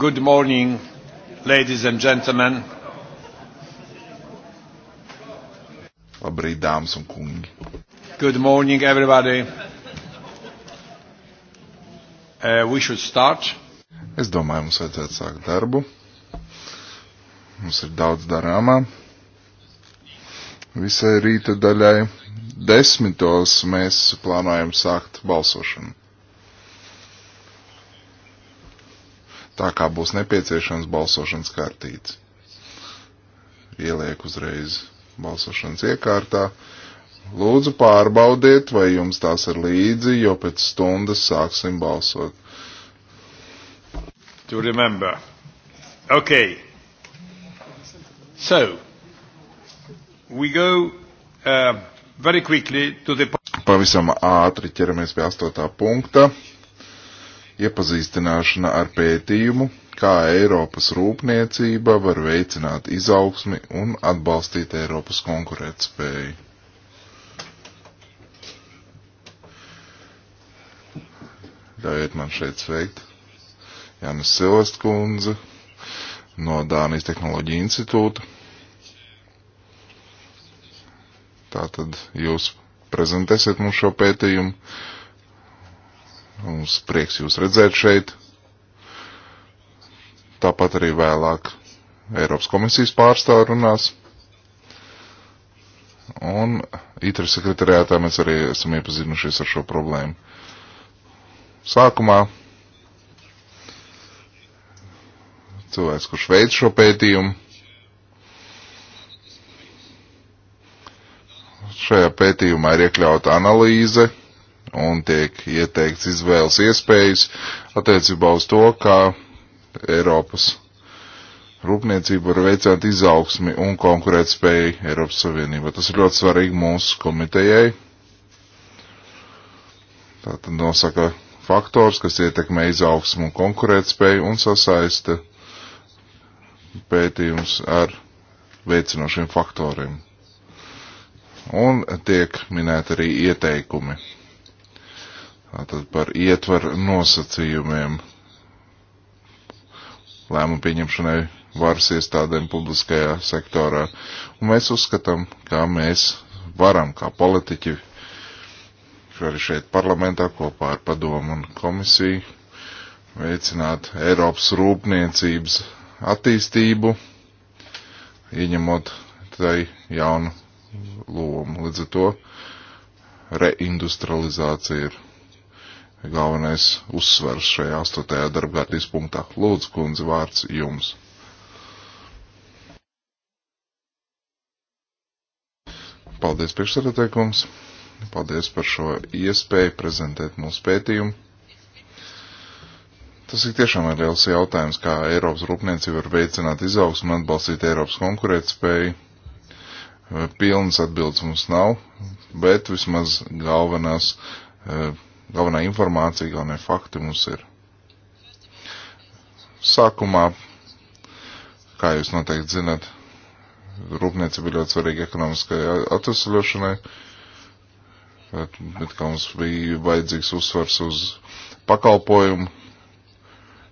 Good morning, ladies and gentlemen. Labrīt, dāmas un kungi. Good morning, everybody. Uh, we should start. Es domāju, mums vajadzētu sākt darbu. Mums ir daudz darāmā. Visai rīta daļai desmitos mēs plānojam sākt balsošanu. tā kā būs nepieciešams balsošanas kartītes. Ieliek uzreiz balsošanas iekārtā. Lūdzu pārbaudiet, vai jums tās ir līdzi, jo pēc stundas sāksim balsot. To remember. Okay. So, we go uh, very quickly to the... Pavisam ātri ķeramies pie astotā punkta iepazīstināšana ar pētījumu, kā Eiropas rūpniecība var veicināt izaugsmi un atbalstīt Eiropas konkurētspēju. Ļaujiet man šeit sveikt Jānis Silvest kundze no Dānijas Tehnoloģija institūta. Tātad jūs prezentēsiet mums šo pētījumu. Mums prieks jūs redzēt šeit. Tāpat arī vēlāk Eiropas komisijas pārstāv runās. Un ITRI e sekretariātā mēs arī esam iepazinušies ar šo problēmu. Sākumā cilvēks, kurš veids šo pētījumu. Šajā pētījumā ir iekļauta analīze un tiek ieteikts izvēles iespējas attiecībā uz to, kā Eiropas rūpniecība var veicināt izaugsmi un konkurētspēju Eiropas Savienībā. Tas ir ļoti svarīgi mūsu komitejai. Tātad nosaka faktors, kas ietekmē izaugsmu un konkurētspēju un sasaista pētījums ar veicinošiem faktoriem. Un tiek minēti arī ieteikumi. Tātad par ietvaru nosacījumiem lēmumu pieņemšanai varas iestādēm publiskajā sektorā. Un mēs uzskatām, kā mēs varam, kā politiķi, arī šeit parlamentā kopā ar padomu un komisiju, veicināt Eiropas rūpniecības attīstību, ieņemot tai jaunu lomu. Līdz ar to reindustrializācija ir galvenais uzsvars šajā astotajā darbkārtības punktā. Lūdzu, kundze, vārds jums. Paldies, priekšsarateikums. Paldies par šo iespēju prezentēt mūsu pētījumu. Tas ir tiešām ir liels jautājums, kā Eiropas rūpniecība var veicināt izaugsmu un atbalstīt Eiropas konkurētspēju. Pilnas atbildes mums nav, bet vismaz galvenās uh, galvenā informācija, galvenie fakti mums ir. Sākumā, kā jūs noteikti zinat, rūpniecība ir ļoti svarīga ekonomiskai atvesļošanai, bet kā mums bija vajadzīgs uzsvars uz pakalpojumu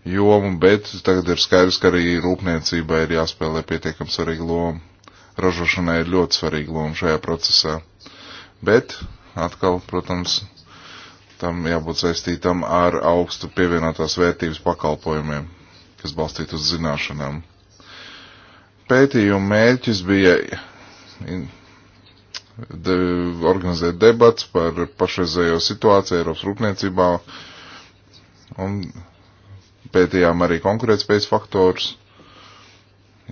jomu, bet tagad ir skaidrs, ka arī rūpniecībai ir jāspēlē pietiekam svarīga loma. Ražošanai ir ļoti svarīga loma šajā procesā. Bet, atkal, protams, tam jābūt saistītam ar augstu pievienotās vērtības pakalpojumiem, kas balstīt uz zināšanām. Pētījuma mērķis bija de, organizēt debats par pašreizējo situāciju Eiropas rūpniecībā un pētījām arī konkurētspējas faktorus,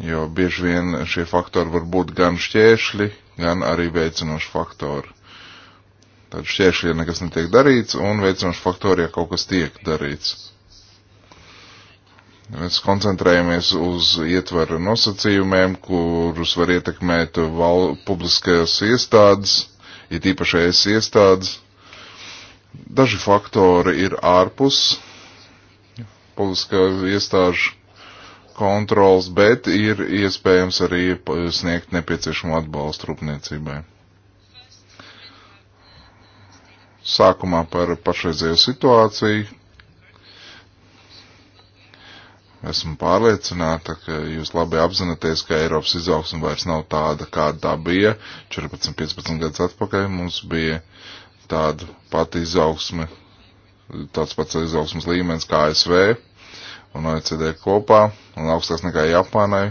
jo bieži vien šie faktori var būt gan šķēršļi, gan arī veicinoši faktori. Tad šķēršļi, ja nekas netiek darīts, un veicinoši faktori, ja kaut kas tiek darīts. Mēs koncentrējamies uz ietveru nosacījumiem, kurus var ietekmēt val, publiskajās iestādes, it īpašais iestādes. Daži faktori ir ārpus publiskā iestāžu kontrols, bet ir iespējams arī sniegt nepieciešamo atbalstu rūpniecībai. Sākumā par pašreizējo situāciju. Esmu pārliecināta, ka jūs labi apzināties, ka Eiropas izaugsme vairs nav tāda, kāda tā bija 14-15 gadus atpakaļ. Mums bija tāda pati izaugsme, tāds pats izaugsmes līmenis kā ASV un OECD kopā un augstāks nekā Japānai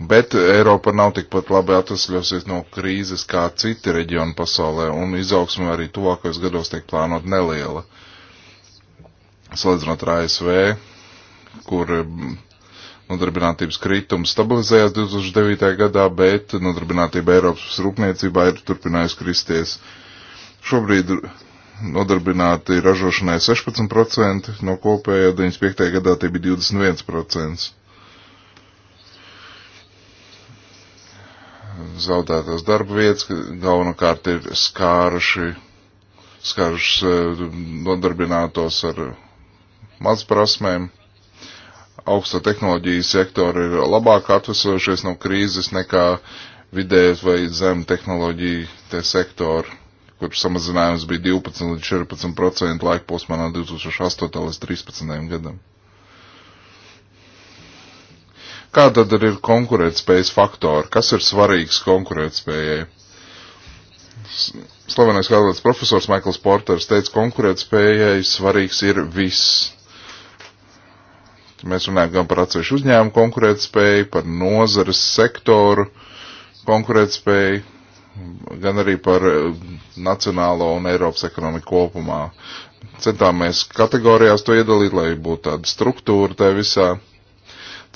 Bet Eiropa nav tikpat labi atvesļosies no krīzes kā citi reģioni pasaulē, un izaugsme arī tuvākajos gados tiek plānot neliela. Salīdzinot ar ASV, kur mm, nodarbinātības kritums stabilizējās 2009. gadā, bet nodarbinātība Eiropas rūpniecībā ir turpinājusi kristies. Šobrīd nodarbināti ražošanai 16%, no kopējā 95. gadā tie bija 21%. zaudētās darba vietas, galvenokārt ir skāruši, skāruši eh, nodarbinātos ar mazprasmēm. Augsta tehnoloģija sektori ir labāk atvesojušies no krīzes nekā vidējas vai zem tehnoloģija te sektori, kur samazinājums bija 12 līdz 14 procentu laikposmā no 2008 līdz 2013 gadam. Kā tad ir konkurētspējas faktori? Kas ir svarīgs konkurētspējai? Slavenais kādreiz profesors Maikls Porters teica, konkurētspējai svarīgs ir viss. Mēs runājam gan par atsevišķu uzņēmumu konkurētspēju, par nozares sektoru konkurētspēju, gan arī par eh, nacionālo un Eiropas ekonomiku kopumā. Centāmies kategorijās to iedalīt, lai būtu tāda struktūra tajā visā.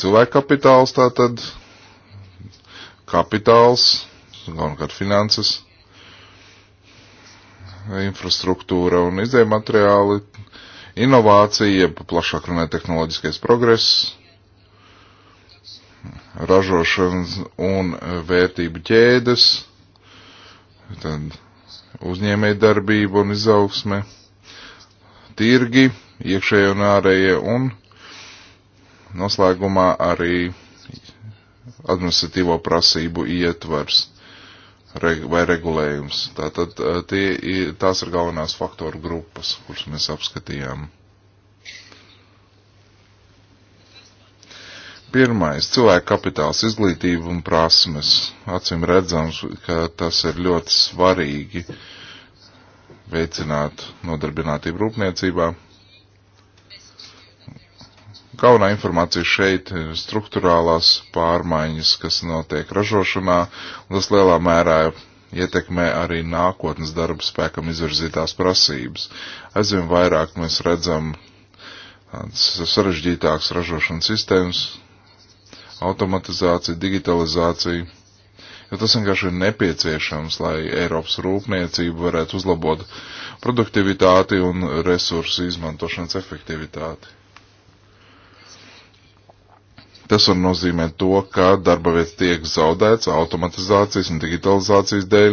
Cilvēka kapitāls tātad, kapitāls, galvenokārt finanses, infrastruktūra un izdevuma materiāli, inovācija, plašāk runājot, tehnoloģiskais progress, ražošanas un vērtību ķēdes, tad uzņēmēja darbība un izaugsme, tirgi, iekšējie un ārējie un noslēgumā arī administratīvo prasību ietvars vai regulējums. Tātad tie, tās ir galvenās faktoru grupas, kuras mēs apskatījām. Pirmais - cilvēka kapitāls, izglītība un prasmes. Acim redzams, ka tas ir ļoti svarīgi veicināt nodarbinātību rūpniecībā. Galvenā informācija šeit ir struktūrālās pārmaiņas, kas notiek ražošanā, un tas lielā mērā ietekmē arī nākotnes darba spēkam izvirzītās prasības. Aizvien vairāk mēs redzam sarežģītākas ražošanas sistēmas, automatizāciju, digitalizāciju, jo tas vienkārši ir nepieciešams, lai Eiropas rūpniecība varētu uzlabot produktivitāti un resursu izmantošanas efektivitāti. Tas var nozīmēt to, ka darba vietas tiek zaudēts automatizācijas un digitalizācijas dēļ,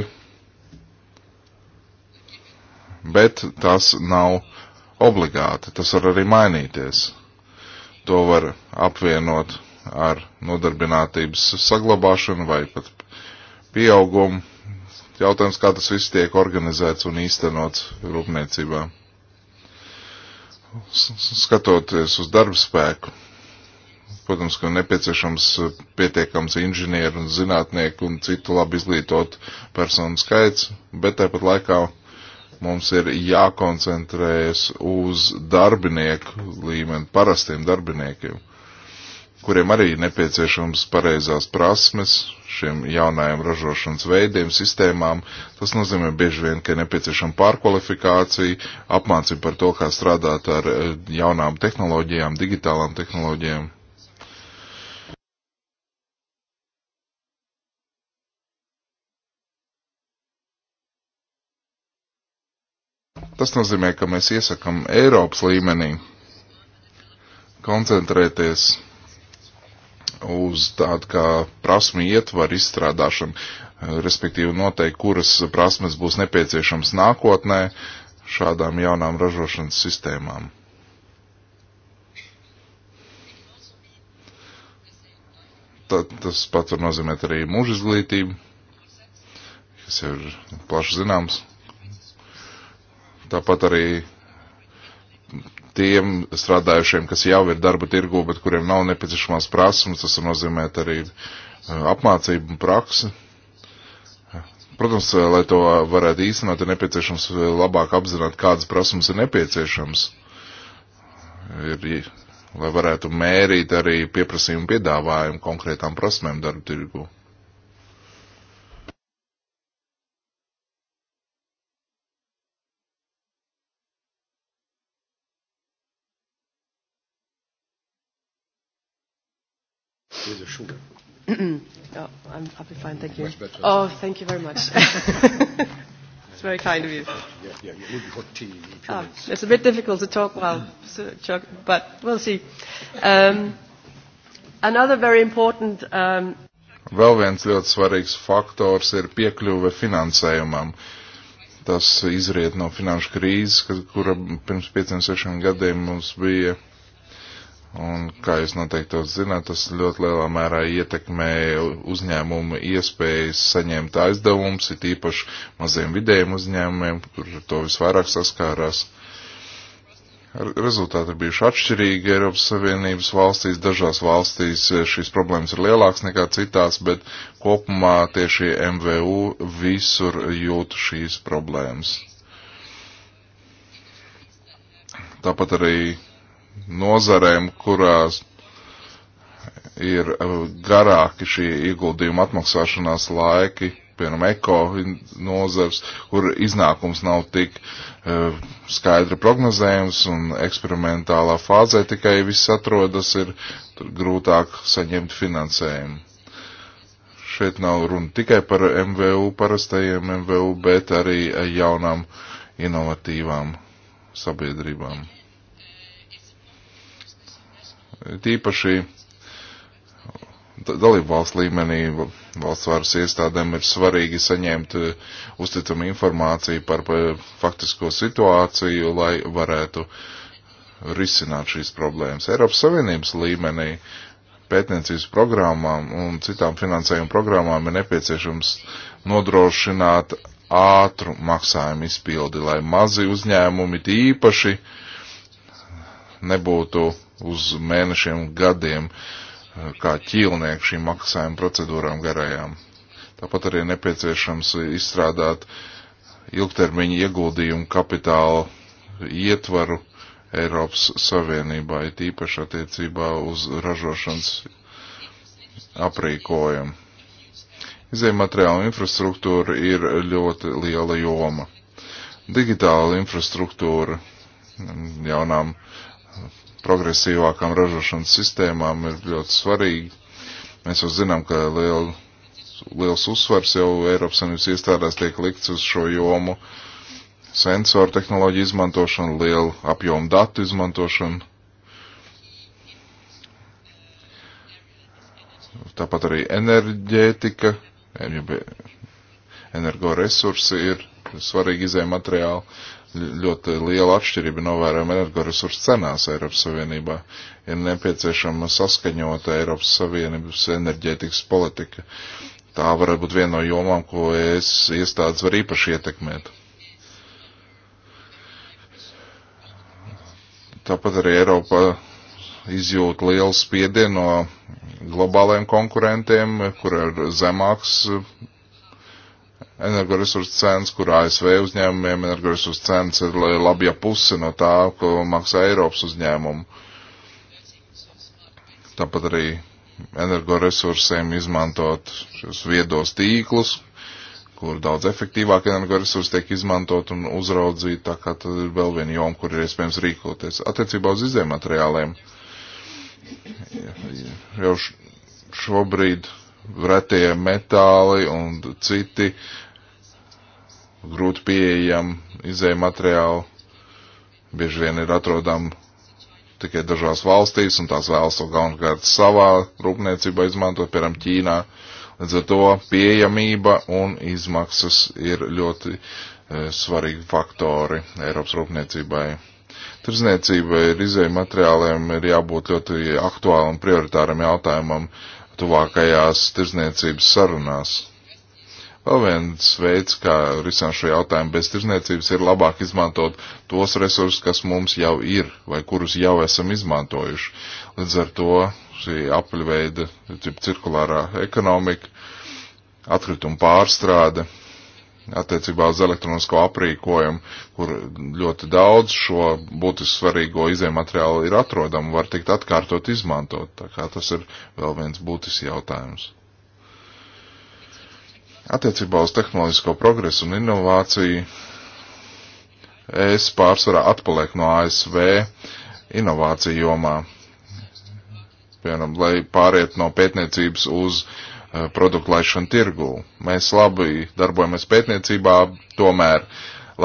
bet tas nav obligāti, tas var arī mainīties. To var apvienot ar nodarbinātības saglabāšanu vai pat pieaugumu. Jautājums, kā tas viss tiek organizēts un īstenots rūpniecībā. Skatoties uz darba spēku, Protams, ka nepieciešams eh, pietiekams inženieru un zinātnieku un citu labi izglītot personu skaits, bet tāpat laikā mums ir jākoncentrējas uz darbinieku līmeni, parastiem darbiniekiem, kuriem arī nepieciešams pareizās prasmes šiem jaunajiem ražošanas veidiem, sistēmām. Tas nozīmē bieži vien, ka ir nepieciešama pārkvalifikācija, apmācība par to, kā strādāt ar eh, jaunām tehnoloģijām, digitālām tehnoloģijām. Tas nozīmē, ka mēs iesakam Eiropas līmenī koncentrēties uz tādu kā prasmu ietvaru izstrādāšanu, respektīvi noteikt, kuras prasmes būs nepieciešams nākotnē šādām jaunām ražošanas sistēmām. Tad, tas pats var nozīmēt arī mūža izglītību, kas ir plaši zināms. Tāpat arī tiem strādājušiem, kas jau ir darba tirgu, bet kuriem nav nepieciešamās prasmes, tas nozīmē arī e, apmācību un praksi. Protams, e, lai to varētu īstenot, ir nepieciešams e, labāk apzināt, kādas prasmes ir nepieciešams. Ir, lai varētu mērīt arī pieprasījumu piedāvājumu konkrētām prasmēm darba tirgu. with the sugar. oh, I'm happy, fine, thank you. Much better. Oh, thank you very much. it's very kind of you. Yeah, yeah, yeah. Maybe for tea. If ah, oh, it's a bit difficult to talk while, well, but we'll see. Um, another very important. Um, Vēl viens ļoti svarīgs faktors ir piekļuve finansējumam. Tas izriet no finanšu krīzes, kura pirms 5-6 gadiem mums bija Un, kā jūs noteikti to zināt, tas ļoti lielā mērā ietekmē uzņēmumu iespējas saņemt aizdevumus, it īpaši maziem vidējiem uzņēmumiem, kur to visvairāk saskārās. Rezultāti bijuši atšķirīgi Eiropas Savienības valstīs. Dažās valstīs šīs problēmas ir lielākas nekā citās, bet kopumā tieši MVU visur jūt šīs problēmas. Tāpat arī nozarēm, kurās ir eh, garāki šī ieguldījuma atmaksāšanās laiki, piemēram, eko nozars, kur iznākums nav tik uh, skaidri prognozējums un eksperimentālā fāzē tikai viss atrodas, ir grūtāk saņemt finansējumu. Šeit nav runa tikai par MVU, parastajiem MVU, bet arī jaunām inovatīvām sabiedrībām. Tīpaši dalību valsts līmenī valsts varas iestādēm ir svarīgi saņemt eh, uzticamu informāciju par faktisko situāciju, lai varētu risināt šīs problēmas. Eiropas Savienības līmenī pētniecības programmām un citām finansējuma programmām ir nepieciešams nodrošināt ātru maksājumu izpildi, lai mazi uzņēmumi tīpaši nebūtu uz mēnešiem, gadiem, eh, kā ķīlnieki šīm maksājuma procedūrām garajām. Tāpat arī nepieciešams izstrādāt ilgtermiņa ieguldījumu kapitāla ietvaru Eiropas Savienībā, it īpaši attiecībā uz ražošanas aprīkojumu. Izējumateriāla infrastruktūra ir ļoti liela joma. Digitāla infrastruktūra jaunām progresīvākām ražošanas sistēmām ir ļoti svarīgi. Mēs jau zinām, ka liel, liels uzsvars jau Eiropas Savienības iestādās tiek likts uz šo jomu sensoru tehnoloģiju izmantošanu, lielu apjomu datu izmantošanu. Tāpat arī enerģētika, energoresursi ir svarīgi izēja materiāli ļoti liela atšķirība novērojama energoresursu cenās Eiropas Savienībā. Ir nepieciešama saskaņota Eiropas Savienības enerģētikas politika. Tā varētu būt viena no jomām, ko es iestādes var īpaši ietekmēt. Tāpat arī Eiropa izjūt lielu spiedienu no globālajiem konkurentiem, kur ir zemāks energoresursu cenas, kur ASV uzņēmumiem energoresursu cenas ir labi ja puse no tā, ko maksā Eiropas uzņēmumu. Tāpat arī energoresursiem izmantot šos viedos tīklus, kur daudz efektīvāk energoresursi tiek izmantot un uzraudzīt, tā kā tad ir vēl viena joma, kur ir iespējams rīkoties. Attiecībā uz izdēmateriāliem jau šobrīd retie metāli un citi grūti pieejam izēja materiāli, bieži vien ir atrodam tikai dažās valstīs, un tās vēlas to galvenokārt savā rūpniecībā izmantot, piemēram, Ķīnā. Līdz ar to pieejamība un izmaksas ir ļoti e, svarīgi faktori Eiropas rūpniecībai. Tirzniecība ir izēja materiāliem, ir jābūt ļoti aktuālam prioritāram jautājumam tuvākajās tirzniecības sarunās Vēl viens veids, kā risināt šo jautājumu bez tirzniecības, ir labāk izmantot tos resursus, kas mums jau ir vai kurus jau esam izmantojuši. Līdz ar to šī apaļveida cirkulārā ekonomika, atkrituma pārstrāde attiecībā uz elektronisko aprīkojumu, kur ļoti daudz šo būtiski svarīgo izējumateriālu ir atrodama, var tikt atkārtot izmantot. Tā kā tas ir vēl viens būtisks jautājums. Attiecībā uz tehnoloģisko progresu un inovāciju es pārsvarā atpaliek no ASV inovāciju jomā. Piemēram, lai pāriet no pētniecības uz uh, produktu laišanu tirgū. Mēs labi darbojamies pētniecībā, tomēr,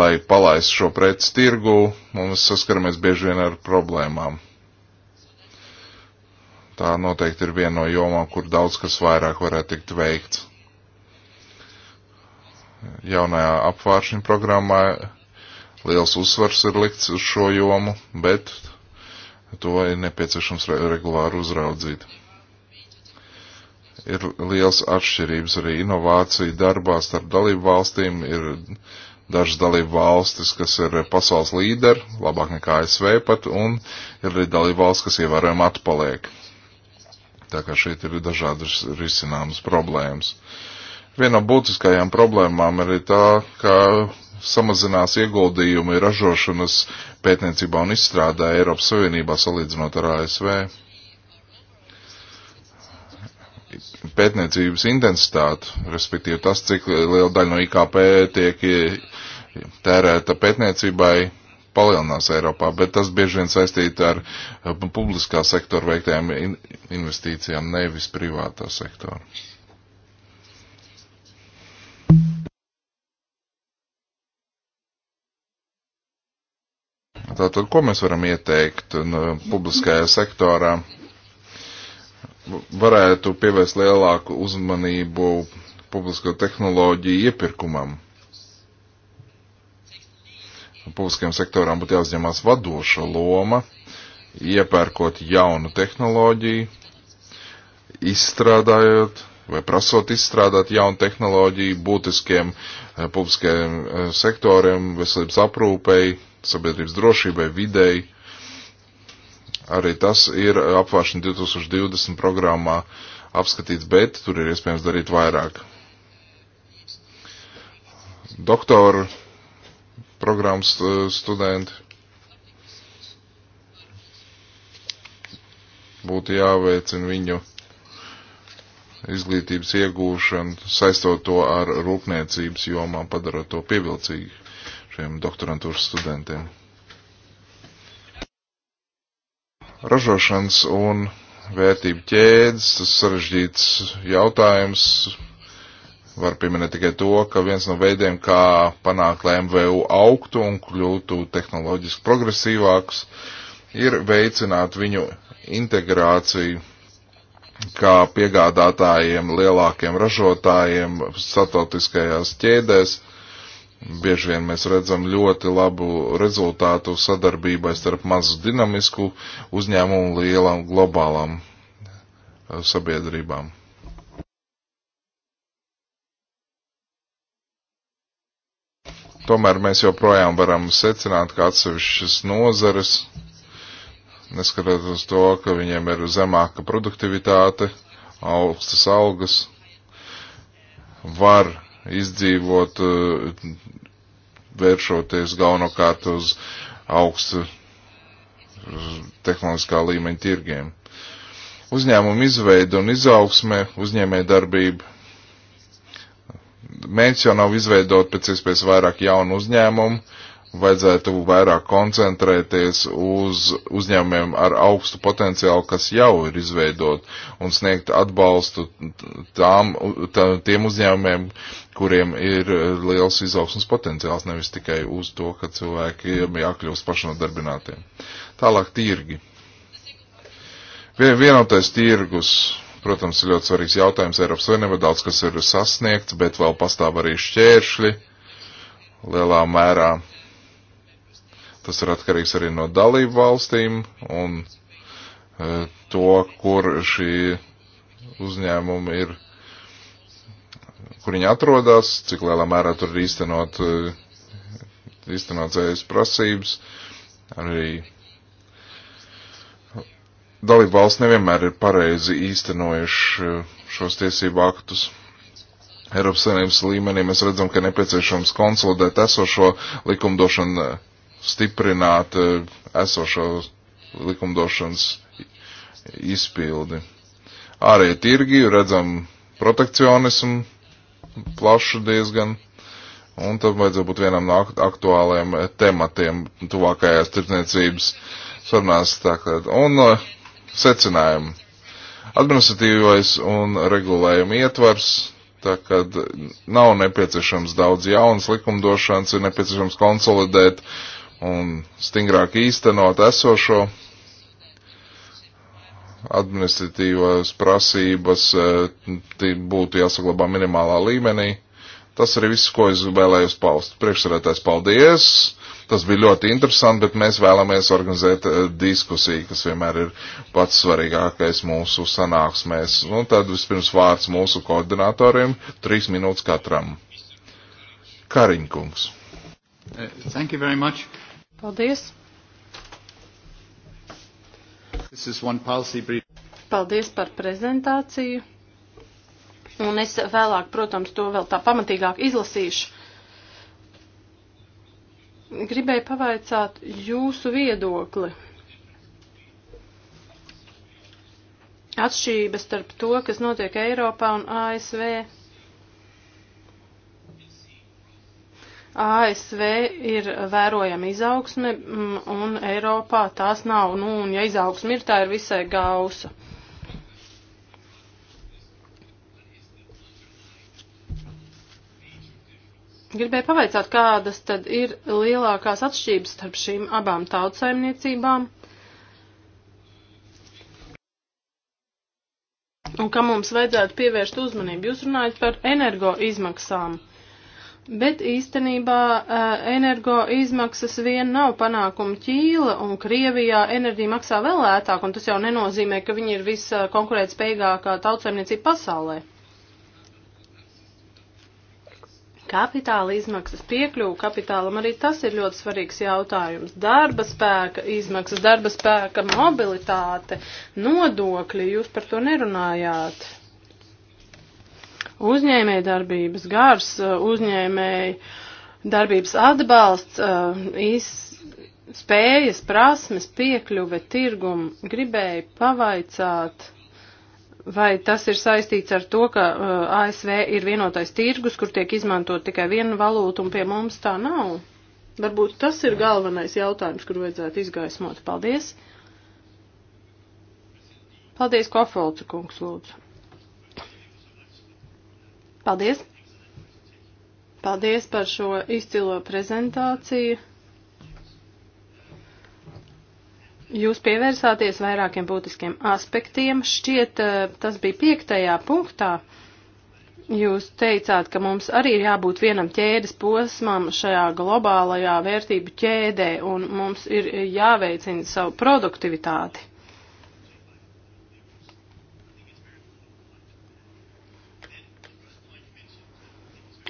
lai palaistu šo preci tirgū, mums saskaramies bieži vien ar problēmām. Tā noteikti ir viena no jomām, kur daudz kas vairāk varētu tikt veikts jaunajā apvāršņu programmā liels uzsvars ir likts uz šo jomu, bet to ir nepieciešams regulāri uzraudzīt. Ir liels atšķirības arī inovāciju darbā starp dalību valstīm. Ir dažas dalību valstis, kas ir pasaules līderi, labāk nekā ASV pat, un ir arī dalību valsts, kas ievērojami atpaliek. Tā kā šeit ir dažādas risināmas problēmas. Uh, Viena no būtiskajām problēmām ir tā, ka samazinās ieguldījumi ražošanas pētniecībā un izstrādā Eiropas Savienībā salīdzinot ar ASV. Pētniecības intensitāte, respektīvi tas, cik liela daļa no IKP tiek tērēta pētniecībai, palielinās Eiropā, bet tas bieži vien saistīta ar publiskā sektora veiktajām investīcijām, nevis privātā sektora. Tātad, ko mēs varam ieteikt nu, publiskajā sektorā? Varētu pievērst lielāku uzmanību publisko tehnoloģiju iepirkumam. Publiskajam sektoram būtu jāuzņemās vadoša loma, iepērkot jaunu tehnoloģiju, izstrādājot vai prasot izstrādāt jaunu tehnoloģiju būtiskiem eh, publiskajiem eh, sektoriem, veselības aprūpei, sabiedrības drošībai, videi. Arī tas ir apvāršana 2020 programmā apskatīts, bet tur ir iespējams darīt vairāk. Doktoru programmas eh, studenti būtu jāveicina viņu izglītības iegūšanu, saistot to ar rūpniecības jomām, padarot to pievilcīgu šiem doktorantūras studentiem. Ražošanas un vērtību ķēdes, tas sarežģīts jautājums. Var pieminēt tikai to, ka viens no veidiem, kā panākt, lai MVU augtu un kļūtu tehnoloģiski progresīvāks, ir veicināt viņu integrāciju kā piegādātājiem, lielākiem ražotājiem, statotiskajās ķēdēs Bieži vien mēs redzam ļoti labu rezultātu sadarbībai starp mazu dinamisku uzņēmumu un lielām globālām eh, sabiedrībām. Tomēr mēs joprojām varam secināt, ka atsevišķas nozares, neskatoties to, ka viņiem ir zemāka produktivitāte, augstas algas, var izdzīvot, eh, vēršoties galvenokārt uz augstu tehnoloģiskā līmeņa tirgiem. Uzņēmuma izveida un izaugsme, uzņēmē darbība. Mērķis jau nav izveidot pēc iespējas vairāk jaunu uzņēmumu, vajadzētu vairāk koncentrēties uz uzņēmumiem ar augstu potenciālu, kas jau ir izveidot, un sniegt atbalstu tām, tā, tiem uzņēmumiem, kuriem ir eh, liels izaugsmas potenciāls, nevis tikai uz to, ka cilvēkiem jākļūst pašnodarbinātiem. Tālāk tirgi. Vienotais tirgus, protams, ir ļoti svarīgs jautājums Eiropas Savienībā, daudz kas ir sasniegts, bet vēl pastāv arī šķēršļi lielā mērā. Tas ir atkarīgs arī no dalību valstīm un e, to, kur šī uzņēmuma ir kur viņi atrodas, cik lielā mērā tur ir īstenot, eh, īstenot zējas prasības. Arī dalību valsts nevienmēr ir pareizi īstenojuši eh, šos tiesību aktus. Eiropas Savienības līmenī mēs redzam, ka nepieciešams konsolidēt esošo likumdošanu, stiprināt eh, esošo likumdošanas izpildi. Ārējie tirgi redzam protekcionismu, plašu diezgan. Un tam vajadzētu būt vienam no aktuāliem eh, tematiem tuvākajās tirdzniecības sarunās. Un eh, secinājumi. Administratīvais un regulējuma ietvars, tā kad nav nepieciešams daudz jaunas likumdošanas, ir nepieciešams konsolidēt un stingrāk īstenot esošo administratīvas prasības eh, būtu jāsaglabā minimālā līmenī. Tas arī viss, ko es vēlējos paust. Priekšsarētājs, paldies! Tas bija ļoti interesanti, bet mēs vēlamies organizēt eh, diskusiju, kas vienmēr ir pats svarīgākais mūsu sanāksmēs. Un nu, tad vispirms vārds mūsu koordinatoriem, trīs minūtes katram. Kariņkungs. Thank you very much. Paldies. Paldies par prezentāciju. Un es vēlāk, protams, to vēl tā pamatīgāk izlasīšu. Gribēju pavaicāt jūsu viedokli. Atšķirības starp to, kas notiek Eiropā un ASV. ASV ir vērojama izaugsme mm, un Eiropā tās nav. Nu, un ja izaugsme ir, tā ir visai gausa. Gribēju pavaicāt, kādas tad ir lielākās atšķības starp šīm abām tautsaimniecībām un kam mums vajadzētu pievērst uzmanību. Jūs runājat par energo izmaksām. Uh, Bet īstenībā energo izmaksas vien nav panākuma ķīla, un Krievijā enerģija maksā vēl lētāk, un tas jau nenozīmē, ka viņi ir viskonkurētspējīgākā tautsaimniecība pasaulē. Kapitāla izmaksas piekļuvu kapitālam arī tas ir ļoti svarīgs jautājums. Darba spēka izmaksas, darba spēka mobilitāte, nodokļi, jūs par to nerunājāt. Uzņēmē darbības gars, uh, uzņēmēji darbības atbalsts, uh, iz, spējas, prasmes, piekļuve tirgum. Gribēju pavaicāt, vai tas ir saistīts ar to, ka uh, ASV ir vienotais tirgus, kur tiek izmantot tikai viena valūta un pie mums tā nav. Varbūt tas ir galvenais jautājums, kur vajadzētu izgaismot. Paldies! Paldies, Kofolca kungs, lūdzu. Paldies! Paldies par šo izcilo prezentāciju. Jūs pievērsāties vairākiem būtiskiem aspektiem. Šķiet, eh, tas bija piektajā punktā. Jūs teicāt, ka mums arī ir jābūt vienam ķēdes posmam šajā globālajā vērtību ķēdē, un mums ir jāveicina savu produktivitāti.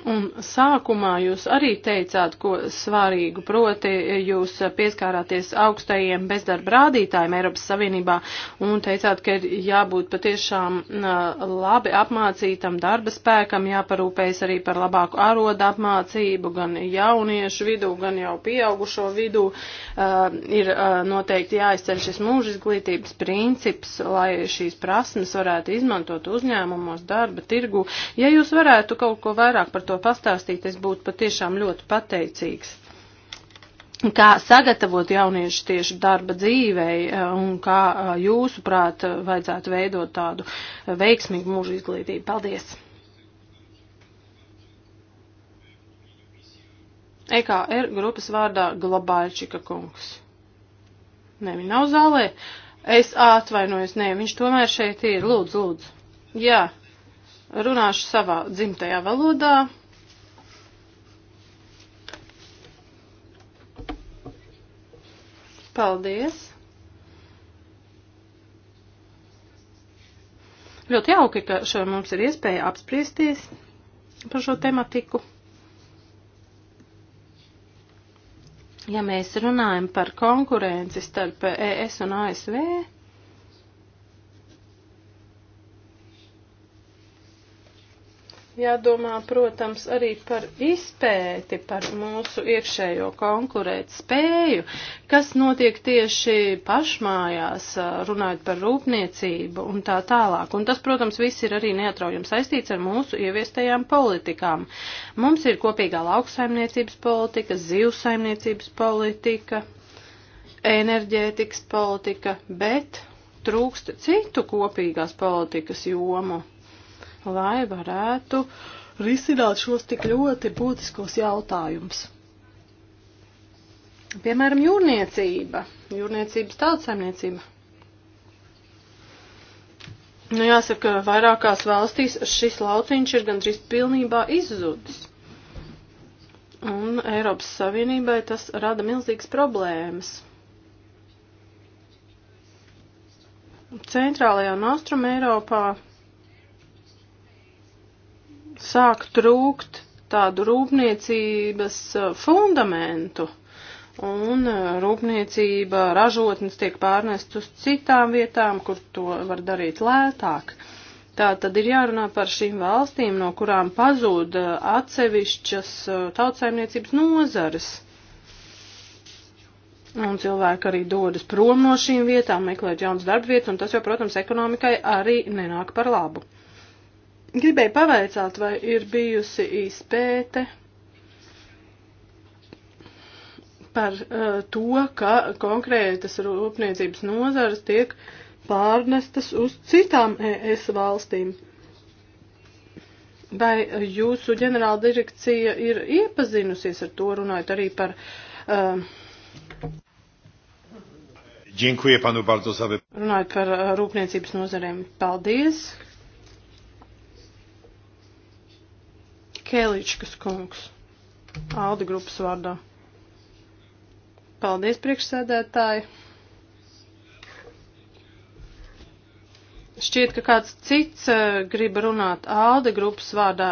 Un sākumā jūs arī teicāt, ko svarīgu, proti jūs pieskārāties augstajiem bezdarba rādītājiem Eiropas Savienībā un teicāt, ka ir jābūt patiešām labi apmācītam darba spēkam, jāparūpējas arī par labāku ārodu apmācību gan jauniešu vidū, gan jau pieaugušo vidū. Uh, ir uh, noteikti jāizceļ šis mūža izglītības princips, lai šīs prasmes varētu izmantot uzņēmumos, darba tirgu. Ja jūs varētu kaut ko vairāk par to to pastāstīt, es būtu patiešām ļoti pateicīgs. Kā sagatavot jauniešu tieši darba dzīvei eh, un kā eh, jūsuprāt eh, vajadzētu veidot tādu veiksmīgu mūža izglītību? Paldies! EKR grupas vārdā Globāļčika kungs. Nē, viņa nav zālē. Es atvainojos, nē, viņš tomēr šeit ir. Lūdzu, lūdzu. Jā, runāšu savā dzimtajā valodā. Paldies! Ļoti jauki, ka šo mums ir iespēja apspriesties par šo tematiku. Ja mēs runājam par konkurenci starp ES un ASV, Jādomā, protams, arī par izpēti, par mūsu iekšējo konkurēt spēju, kas notiek tieši pašmājās, runājot par rūpniecību un tā tālāk. Un tas, protams, viss ir arī neatraujams saistīts ar mūsu ieviestajām politikām. Mums ir kopīgā lauksaimniecības politika, zivsaimniecības politika, enerģētikas politika, bet trūkst citu kopīgās politikas jomu lai varētu risināt šos tik ļoti būtiskos jautājumus. Piemēram, jūrniecība, jūrniecības tautsēmniecība. Nu, jāsaka, vairākās valstīs šis lauciņš ir gandrīz pilnībā izzudis. Un Eiropas Savienībai tas rada milzīgas problēmas. Centrālajā un Austrum Eiropā sāk trūkt tādu rūpniecības fundamentu. Un rūpniecība, ražotnes tiek pārnest uz citām vietām, kur to var darīt lētāk. Tā tad ir jārunā par šīm valstīm, no kurām pazūd atsevišķas tautsaimniecības nozares. Un cilvēki arī dodas prom no šīm vietām, meklēt jaunas darbvietas, un tas jau, protams, ekonomikai arī nenāk par labu. Gribēju pavaicāt, vai ir bijusi izpēte par uh, to, ka konkrētas rūpniecības nozares tiek pārnestas uz citām ES valstīm. Vai jūsu ģenerāla direkcija ir iepazinusies ar to, runājot arī par. Uh, Dziękuję panu bardzo za wypowiedź. Runājot par uh, rūpniecības nozarēm, paldies. Kēličkas kungs, Alda grupas vārdā. Paldies, priekšsēdētāji! Šķiet, ka kāds cits uh, grib runāt Alde grupas vārdā.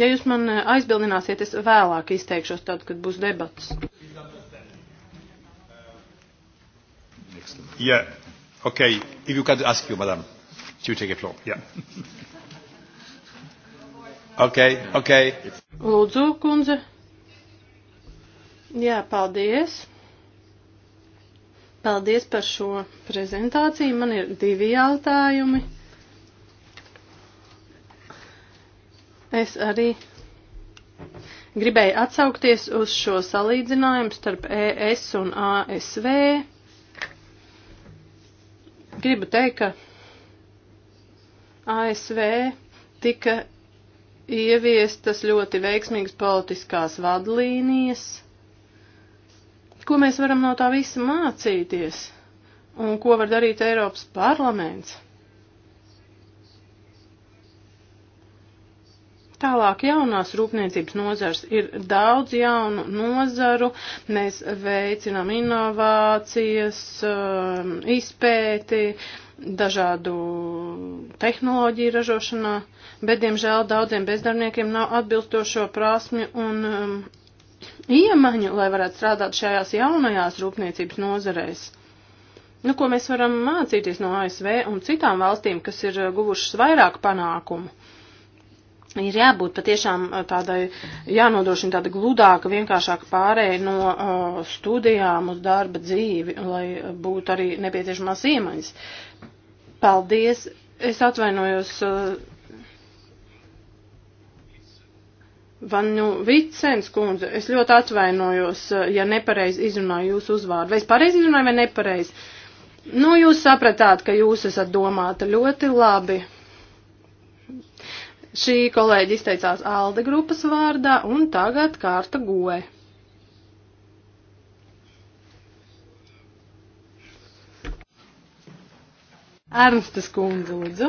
Ja jūs man eh, aizbildināsiet, es vēlāk izteikšos tad, kad būs debats. Yeah. Okay. If you can ask you, madam, you take a floor. Yeah. Ok, ok. Lūdzu, kundze. Jā, paldies. Paldies par šo prezentāciju. Man ir divi jautājumi. Es arī gribēju atsaukties uz šo salīdzinājumu starp ES un ASV. Gribu teikt, ka ASV tika ieviestas ļoti veiksmīgas politiskās vadlīnijas. Ko mēs varam no tā visa mācīties? Un ko var darīt Eiropas parlaments? Tālāk jaunās rūpniecības nozars ir daudz jaunu nozaru, mēs veicinām inovācijas, um, izpēti, dažādu tehnoloģiju ražošanā, bet, diemžēl, daudziem bezdarbniekiem nav atbilstošo prasmi un um, iemaņu, lai varētu strādāt šajās jaunajās rūpniecības nozareis. Nu, ko mēs varam mācīties no ASV un citām valstīm, kas ir uh, guvušas vairāk panākumu? ir jābūt patiešām uh, tādai, jānodrošina tāda gludāka, vienkāršāka pārēja no uh, studijām uz darba dzīvi, lai uh, būtu arī nepieciešamās iemaņas. Paldies. Es atvainojos. Uh, Vanu nu- Vicens kundze, es ļoti atvainojos, uh, ja nepareizi izrunāju jūsu uzvārdu. Vai es pareizi izrunāju vai nepareizi? Nu, jūs sapratāt, ka jūs esat domāta ļoti labi. Šī kolēģi izteicās Alde grupas vārdā, un tagad kārta goe. Ernstas kundze, lūdzu.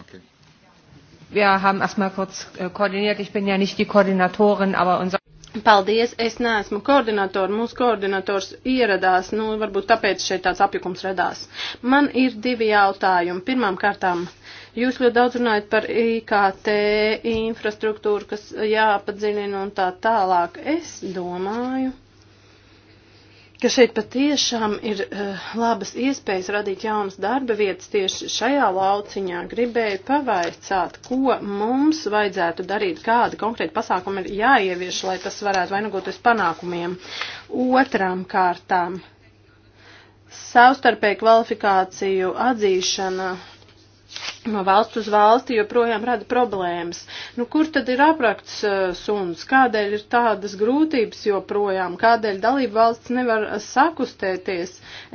Okay. Wir haben erstmal kurz äh, koordiniert. Ich bin ja nicht die Koordinatorin, aber unser. Paldies, es neesmu koordinators, mūsu koordinators ieradās, nu, varbūt tāpēc šeit tāds apjukums radās. Man ir divi jautājumi. Pirmām kārtām, jūs ļoti daudz runājat par IKT infrastruktūru, kas jāpadziļina un tā tālāk. Es domāju ka šeit patiešām ir uh, labas iespējas radīt jaunas darba vietas tieši šajā lauciņā. Gribēju pavaicāt, ko mums vajadzētu darīt, kādi konkrēti pasākumi ir jāievieš, lai tas varētu vainagoties panākumiem. Otram kārtām. Savstarpēju kvalifikāciju atzīšana no valsts uz valsti joprojām rada problēmas. Nu, kur tad ir aprakts uh, suns? Kādēļ ir tādas grūtības joprojām? Kādēļ dalība valsts nevar uh, sakustēties?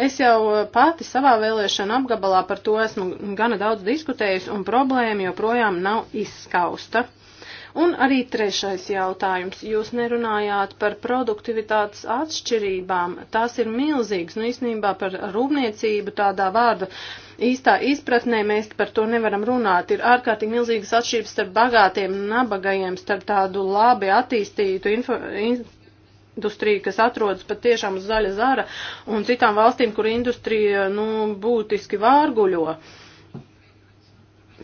Es jau uh, pati savā vēlēšana apgabalā par to esmu gana daudz diskutējusi un problēma joprojām nav izskausta. Un arī trešais jautājums. Jūs nerunājāt par produktivitātes atšķirībām. Tās ir milzīgas. Nu, īstenībā par rūpniecību tādā vārda īstā izpratnē mēs par to nevaram runāt. Ir ārkārtīgi milzīgas atšķirības starp bagātiem un nabagajiem, starp tādu labi attīstītu info, in, industrija, kas atrodas patiešām uz zaļa zara, un citām valstīm, kur industrija nu, būtiski vārguļo. Uh,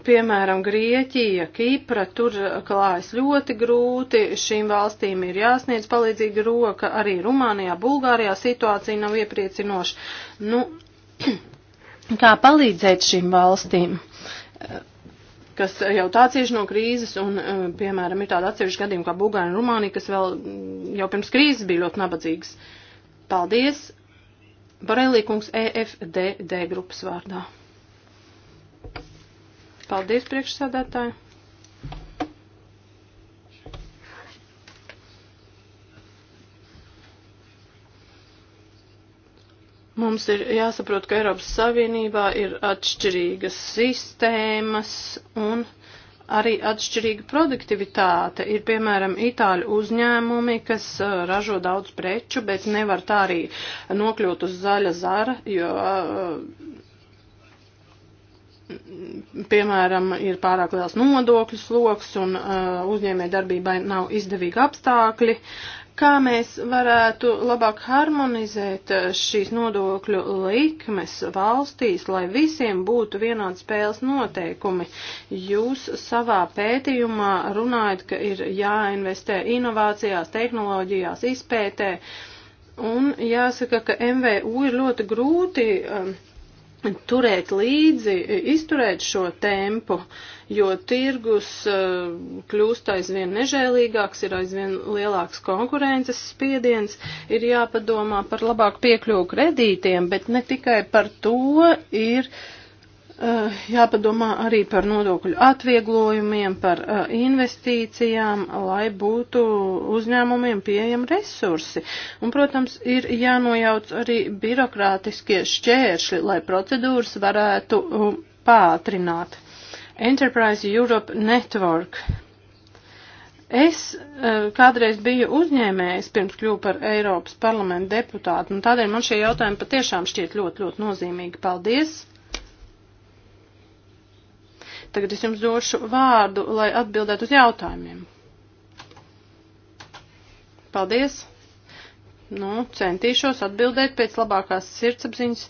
Piemēram, Grieķija, Kipra, tur klājas ļoti grūti, šīm valstīm ir jāsniedz palīdzīga roka, arī Rumānijā, Bulgārijā situācija nav iepriecinoša. Nu, kā palīdzēt šīm valstīm, kas jau tā cieši no krīzes, un, e, piemēram, ir tāda atsevišķa gadījuma kā Bulgārija un Rumānija, kas vēl jau pirms krīzes bija ļoti nabadzīgas. Paldies, Borelī kungs EFDD grupas vārdā. Paldies, priekšsādātāji. Mums ir jāsaprot, ka Eiropas Savienībā ir atšķirīgas sistēmas un arī atšķirīga produktivitāte. Ir, piemēram, itāļu uzņēmumi, kas uh, ražo daudz preču, bet nevar tā arī nokļūt uz zaļa zara, jo uh, piemēram, ir pārāk liels nodokļu sloks un uh, uzņēmē darbībai nav izdevīgi apstākļi. Kā mēs varētu labāk harmonizēt uh, šīs nodokļu likmes valstīs, lai visiem būtu vienāds spēles noteikumi? Jūs savā pētījumā runājat, ka ir jāinvestē inovācijās, tehnoloģijās, izpētē, un jāsaka, ka MVU ir ļoti grūti. Uh, turēt līdzi, izturēt šo tempu, jo tirgus eh, kļūst aizvien nežēlīgāks, ir aizvien lielāks konkurences spiediens, ir jāpadomā par labāku piekļuvu kredītiem, bet ne tikai par to ir Eh, jāpadomā arī par nodokļu atvieglojumiem, par eh, investīcijām, lai būtu uzņēmumiem pieejami resursi. Un, protams, ir jānojauc arī birokrātiskie šķēršļi, lai procedūras varētu um, pātrināt. Enterprise Europe Network. Es uh, kādreiz biju uzņēmējs pirms kļuvu par Eiropas parlamenta deputātu, un tādēļ man šie jautājumi patiešām šķiet ļoti, ļoti nozīmīgi. Paldies! Tagad es jums došu vārdu, lai atbildētu uz jautājumiem. Paldies! Nu, centīšos atbildēt pēc labākās sirdsapziņas.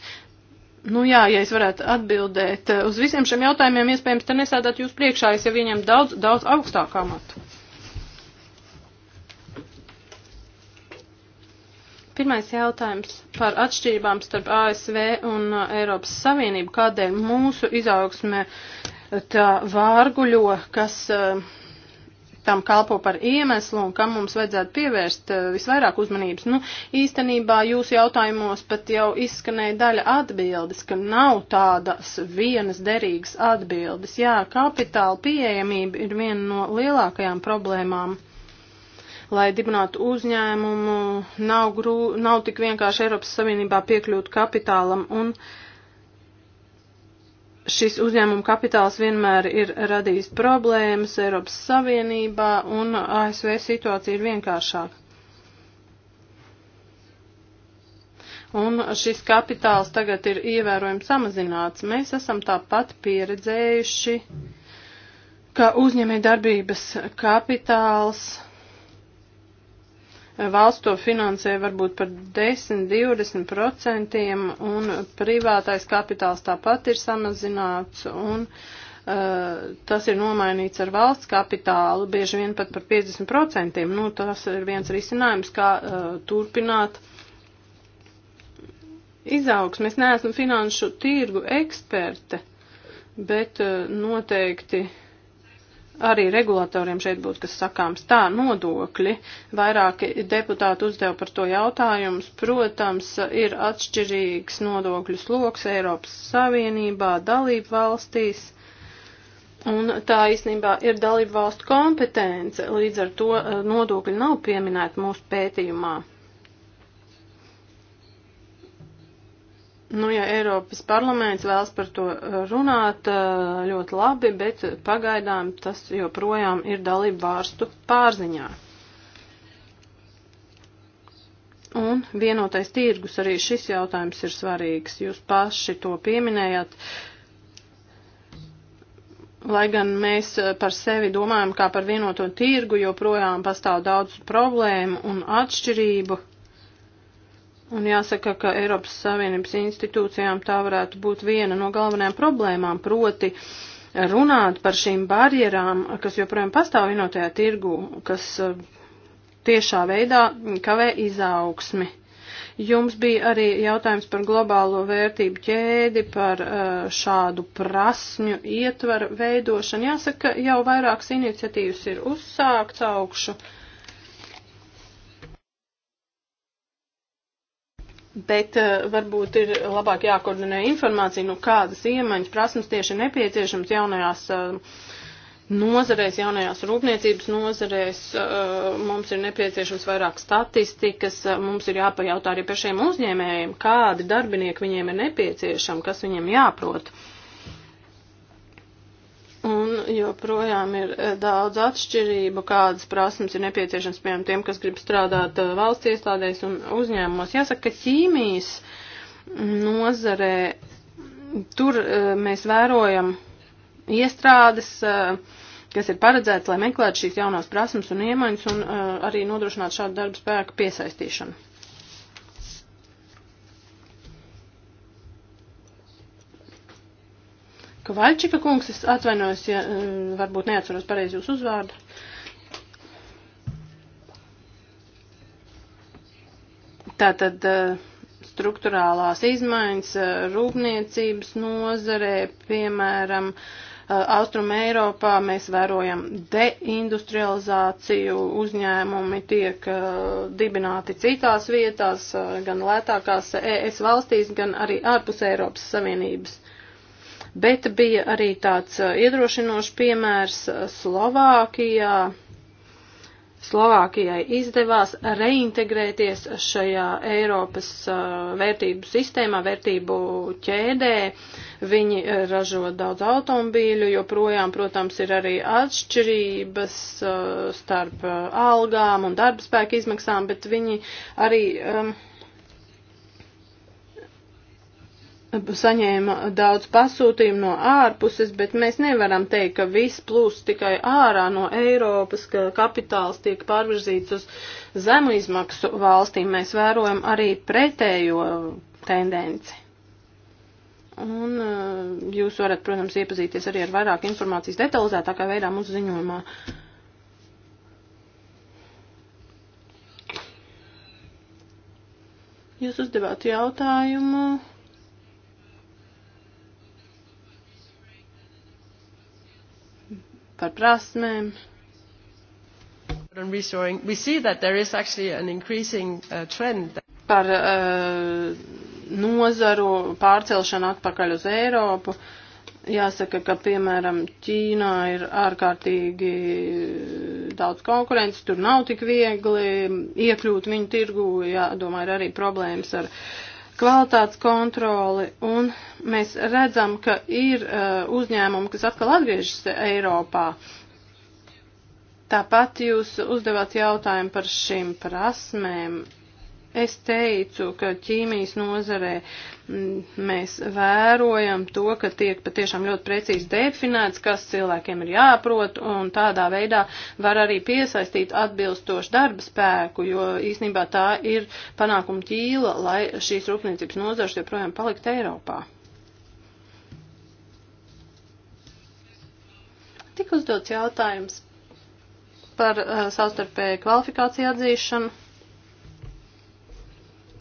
Nu jā, ja es varētu atbildēt eh, uz visiem šiem jautājumiem, iespējams, te nesēdāt jūs priekšā, es jau viņiem daudz, daudz augstāku amatu. Pirmais jautājums par atšķirībām starp ASV un eh, Eiropas Savienību, kādēļ mūsu izaugsme uh, tā vārguļo, kas eh, tam kalpo par iemeslu un kam mums vajadzētu pievērst eh, visvairāk uzmanības. Nu, īstenībā jūsu jautājumos pat jau izskanēja daļa atbildes, ka nav tādas vienas derīgas atbildes. Jā, kapitāla pieejamība ir viena no lielākajām problēmām lai dibinātu uzņēmumu, nav, grū, nav tik vienkārši Eiropas Savienībā piekļūt kapitālam, un šis uzņēmuma kapitāls vienmēr ir radījis problēmas Eiropas Savienībā un ASV situācija ir vienkāršāka. Un šis kapitāls tagad ir ievērojami samazināts. Mēs esam tāpat pieredzējuši, ka uzņēmē darbības kapitāls valsts to finansē varbūt par 10-20% un privātais kapitāls tāpat ir samazināts un uh, tas ir nomainīts ar valsts kapitālu, bieži vien pat par 50%. Nu, tas ir viens risinājums, kā uh, turpināt izaugsmu. Es neesmu finanšu tirgu eksperte, bet uh, noteikti arī regulatoriem šeit būtu kas sakāms. Tā, nodokļi. Vairāki deputāti uzdeva par to jautājumus. Protams, ir atšķirīgs nodokļu sloks Eiropas Savienībā, dalību valstīs. Un tā īstenībā ir dalību valstu kompetence, līdz ar to eh, nodokļi nav pieminēti mūsu pētījumā. Nu, ja Eiropas parlaments vēlas par to runāt ļoti labi, bet pagaidām tas joprojām ir dalību vārstu pārziņā. Un vienotais tirgus arī šis jautājums ir svarīgs. Jūs paši to pieminējāt. Lai gan mēs par sevi domājam kā par vienoto tirgu, joprojām pastāv daudz problēmu un atšķirību Un jāsaka, ka Eiropas Savienības institūcijām tā varētu būt viena no galvenajām problēmām, proti runāt par šīm barjerām, kas joprojām pastāv vienotajā tirgu, kas eh, tiešā veidā kavē izaugsmi. Jums bija arī jautājums par globālo vērtību ķēdi, par eh, šādu prasmju ietvaru veidošanu. Jāsaka, jau vairākas iniciatīvas ir uzsākts augšu. Uh, Bet eh, varbūt ir labāk jākoordinē informācija, nu kādas iemaņas prasmes tieši nepieciešams jaunajās eh, nozarēs, jaunajās rūpniecības nozarēs. Eh, mums ir nepieciešams vairāk statistikas, mums ir jāpajautā arī par šiem uzņēmējiem, kādi darbinieki viņiem ir nepieciešami, kas viņiem jāprot. Uh, Un joprojām ir eh, daudz atšķirību, kādas prasmes ir nepieciešams, piemēram, tiem, kas grib strādāt eh, valsts iestādēs un uzņēmumos. Jāsaka, ka ķīmijas nozarē tur eh, mēs vērojam iestrādes, kas ir paredzētas, lai meklētu šīs jaunās prasmes un iemaņas un arī nodrošinātu šādu darba spēku piesaistīšanu. Kvaļčika kungs, es atvainojos, ja eh, varbūt neatceros pareizi jūsu uzvārdu. Tātad eh, struktūrālās izmaiņas eh, rūpniecības nozarē, piemēram, Austrum Eiropā mēs vērojam deindustrializāciju, uzņēmumi tiek dibināti citās vietās, gan lētākās ES valstīs, gan arī ārpus Eiropas Savienības bet bija arī tāds uh, iedrošinošs piemērs uh, Slovākijā. Slovākijai izdevās reintegrēties šajā Eiropas uh, vērtību sistēmā, vērtību ķēdē. Viņi ražo daudz automobīļu, jo projām, protams, ir arī atšķirības starp algām un darbspēku izmaksām, bet viņi arī. Um, saņēma daudz pasūtījumu no ārpuses, bet mēs nevaram teikt, ka viss plūst tikai ārā no Eiropas, ka kapitāls tiek pārvirzīts uz zemu izmaksu valstīm. Mēs vērojam arī pretējo tendenci. Un eh, jūs varat, protams, iepazīties arī ar vairāk informācijas detalizētākā veidā mūsu ziņojumā. Jūs uzdevāt jautājumu par prasmēm. Uh, par uh, nozaru pārcelšanu atpakaļ uz Eiropu. Jāsaka, ka, piemēram, Ķīnā ir ārkārtīgi uh, daudz konkurences, tur nav tik viegli iekļūt viņu tirgu, jādomā, ir arī problēmas ar uh, kvalitātes kontroli, un mēs redzam, ka ir uh, uzņēmumi, kas atkal atgriežas Eiropā. Tāpat jūs uzdevāt jautājumu par šīm prasmēm Es teicu, ka ķīmijas nozarē mēs vērojam to, ka tiek patiešām ļoti precīzi definēts, kas cilvēkiem ir jāprot, un tādā veidā var arī piesaistīt atbilstošu darba spēku, jo īsnībā tā ir panākuma ķīla, lai šīs rūpniecības nozars joprojām palikt Eiropā. Tik uzdots jautājums par uh, savstarpēju kvalifikāciju atzīšanu.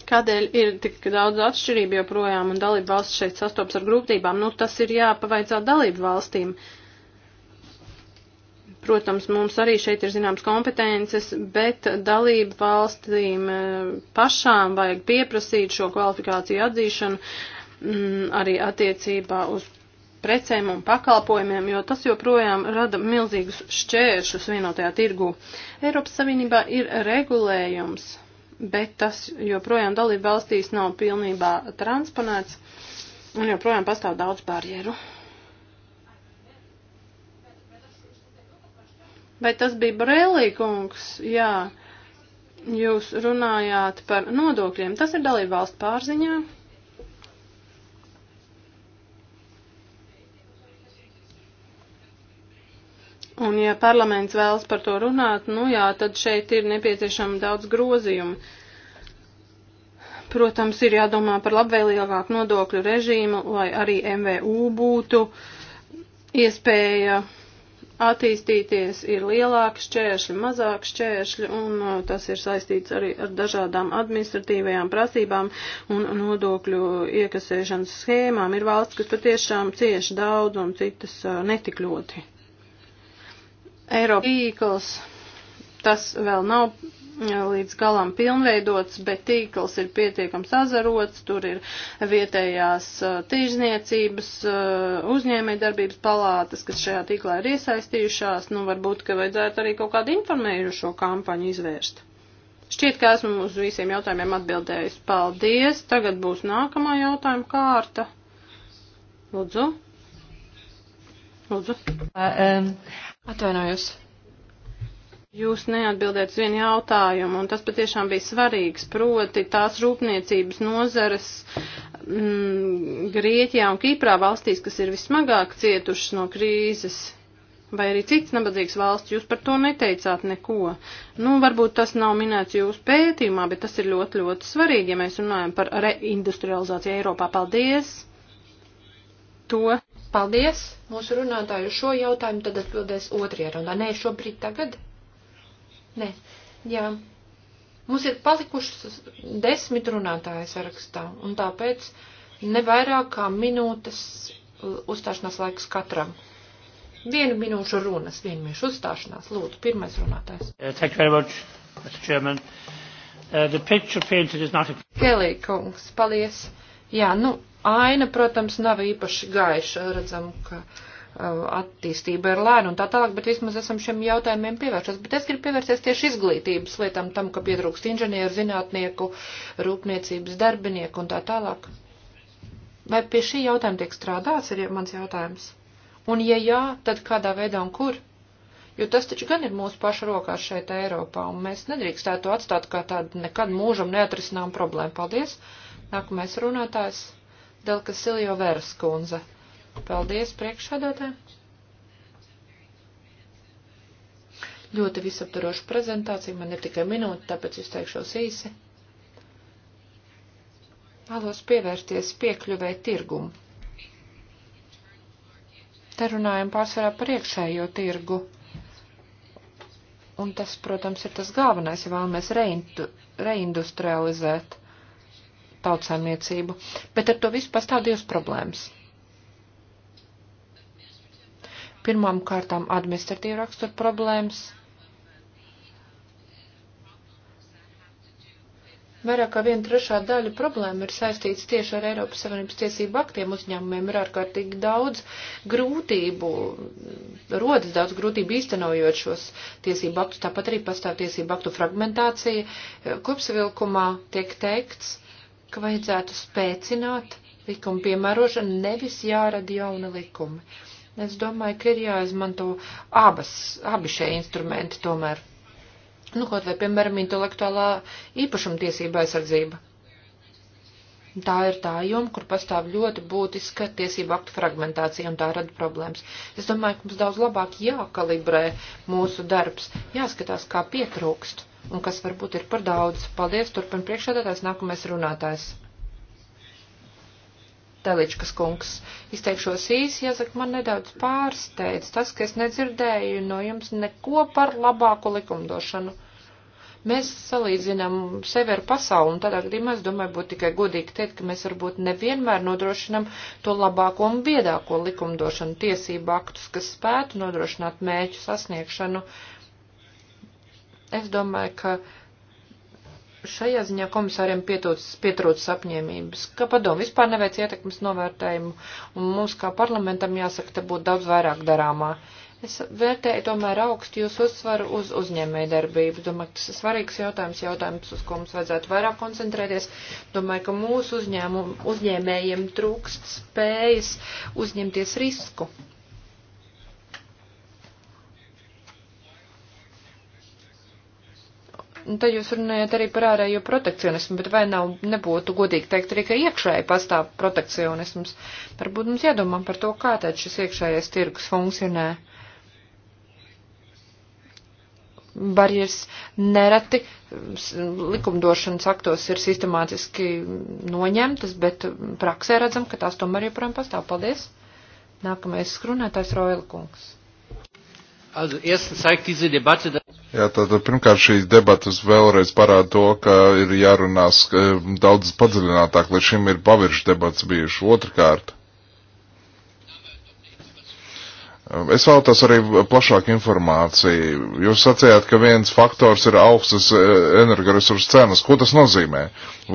Kādēļ ir tik daudz atšķirību joprojām un dalību valsts šeit sastops ar grūtībām? Nu, tas ir jāpavaicā dalību valstīm. Protams, mums arī šeit ir zināms kompetences, bet dalību valstīm eh, pašām vajag pieprasīt šo kvalifikāciju atzīšanu m, mm, arī attiecībā uz precēm un pakalpojumiem, jo tas joprojām rada milzīgus šķēršus vienotajā tirgū. Eiropas Savienībā ir regulējums bet tas joprojām dalība valstīs nav pilnībā transponēts un joprojām pastāv daudz barjeru. Vai tas bija Brēlī kungs? Jā, jūs runājāt par nodokļiem. Tas ir dalība valsts pārziņā. Un ja parlaments vēlas par to runāt, nu jā, tad šeit ir nepieciešama daudz grozījumu. Protams, ir jādomā par labvēlīgāku nodokļu režīmu, lai arī MVU būtu iespēja attīstīties, ir lielāki šķēršļi, mazāk šķēršļi, un uh, tas ir saistīts arī ar dažādām administratīvajām prasībām un nodokļu iekasēšanas schēmām. Ir valsts, kas patiešām cieši daudz un citas uh, netik ļoti. Eiropas tīkls, tas vēl nav mm, līdz galam pilnveidots, bet tīkls ir pietiekams azarots, tur ir vietējās tīrzniecības uzņēmējdarbības palātas, kas šajā tīklā ir iesaistījušās, nu varbūt, ka vajadzētu arī kaut kādu informējušo kampaņu izvērst. Šķiet, ka esmu uz visiem jautājumiem atbildējis. Paldies! Tagad būs nākamā jautājuma kārta. Lūdzu. Lūdzu. Uh, um, Atvainojos. Jūs neatbildēt uz vienu jautājumu, un tas patiešām bija svarīgs, proti tās rūpniecības nozares mm, Grieķijā un Kīprā valstīs, kas ir vismagāk cietušas no krīzes, vai arī cits nabadzīgs valsts, jūs par to neteicāt neko. Nu, varbūt tas nav minēts jūsu pētījumā, bet tas ir ļoti, ļoti svarīgi, ja mēs runājam par reindustrializāciju Eiropā. Paldies! To Paldies mūsu runātāju šo jautājumu, tad atbildēs otrajā runā. Nē, šobrīd tagad? Nē, jā. Mums ir palikušas desmit runātājas sarakstā, un tāpēc ne vairāk kā minūtes uzstāšanās laiks katram. Vienu minūšu runas, vienu minūšu uzstāšanās. Lūdzu, pirmais runātājs. Uh, thank you very much, Mr. Chairman. Uh, the picture painted is not a... Kelī, kungs, paldies. Uh, Jā, nu, aina, protams, nav īpaši gaiša, redzam, ka uh, attīstība ir lēna un tā tālāk, bet vismaz esam šiem jautājumiem pievēršas. Bet es gribu pievērsties tieši izglītības lietām, tam, ka pietrūkst inženieru, zinātnieku, rūpniecības darbinieku un tā tālāk. Vai pie šī jautājuma tiek strādāts, ir mans jautājums? Un ja jā, tad kādā veidā un kur? Jo tas taču gan ir mūsu pašu rokās šeit Eiropā, un mēs nedrīkstētu atstāt kā tādu nekad mūžam neatrisinām problēmu. Paldies! Nākamais runātājs - Delka Siljo Veras kundze. Paldies, priekšsādātā. Ļoti visaptaroša prezentācija, man ir tikai minūte, tāpēc izteikšos īsi. Vēlos pievērsties piekļuvē tirgumu. Te runājam pārsvarā par iekšējo tirgu un tas, protams, ir tas galvenais, ja vēlamies reindu, reindustrializēt tautsēmniecību, bet ar to visu pastāv divas problēmas. Pirmām kārtām administratīva rakstura problēmas. Vairāk kā viena trešā daļa problēma ir saistīts tieši ar Eiropas Savienības tiesību aktiem. Uzņēmumiem ir ārkārtīgi daudz grūtību, rodas daudz grūtību īstenojot šos tiesību aktus. Tāpat arī pastāv tiesību aktu fragmentācija. Kopsavilkumā tiek teikts, ka vajadzētu spēcināt likuma piemērošanu, nevis jārada jauni likumi. Es domāju, ka ir jāizmanto abas, abi šie instrumenti tomēr. Nu, kaut vai, piemēram, intelektuālā īpašumtiesība aizsardzība. Tā ir tā joma, kur pastāv ļoti būtiska tiesību aktu fragmentācija un tā rada problēmas. Es domāju, ka mums daudz labāk jākalibrē mūsu darbs, jāskatās, kā pietrūkst un kas varbūt ir par daudz. Paldies, turpin priekšādātājs, nākamais runātājs. Teličkas kungs. Izteikšos īsi, jāsaka, man nedaudz pārsteidz tas, ka es nedzirdēju no jums neko par labāku likumdošanu. Mēs salīdzinām sevi ar pasauli, un tādā gadījumā, es domāju, būtu tikai godīgi teikt, ka mēs varbūt nevienmēr nodrošinam to labāko un biedāko likumdošanu tiesību aktus, kas spētu nodrošināt mēķu sasniegšanu Es domāju, ka šajā ziņā komisāriem pietrūcis apņēmības, ka padomu vispār neveic ietekmes novērtējumu, un mums kā parlamentam jāsaka, te būtu daudz vairāk darāmā. Es vērtēju tomēr augstu jūsu uzsvaru uz uzņēmēju darbību. Domāju, tas ir svarīgs jautājums, jautājums, uz ko mums vajadzētu vairāk koncentrēties. Domāju, ka mūsu uzņēmum, uzņēmējiem trūkst spējas uzņemties risku Un nu, te jūs runājat arī par ārējo protekcionismu, bet vai nav, nebūtu godīgi teikt arī, ka iekšēji pastāv protekcionisms? Varbūt mums jādomā par to, kā tad šis iekšējais tirgus funkcionē. Barjeras nereti likumdošanas aktos ir sistemātiski noņemtas, bet praksē redzam, ka tās tomēr joprojām pastāv. Paldies! Nākamais skrunētājs Roila kungs. Also erstens zeigt diese Debatte, dass Jā, tātad pirmkārt šīs debatas vēlreiz parāda to, ka ir jārunās eh, daudz padziļinātāk, līdz šim ir pavirši debats bijuši. Otrkārt, eh, es vēlētos arī plašāku informāciju. Jūs sacījāt, ka viens faktors ir augstas eh, energoresursu cenas. Ko tas nozīmē?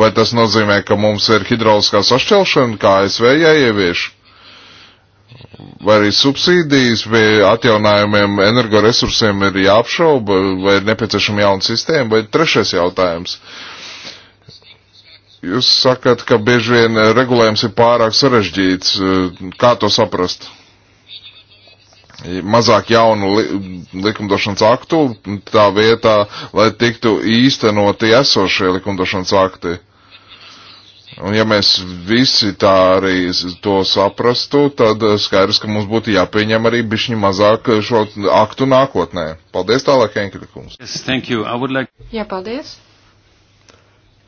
Vai tas nozīmē, ka mums ir hidrauliskā sašķelšana, kā ASV jāievieš? Ja vai arī subsīdijas vai atjaunājumiem energoresursiem ir jāapšauba, vai ir nepieciešama jauna sistēma, vai trešais jautājums. Jūs sakat, ka bieži vien regulējums ir pārāk sarežģīts. Kā to saprast? mazāk jaunu li likumdošanas aktu, tā vietā, lai tiktu īstenoti esošie likumdošanas akti. Un ja mēs visi tā arī to saprastu, tad eh, skaidrs, ka mums būtu jāpieņem arī bišķi mazāk eh, šo aktu nākotnē. Paldies tālāk, Henkļa kungs. Yes, thank you. I would like... Jā, paldies.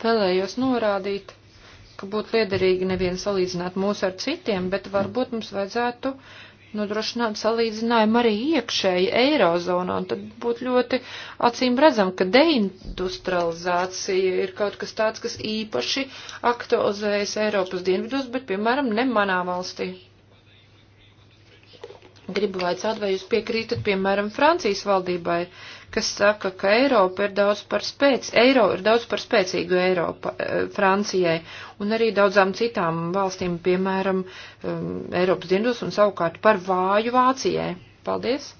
Vēlējos norādīt, ka būtu liederīgi nevien salīdzināt mūs ar citiem, bet varbūt mums vajadzētu uh, nodrošināt salīdzinājumu arī iekšēji Eirozonā, un tad būtu ļoti acīm redzam, ka deindustrializācija ir kaut kas tāds, kas īpaši aktualizējas Eiropas dienvidos, bet, piemēram, ne manā valstī. Gribu vaicāt, vai jūs piekrītat, piemēram, Francijas valdībai kas saka, ka Eiropa ir daudz par spēc, Eiro ir daudz par spēcīgu Eiropa, e, Francijai un arī daudzām citām valstīm, piemēram, um, Eiropas dienos un savukārt par vāju Vācijai. Paldies!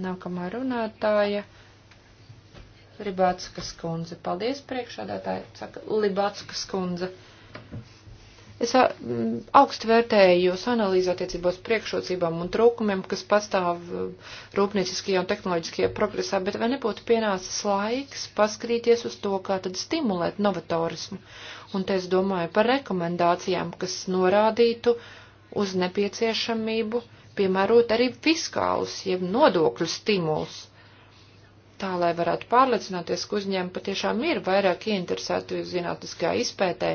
Nākamā runātāja. Ribātskas kundze. Paldies priekšādātāji, saka Libātskas kundze. Es augstu vērtēju jūs analīzi attiecībos priekšrocībām un trūkumiem, kas pastāv uh, rūpnieciskajā un tehnoloģiskajā progresā, bet vai nebūtu pienācis laiks paskrīties uz to, kā tad stimulēt novatorismu? Un te es domāju par rekomendācijām, kas norādītu uz nepieciešamību piemērot arī fiskālus, jeb nodokļu stimulus tā, lai varētu pārliecināties, ka uzņēmumi patiešām ir vairāk ieinteresēti zinātniskajā izpētē,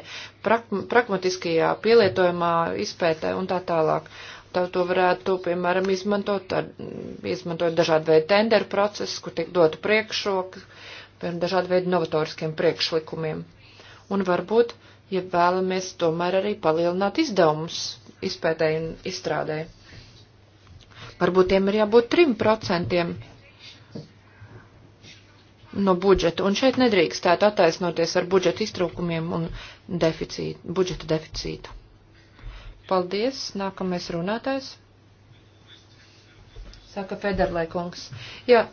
pragmatiskajā pielietojumā izpētē un tā tālāk. Tā to varētu, piemēram, izmantot, ar, izmantot dažādu veidu tenderu procesu, kur tiek dotu priekšroku, piemēram, dažādu veidu novatoriskiem priekšlikumiem. Un varbūt, ja vēlamies tomēr arī palielināt izdevumus izpētēji un izstrādēji. Varbūt tiem ir jābūt 3% no budžeta. Un šeit nedrīkstētu attaisnoties ar budžeta iztrūkumiem un deficītu, budžeta deficītu. Paldies. Nākamais runātājs. Saka Federlai kungs. Jā,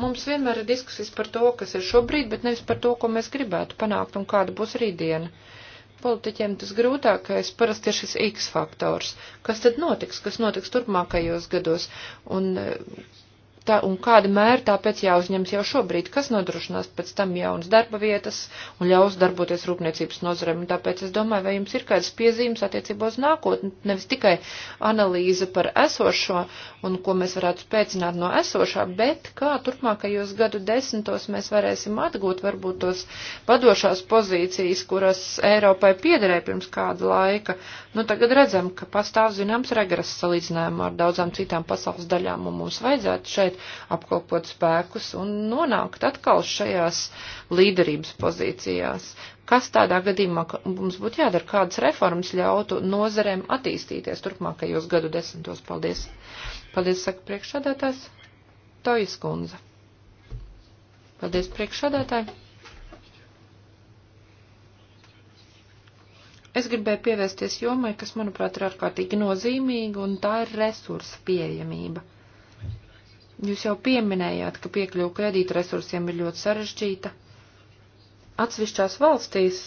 mums vienmēr ir diskusijas par to, kas ir šobrīd, bet nevis par to, ko mēs gribētu panākt un kāda būs rītdiena. Politiķiem tas grūtākais parasti ir šis X faktors. Kas tad notiks, kas notiks turpmākajos gados un tā, un kāda mēra tāpēc jāuzņems jau šobrīd, kas nodrošinās pēc tam jaunas darba vietas un ļaus darboties rūpniecības nozarēm. Tāpēc es domāju, vai jums ir kādas piezīmes attiecībā uz nākotni, nevis tikai analīze par esošo un ko mēs varētu spēcināt no esošā, bet kā turpmākajos gadu desmitos mēs varēsim atgūt varbūt tos padošās pozīcijas, kuras Eiropai piederēja pirms kāda laika. Nu, tagad redzam, ka pastāv zināms regress salīdzinājumā ar daudzām citām pasaules daļām, un mums vajadzētu šeit šeit apkopot spēkus un nonākt atkal šajās līderības pozīcijās. Kas tādā gadījumā mums būtu jādara, kādas reformas ļautu nozarēm attīstīties turpmākajos gadu desmitos? Paldies! Paldies, saka priekšsādātājs Tojas kundze. Paldies, priekšsādātāji! Es gribēju pievērsties jomai, kas, manuprāt, ir ārkārtīgi nozīmīga, un tā ir resursa pieejamība. Jūs jau pieminējāt, ka piekļuva kredīta resursiem ir ļoti sarežģīta. Atsevišķās valstīs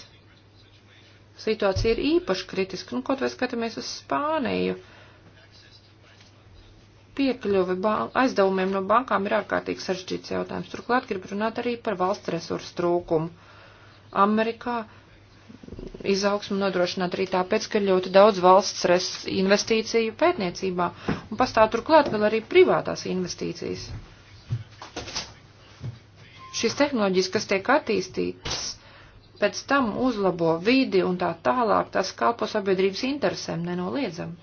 situācija ir īpaši kritiska, nu, kaut vai skatāmies uz Spāniju. Piekļuvi aizdevumiem no bankām ir ārkārtīgi sarežģīts jautājums. Turklāt grib runāt arī par valsts resursu trūkumu. Amerikā izaugsmu nodrošināt arī tāpēc, ka ļoti daudz valsts investīciju pētniecībā un pastāv turklāt vēl arī privātās investīcijas. Šīs tehnoloģijas, kas tiek attīstītas, pēc tam uzlabo vidi un tā tālāk, tas kalpo sabiedrības interesēm nenoliedzam.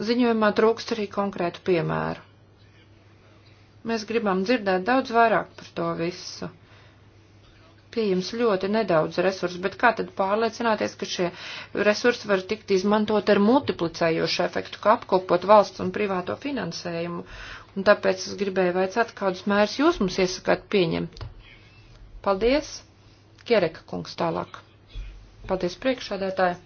Ziņojumā trūkst arī konkrētu piemēru. Mēs gribam dzirdēt daudz vairāk par to visu pieejams ļoti nedaudz resursu, bet kā tad pārliecināties, ka šie resursi var tikt izmantot ar multiplicējošu efektu, kā apkopot valsts un privāto finansējumu? Un tāpēc es gribēju vaicāt, kādus mērus jūs mums iesakāt pieņemt. Paldies, Kiereka kungs tālāk. Paldies priekšādētāji.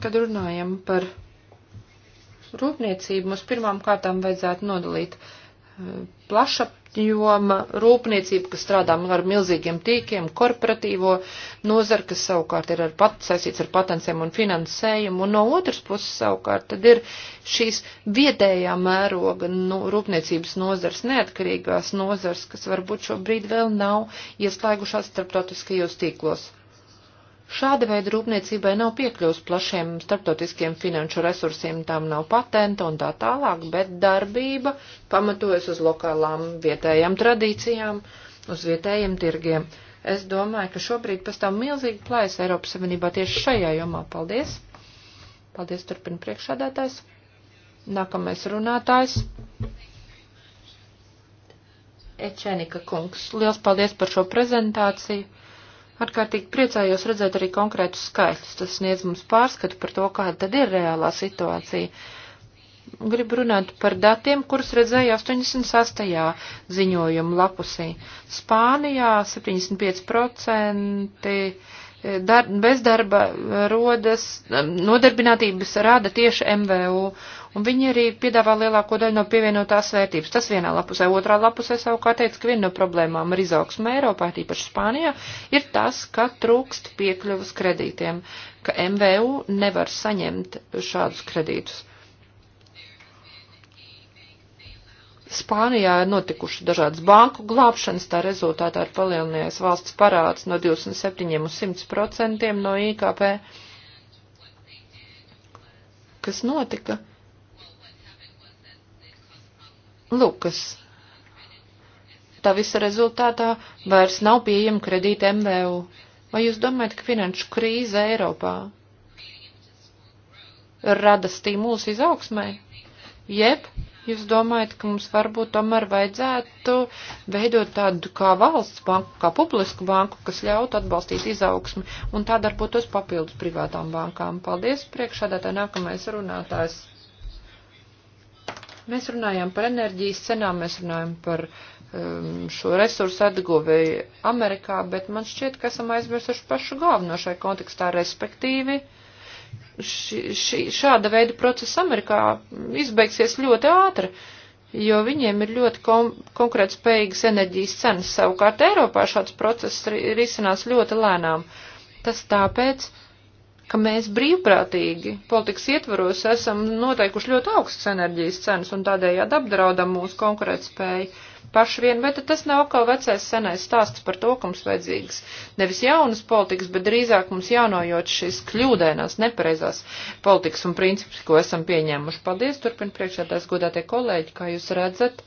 Kad runājam par rūpniecību, mums pirmām kārtām vajadzētu nodalīt eh, plaša joma, rūpniecība, kas strādā ar milzīgiem tīkiem, korporatīvo nozara, kas savukārt ir ar pat, saistīts ar patenciem un finansējumu, un no otras puses savukārt tad ir šīs vietējā mēroga nu, rūpniecības nozars, neatkarīgās nozars, kas varbūt šobrīd vēl nav ieslēgušās starptautiskajos tīklos. Šāda veida rūpniecībai nav piekļūst plašiem starptautiskiem finanšu resursiem, tam nav patenta un tā tālāk, bet darbība pamatojas uz lokālām vietējām tradīcijām, uz vietējiem tirgiem. Es domāju, ka šobrīd pastāv milzīgi plājas Eiropas Savienībā tieši šajā jomā. Paldies! Paldies, turpina priekšādātājs. Nākamais runātājs. Ečenika kungs, liels paldies par šo prezentāciju Atkārtīgi priecājos redzēt arī konkrētus skaitļus. Tas sniedz mums pārskatu par to, kāda tad ir reālā situācija. Gribu runāt par datiem, kurus redzēju 86. ziņojuma lapusī. Spānijā 75% dar, bezdarba rodas, nodarbinātības rāda tieši MVU, un viņi arī piedāvā lielāko daļu no pievienotās vērtības. Tas vienā lapusē, otrā lapusē savukārt teica, ka viena no problēmām ar izaugsmu Eiropā, tīpaši Spānijā, ir tas, ka trūkst piekļuvas kredītiem, ka MVU nevar saņemt šādus kredītus. Spānijā ir notikuši dažādas banku glābšanas, tā rezultātā ir palielinājies valsts parāds no 27 uz 100 procentiem no IKP. Kas notika? Lukas. Tā visa rezultātā vairs nav pieejama kredīta MVU. Vai jūs domājat, ka finanšu krīze Eiropā rada stimulus izaugsmai? Jeb jūs domājat, ka mums varbūt tomēr vajadzētu veidot tādu kā valsts banku, kā publisku banku, kas ļautu atbalstīt izaugsmi un tā darbotos papildus privātām bankām? Paldies, priekšādātā nākamais runātājs. Mēs runājam par enerģijas cenām, mēs runājam par um, šo resursu atguvēju Amerikā, bet man šķiet, ka esam aizmirsuši pašu galveno šai kontekstā, respektīvi. Uh, ši, ši, šāda veida process Amerikā izbeigsies ļoti ātri, jo viņiem ir ļoti kom, konkrēti spējīgas enerģijas cenas. Savukārt Eiropā šāds process risinās ļoti lēnām. Tas tāpēc, ka mēs brīvprātīgi politikas ietvaros esam noteikuši ļoti augstas enerģijas cenas un tādējādi apdraudam mūsu konkurētspēju. spēju paši vien, bet tas nav atkal vecais senais stāsts par to, ka mums vajadzīgs nevis jaunas politikas, bet drīzāk mums jānojot šīs kļūdainās, nepareizās politikas un principus, ko esam pieņēmuši. Paldies, turpin priekšādās godātie kolēģi, kā jūs redzat.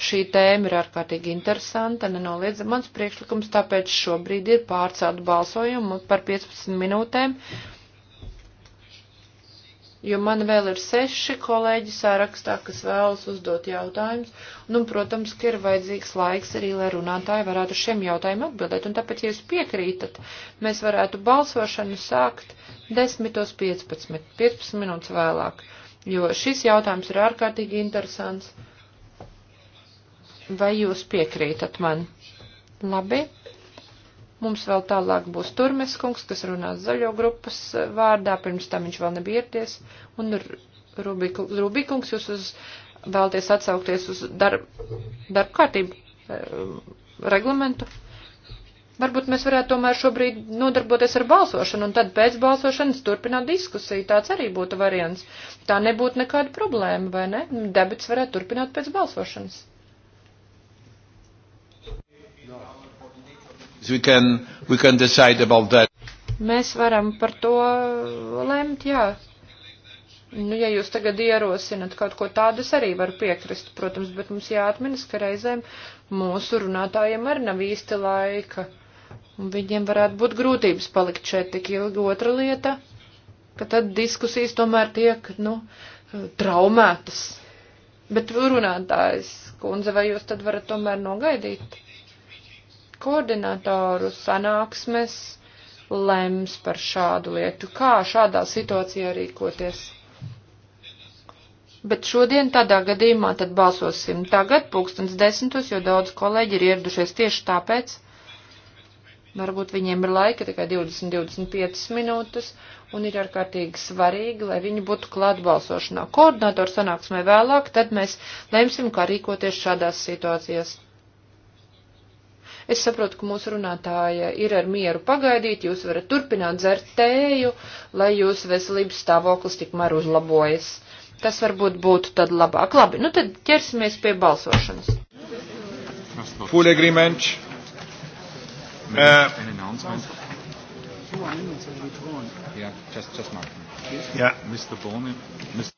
Šī tēma ir ārkārtīgi interesanta, nenoliedzam mans priekšlikums, tāpēc šobrīd ir pārcelt balsojumu par 15 minūtēm jo man vēl ir seši kolēģi sārakstā, kas vēlas uzdot jautājumus, un, nu, un, protams, ka ir vajadzīgs laiks arī, lai runātāji varētu šiem jautājumiem atbildēt, un tāpēc, ja jūs piekrītat, mēs varētu balsošanu sākt 10.15, 15 minūtes vēlāk, jo šis jautājums ir ārkārtīgi interesants. Vai jūs piekrītat man? Labi. Mums vēl tālāk būs Turmes kungs, kas runās zaļo grupas eh, vārdā, pirms tam viņš vēl nebija ieradies, un Rubikungs jūs uz, vēlties atsaukties uz darb, darb kārtību eh, reglamentu. Varbūt mēs varētu tomēr šobrīd nodarboties ar balsošanu, un tad pēc balsošanas turpināt diskusiju. Tāds arī būtu variants. Tā nebūtu nekāda problēma, vai ne? Debits varētu turpināt pēc balsošanas. So we can, we can decide about that. Mēs varam par to lemt, jā. Nu, ja jūs tagad ierosinat kaut ko tādu, es arī varu piekrist, protams, bet mums jāatminas, ka reizēm mūsu runātājiem arī nav īsti laika. Un viņiem varētu būt grūtības palikt šeit tik ilgi. Otra lieta, ka tad diskusijas tomēr tiek, nu, traumētas. Bet runātājs, kundze, vai jūs tad varat tomēr nogaidīt? koordinatoru sanāksmes lems par šādu lietu, kā šādā situācijā rīkoties. Bet šodien tādā gadījumā tad balsosim tagad, pulkstens desmitos, jo daudz kolēģi ir ieradušies tieši tāpēc. Varbūt viņiem ir laika tikai 20-25 minūtes, un ir ārkārtīgi svarīgi, lai viņi būtu klāt balsošanā. Koordinātori sanāksmē vēlāk, tad mēs lemsim, kā rīkoties šādās situācijās. Es saprotu, ka mūsu runātāja ir ar mieru pagaidīt, jūs varat turpināt dzert tēju, lai jūsu veselības stāvoklis tikmēr uzlabojas. Tas varbūt būtu tad labāk. Labi, nu tad ķersimies pie balsošanas. Full agreement. Uh, yeah, just, just Martin. Yeah. Mr. Bone, Mr.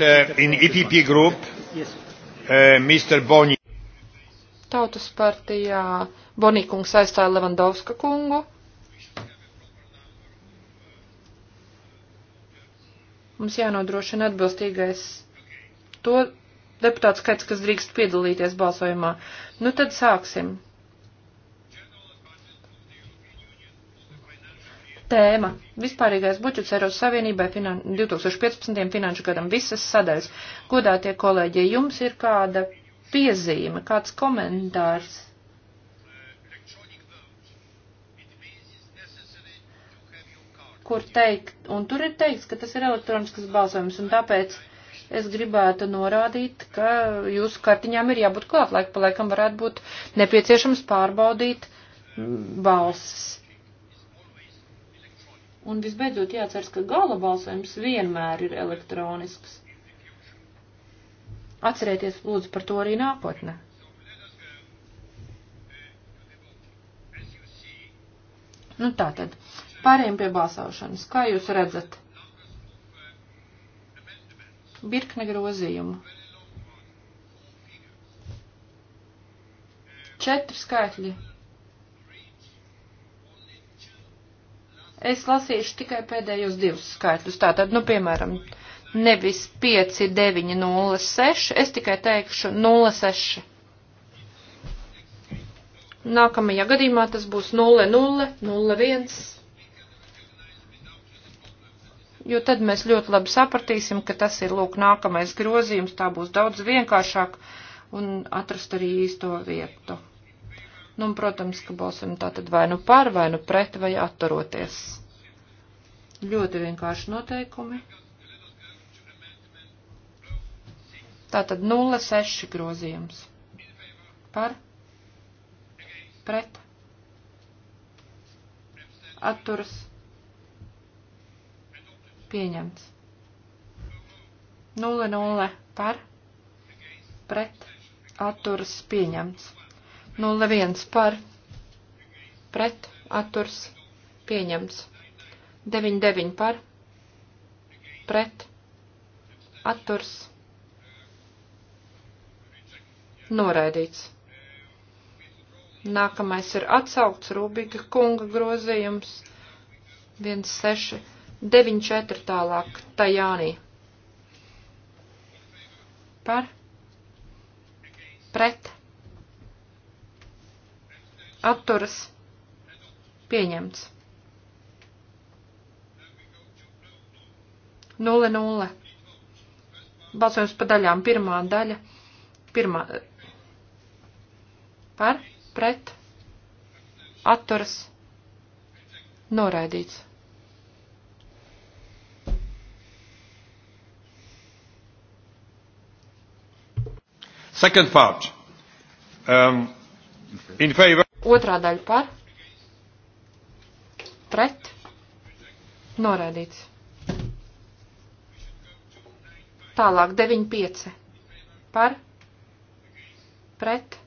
uh, in EPP group, uh, Mr. Boni. Tautas partijā Bonī kungs aizstāja Levandovska kungu. Mums jānodrošina atbilstīgais to deputātu skaits, kas drīkst piedalīties balsojumā. Nu tad sāksim. tēma - vispārīgais budžets Eiropas Savienībai finan 2015. finanšu gadam visas sadaļas. Godātie kolēģi, ja jums ir kāda piezīme, kāds komentārs? kur teikt, un tur ir teikts, ka tas ir elektronisks balsojums, un tāpēc es gribētu norādīt, ka jūsu kartiņām ir jābūt klāt, laik pa laikam varētu būt nepieciešams pārbaudīt mm, balsis. Un visbeidzot jāceras, ka gala balsojums vienmēr ir elektronisks. Atcerieties, lūdzu, par to arī nākotnē. Nu tā tad, pārējiem pie balsošanas. Kā jūs redzat? Birkne grozījumu. Četri skaitļi. Es lasīšu tikai pēdējos divus skaitļus. Tātad, nu, piemēram, nevis 5, 9, 0, 6, es tikai teikšu 0, 6. Nākamajā gadījumā tas būs 0, 0, 0, 1. Jo tad mēs ļoti labi sapratīsim, ka tas ir lūk nākamais grozījums, tā būs daudz vienkāršāk un atrast arī īsto vietu. Nu, un, protams, ka balsam tātad vai nu par, vai nu pret, vai atturoties. Ļoti vienkārši noteikumi. Tātad 0,6 grozījums. Par, pret, atturas, pieņemts. 0,0 par, pret, atturas, pieņemts. 01 nu, par pret atturs pieņemts. 99 par pret atturs noraidīts. Nākamais ir atsaukts Rūbīga kunga grozījums 1694 tālāk Tajānī. Par pret atturas pieņemts. 0-0. Balsojums pa daļām. Pirmā daļa. Pirmā. Par, pret, atturas, noraidīts. Second part. Um, in favor. Otrā daļa par, pret, noraidīts. Tālāk 9.5. Par, pret,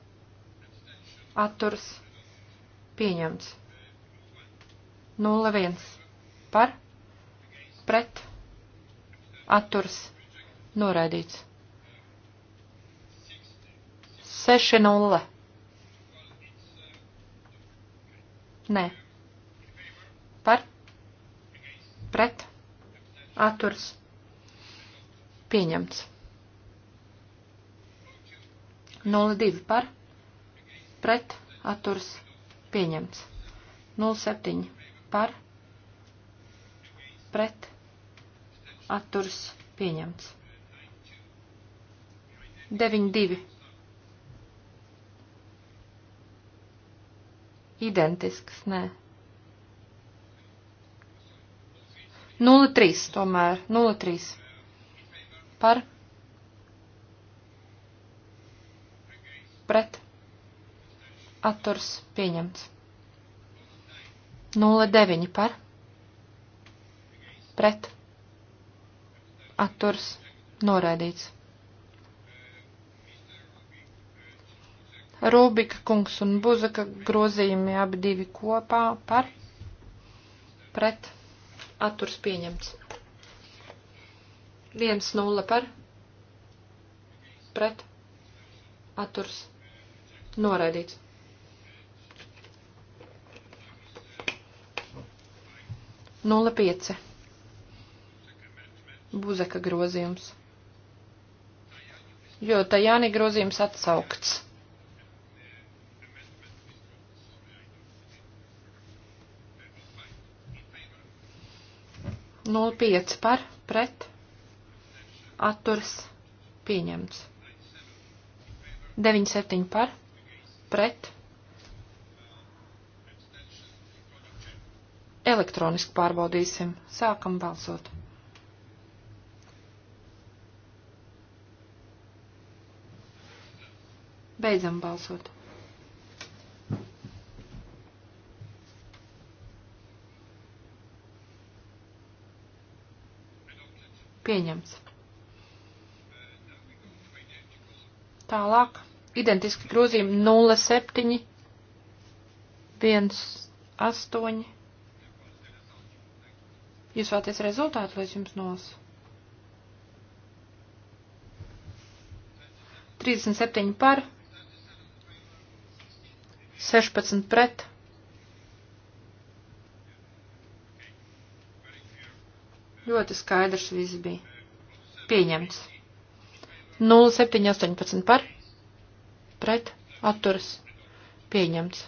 atturs, pieņemts. 0.1. Par, pret, atturs, noraidīts. 6.0. Nē. Par? Pret? Atturs? Pieņemts. 02 par? Pret? Atturs? Pieņemts. 07 par? Pret? Atturs? Pieņemts. 92 Identisks, nē. 03 tomēr, 03. Par. Pret. Atturs pieņemts. 09 par. Pret. Atturs noraidīts. Rūbika kungs un Buzaka grozījumi abi divi kopā par pret atturs pieņemts. 1-0 par pret atturs noraidīts. Nulle pieci. Buzeka grozījums. Jo Tajāni grozījums atsaukts. 05 par pret atturas pieņemts. 97 par pret elektroniski pārbaudīsim. Sākam balsot. Beidzam balsot. pieņemts. Tālāk, identiski grozījumi 07, 18. Jūs vēlaties rezultātu, lai es jums nosu? 37 par, 16 pret, Ļoti skaidrs viss bija. Pieņemts. 0718 par. Pret. Atturas. Pieņemts.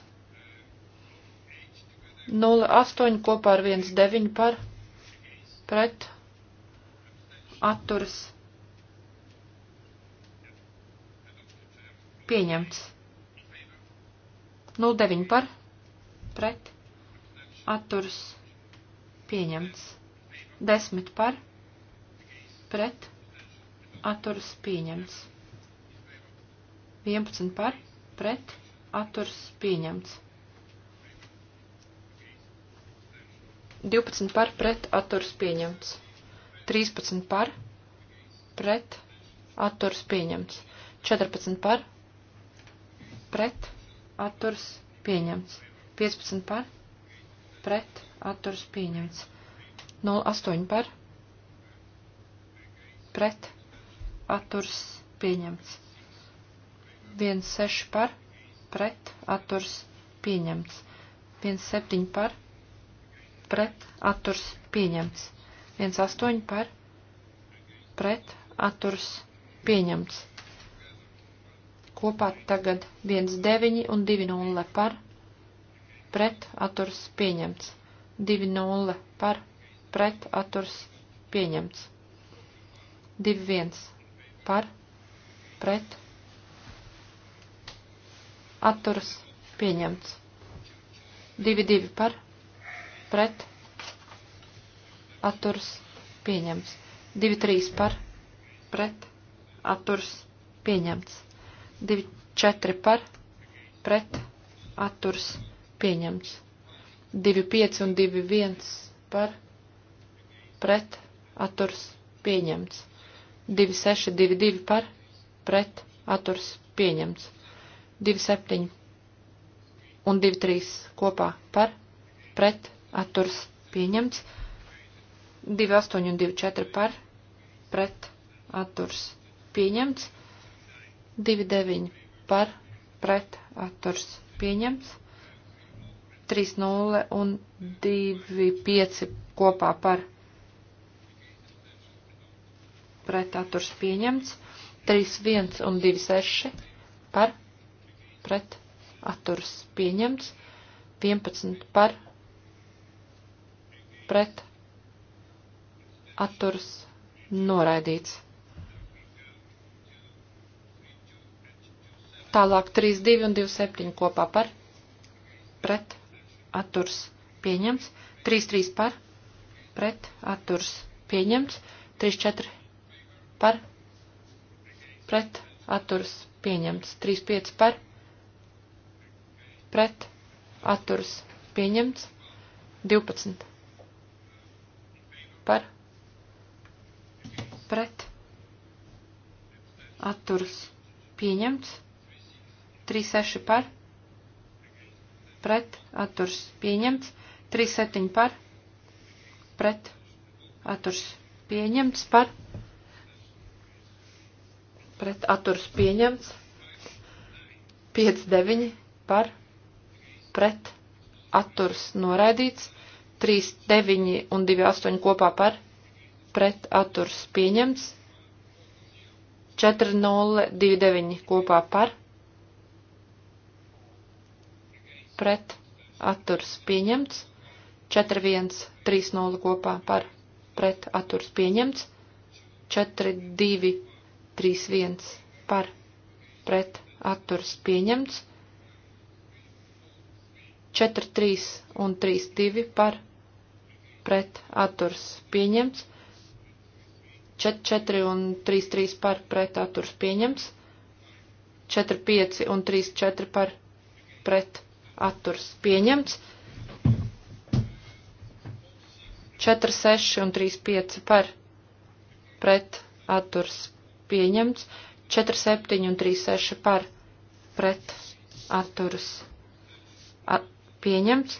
08 kopā ar 19 par. Pret. Atturas. Pieņemts. 09 par. Pret. Atturas. Pieņemts. 10 par, pret, atturas pieņemts. 11 par, pret, atturas pieņemts. 12 par, pret, atturas pieņemts. 13 par, pret, atturas pieņemts. 14 par, pret, atturas pieņemts. 15 par, pret, atturas pieņemts. 08 par pret atturs pieņemts. 16 par pret atturs pieņemts. 17 par pret atturs pieņemts. 18 par pret atturs pieņemts. Kopā tagad 19 un 20 par pret atturs pieņemts. 20 par pret pret atturs pieņemts. 2-1 par pret atturs pieņemts. 2-2 par pret atturs pieņemts. 2-3 par pret atturs pieņemts. 2-4 par pret atturs pieņemts. 2-5 un 2-1 par pret pret, atturs, pieņemts. 2622 par, pret, atturs, pieņemts. 27 un 23 kopā par, pret, atturs, pieņemts. 28 un 24 par, pret, atturs, pieņemts. 29 par, pret, atturs, pieņemts. 3-0 un 2-5 kopā par pret atturs pieņemts, 3.1 un 2.6 par pret atturs pieņemts, 11 par pret atturs noraidīts. Tālāk 3.2 un 2.7 kopā par pret atturs pieņemts, 3.3 par pret atturs pieņemts, 3.4 par, pret, atturas, pieņemts. 3,5 par, pret, atturas, pieņemts. 12 par, pret, atturas, pieņemts. 3,6 par, pret, atturas, pieņemts. 3,7 par, pret, atturas, pieņemts par pret atturs pieņemts. 5-9 par pret atturs noraidīts. 3-9 un 2-8 kopā par pret atturs pieņemts. 4-0-2-9 kopā par pret atturs pieņemts. 4-1-3-0 kopā par pret atturs pieņemts. 4-2 3-1 par pret atturs pieņemts, 4-3 un 3-2 par pret atturs pieņemts, 4-4 un 3-3 par pret atturs pieņemts, 4-5 un 3-4 par pret atturs pieņemts, 4-6 un 3-5 par pret atturs pieņemts, 47 un 36 par pret atturas at, pieņemts,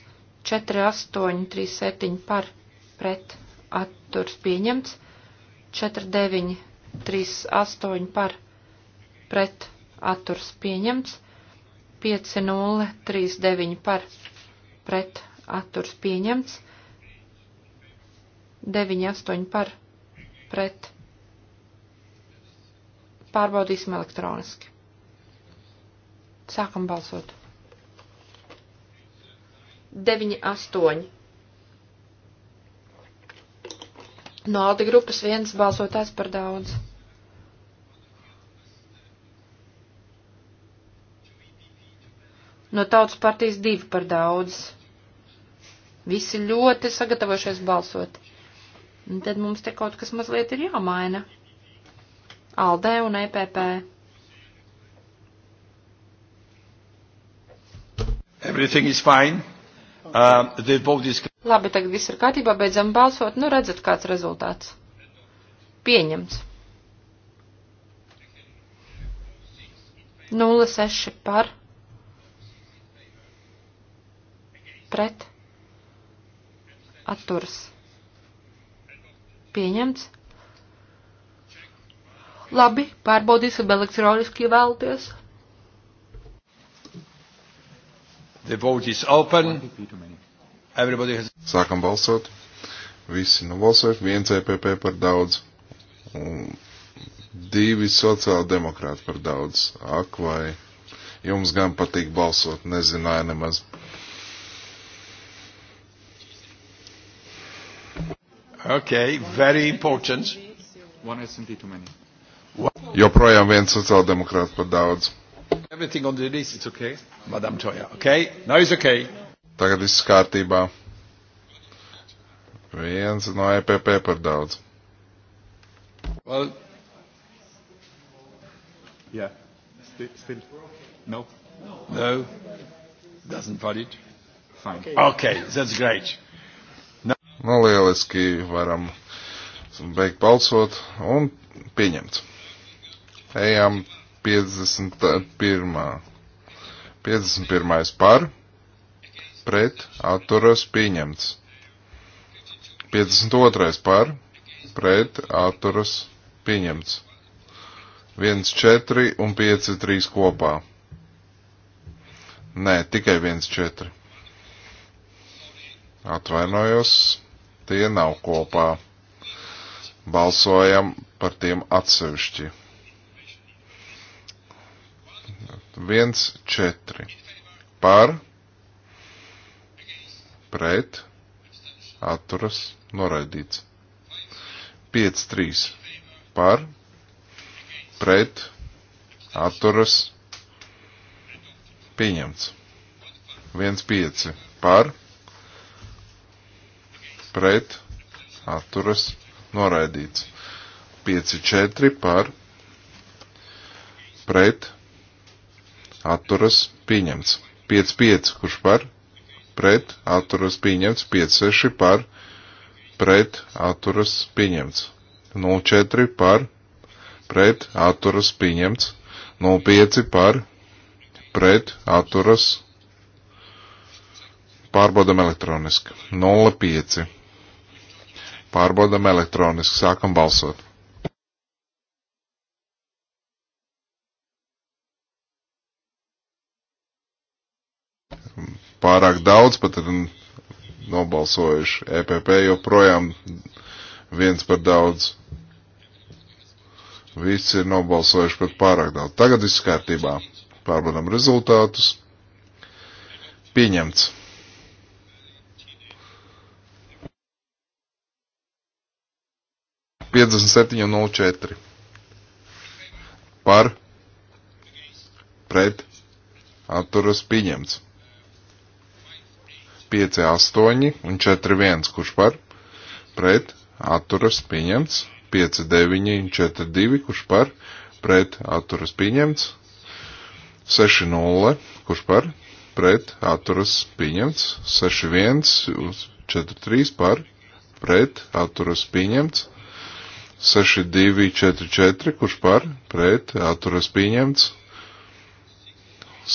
48, 37 par pret atturas pieņemts, 49, 38 par pret atturas pieņemts, 50, 39 par pret atturas pieņemts, 9, 8 par pret Pārbaudīsim elektroniski. Sākam balsot. 9, 8. No Alde grupas viens balsotājs par daudz. No tautas partijas divi par daudz. Visi ļoti sagatavojušies balsot. Un tad mums te kaut kas mazliet ir jāmaina. ALDE un EPP. Everything is fine. Uh, the vote is... Labi, tagad viss ir kārtībā, beidzam balsot. Nu, redzat, kāds rezultāts. Pieņemts. 06 par pret atturas. Pieņemts. Labi, pārbaudīsim elektroniski, ja vēlaties. The vote is open. Everybody has... Sākam balsot. Visi nobalsoja. Nu Viens EPP par daudz. Un divi sociāla demokrāti par daudz. Ak, vai jums gan patīk balsot, nezināju nemaz. Okay, very important. One SMD too many. Joprojām viens sociāldemokrāts par daudz. Everything on the list is okay, Madam Toya. Okay, now it's okay. Tagad viss kārtībā. Viens no EPP par daudz. Well, yeah, still, still. no, no, doesn't valid. Fine. Okay, that's great. Now... Nu, lieliski varam beigt balsot un pieņemt. Ejam 51. 51. par, pret, atturas pieņemts. 52. par, pret, atturas pieņemts. 1, 4 un 5, 3 kopā. Nē, tikai 1, 4. Atvainojos, tie nav kopā. Balsojam par tiem atsevišķi. 1-4 par pret atturas noraidīts. 5-3 par pret atturas pieņemts. 1-5 par pret atturas noraidīts. 5-4 par pret atturas pieņemts. 5-5, kurš par, pret, atturas pieņemts. 5-6 par, pret, atturas pieņemts. 0-4 par, pret, atturas pieņemts. 0-5 par, pret, atturas pārbaudam elektroniski. 0-5. Pārbaudam elektroniski, sākam balsot. pārāk daudz pat ir nobalsojuši. EPP joprojām viens par daudz. Visi ir nobalsojuši pat pārāk daudz. Tagad viss kārtībā. Pārbaudām rezultātus. Pieņemts. Piedzesmit septiņi un nulle četri. Par pret atturas pieņemts. 5, 8 un 4, 1, kurš par pret atturas pieņemts, 5, 9 un 4, 2, kurš par pret atturas pieņemts, 6, 0, kurš par pret atturas pieņemts, 6, 1, 4, 3 par pret atturas pieņemts, 6, 2, 4, 4, kurš par pret atturas pieņemts,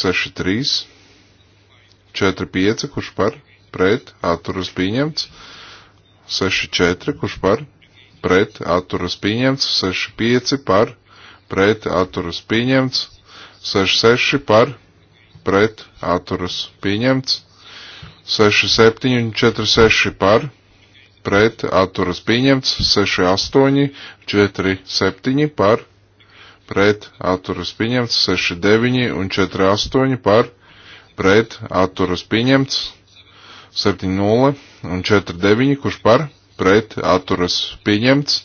6, 3, 4, 5, kurš par pret atturas pieņemts. 6-4, kurš par pret atturas pieņemts. 6-5 par pret atturas pieņemts. 6-6 par pret atturas pieņemts. 6-7 un 4-6 par pret atturas pieņemts. 6-8, 4-7 par pret atturas pieņemts. 6-9 un 4-8 par pret atturas pieņemts. 7-0 un 4-9, kurš par pret atturas pieņemts,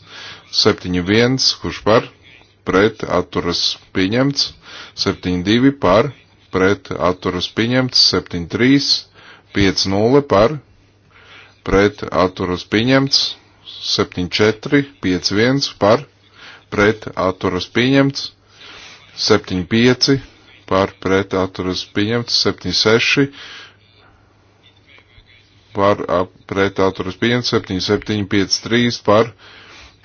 7-1, kurš par pret atturas pieņemts, 7-2 par pret atturas pieņemts, 7-3, 5-0 par pret atturas pieņemts, 7-4, 5-1 par pret atturas pieņemts, 7-5 par pret atturas pieņemts, 7-6 par pret atturas pieņemts, 7, 7, 5, 3 par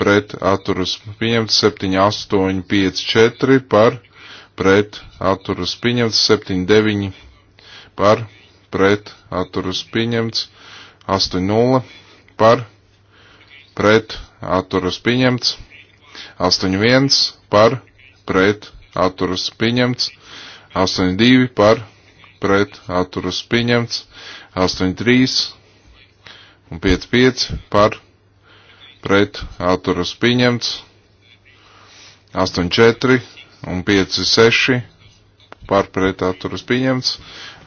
pret atturas pieņemts, 7, 8, 5, 4 par pret atturas pieņemts, 7, 9 par pret atturas pieņemts, 8, 0 par pret atturas pieņemts, 8, 1 par pret atturas pieņemts, 8, 2 par pret atturas pieņemts, 8, 3 un 5-5 par pret atturas pieņemts, 8-4 un 5-6 par pret atturas pieņemts,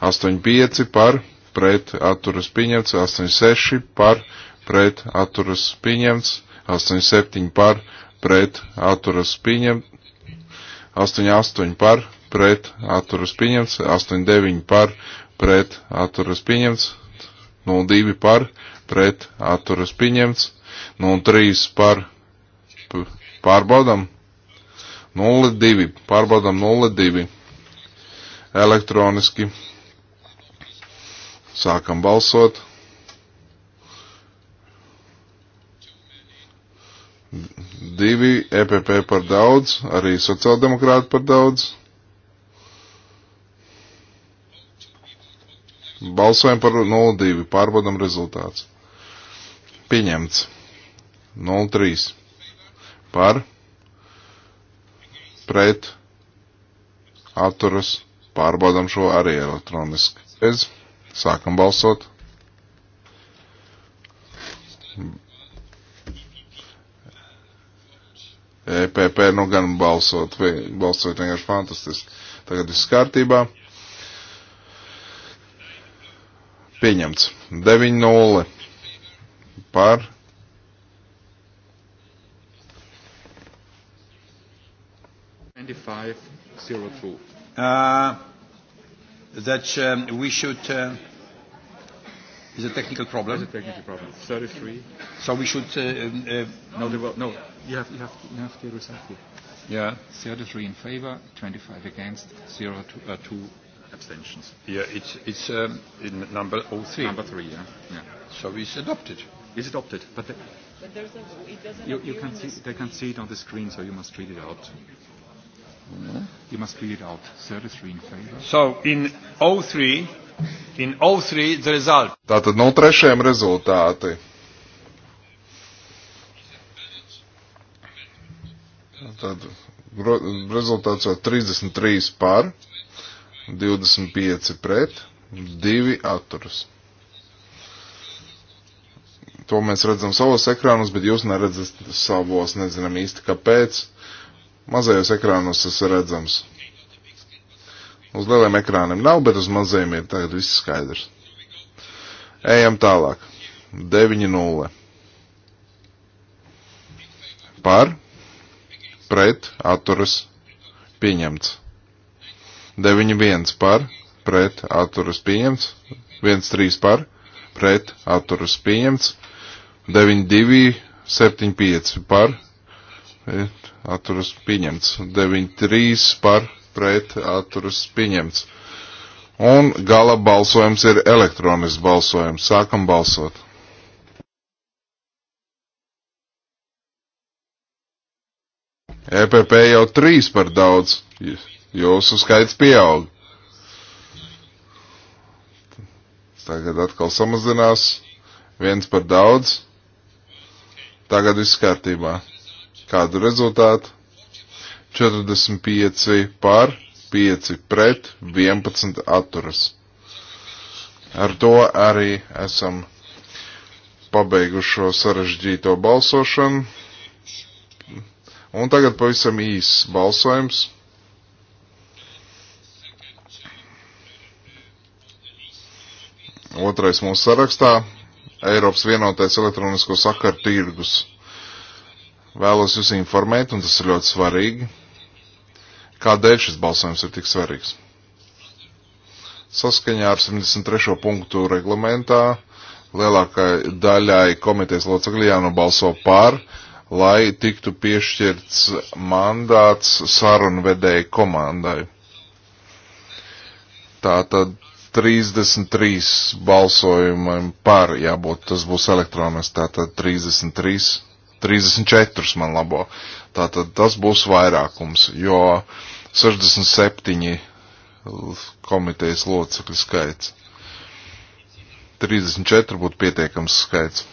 8-5 par pret atturas pieņemts, 8-6 par pret atturas pieņemts, 8-7 par pret atturas pieņemts, 8-8 par pret atturas pieņemts, 8-9 par pret atturas pieņemts, 0-2 par pret pret atturas pieņemts, 03 nu, par pārbaudam, 02 pārbaudam 02 elektroniski. Sākam balsot. Divi EPP par daudz, arī sociāldemokrāti par daudz. Balsojam par 0,2. Pārbaudam rezultāts pieņemts. 03 par pret atturas pārbaudam šo arī elektroniski. Es sākam balsot. EPP nu gan balsot, balsot vienkārši fantastiski. Tagad viss kārtībā. Pieņemts. 9-0 par Uh, that um, we should uh, is a technical problem. It's a technical problem. 33. So we should. Uh, um, uh, no, there were, no. You have, you have, you have the result here. Yeah. 33 in favor, 25 against, zero to, uh, two abstentions. Yeah, it's it's um, in number 03. Number three. Yeah. yeah. So it's adopted. Is it opted? But, the, but there's a, it doesn't you, you can see, the they can see it on the screen, so you must read it out. Mm. You must read it out. 33 in favor. So in 03, in 03 the result. Tātad no trešajam rezultāti. Tad rezultāts jau 33 par, 25 pret, 2 atturas. To mēs redzam savos ekrānos, bet jūs neredzat savos, nezinām īsti kāpēc. Mazajos ekrānos tas ir redzams. Uz lieliem ekrāniem nav, bet uz mazajiem ir tagad viss skaidrs. Ejam tālāk. 9-0. Par, pret, atturas, pieņemts. 9-1 par, pret, atturas, pieņemts. 1-3 par, pret, atturas, pieņemts. 92, 75 par, e, atturas pieņemts, 93 par, pret, atturas pieņemts. Un gala balsojums ir elektronisks balsojums. Sākam balsot. EPP jau trīs par daudz. Jūsu skaits pieaug. Tagad atkal samazinās. Viens par daudz. Tagad viss kārtībā. Kādu rezultātu? 45 pār, 5 pret, 11 atturas. Ar to arī esam pabeigušo sarežģīto balsošanu. Un tagad pavisam īss balsojums. Otrais mūsu sarakstā Eiropas vienotais elektronisko sakaru tirgus. Vēlos jūs informēt, un tas ir ļoti svarīgi, kādēļ šis balsojums ir tik svarīgs. Saskaņā ar 73. punktu reglamentā lielākai daļai komitejas locekļi jānobalso par, lai tiktu piešķirts mandāts sarunvedēju komandai. Tātad 33 balsojumiem par jābūt, tas būs elektronis, tātad 33, 34 man labo. Tātad tas būs vairākums, jo 67 komitejas locekļu skaits. 34 būtu pietiekams skaits.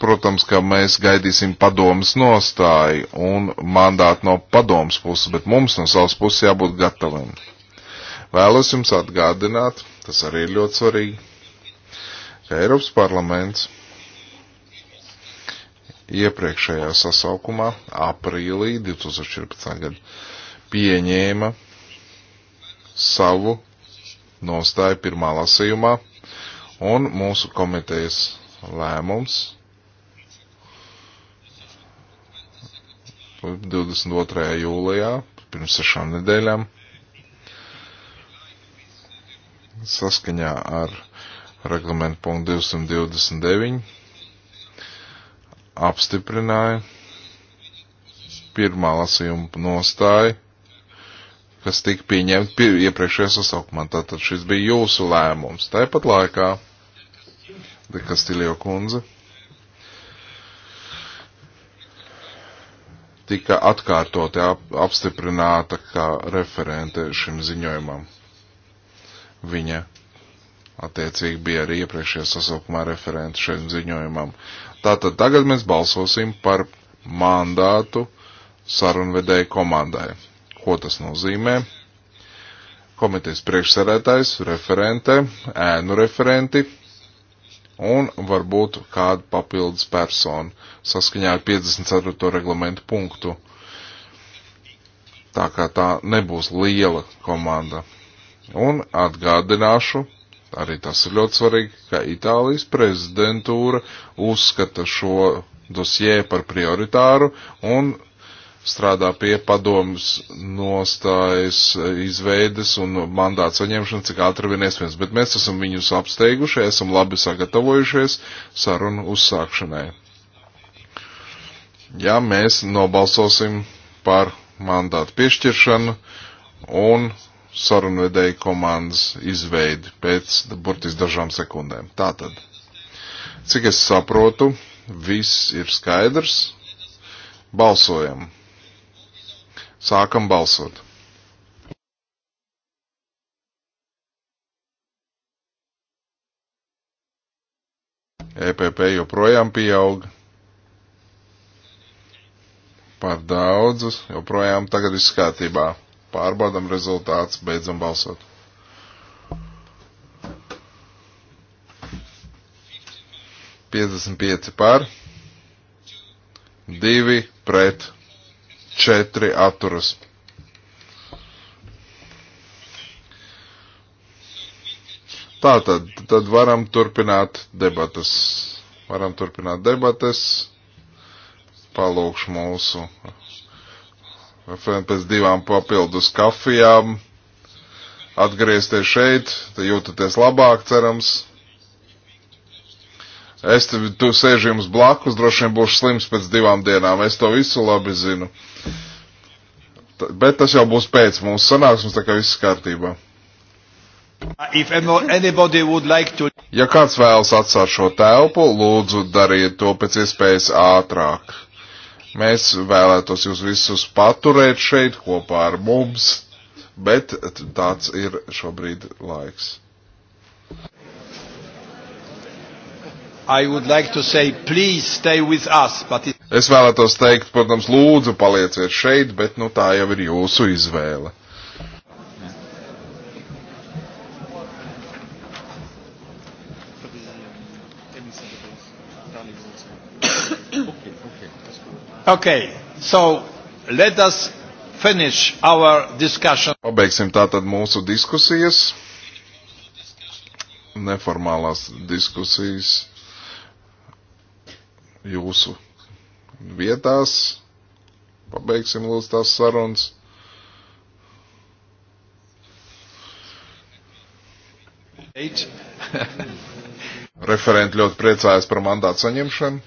Protams, ka mēs gaidīsim padomas nostāju un mandātu no padomas puses, bet mums no savas puses jābūt gataviem. Vēlos jums atgādināt, tas arī ir ļoti svarīgi, ka Eiropas parlaments iepriekšējā sasaukumā, aprīlī 2014. gadu, pieņēma savu nostāju pirmā lasījumā, un mūsu komitejas lēmums 22. jūlijā, pirms sešām nedēļām, saskaņā ar reglamentu punktu 229 apstiprināja pirmā lasījuma nostāju, kas tika pieņemta pie, iepriekšējā sasaukumā. Tātad šis bija jūsu lēmums. Tāpat laikā, de Kastiljo kundze, tika atkārtoti ap, apstiprināta kā referente šim ziņojumam. Viņa attiecīgi bija arī iepriekšējā sasaukumā referents šiem ziņojumam. Tātad tagad mēs balsosim par mandātu sarunvedēju komandai. Ko tas nozīmē? Komitejas priekšsēdētājs, referente, ēnu referenti un varbūt kādu papildus personu saskaņā ar 54. reglamentu punktu. Tā kā tā nebūs liela komanda. Un atgādināšu, arī tas ir ļoti svarīgi, ka Itālijas prezidentūra uzskata šo dosjē par prioritāru un strādā pie padomas nostājas izveides un mandāta saņemšanas, cik ātri vien iespējams. Bet mēs esam viņus apsteiguši, esam labi sagatavojušies sarunu uzsākšanai. Ja mēs nobalsosim par mandātu piešķiršanu un sarunvedēju komandas izveidi pēc burtiski dažām sekundēm. Tātad, cik es saprotu, viss ir skaidrs. Balsojam. Sākam balsot. EPP joprojām pieaug par daudz, joprojām tagad viss kārtībā. Pārbaudam rezultāts, beidzam balsot. 55 par, 2 pret, 4 atturas. Tātad, tad varam turpināt debatas. Varam turpināt debatas. Palūkšu mūsu pēc divām papildus kafijām atgriezties šeit, tad jūtaties labāk, cerams. Es te tu sēžu jums blakus, droši vien būšu slims pēc divām dienām, es to visu labi zinu. T bet tas jau būs pēc mūsu sanāksmes, tā kā viss kārtībā. Like to... Ja kāds vēlas atstāt šo telpu, lūdzu dariet to pēc iespējas ātrāk. Mēs vēlētos jūs visus paturēt šeit kopā ar mums, bet tāds ir šobrīd laiks. Like say, us, it... Es vēlētos teikt, protams, lūdzu palieciet šeit, bet nu tā jau ir jūsu izvēle. Okay, so let us finish our discussion. Pabeigsim tātad mūsu diskusijas, neformālās diskusijas jūsu vietās. Pabeigsim lūdzu tās sarunas. Referenti ļoti priecājas par mandātu saņemšanu.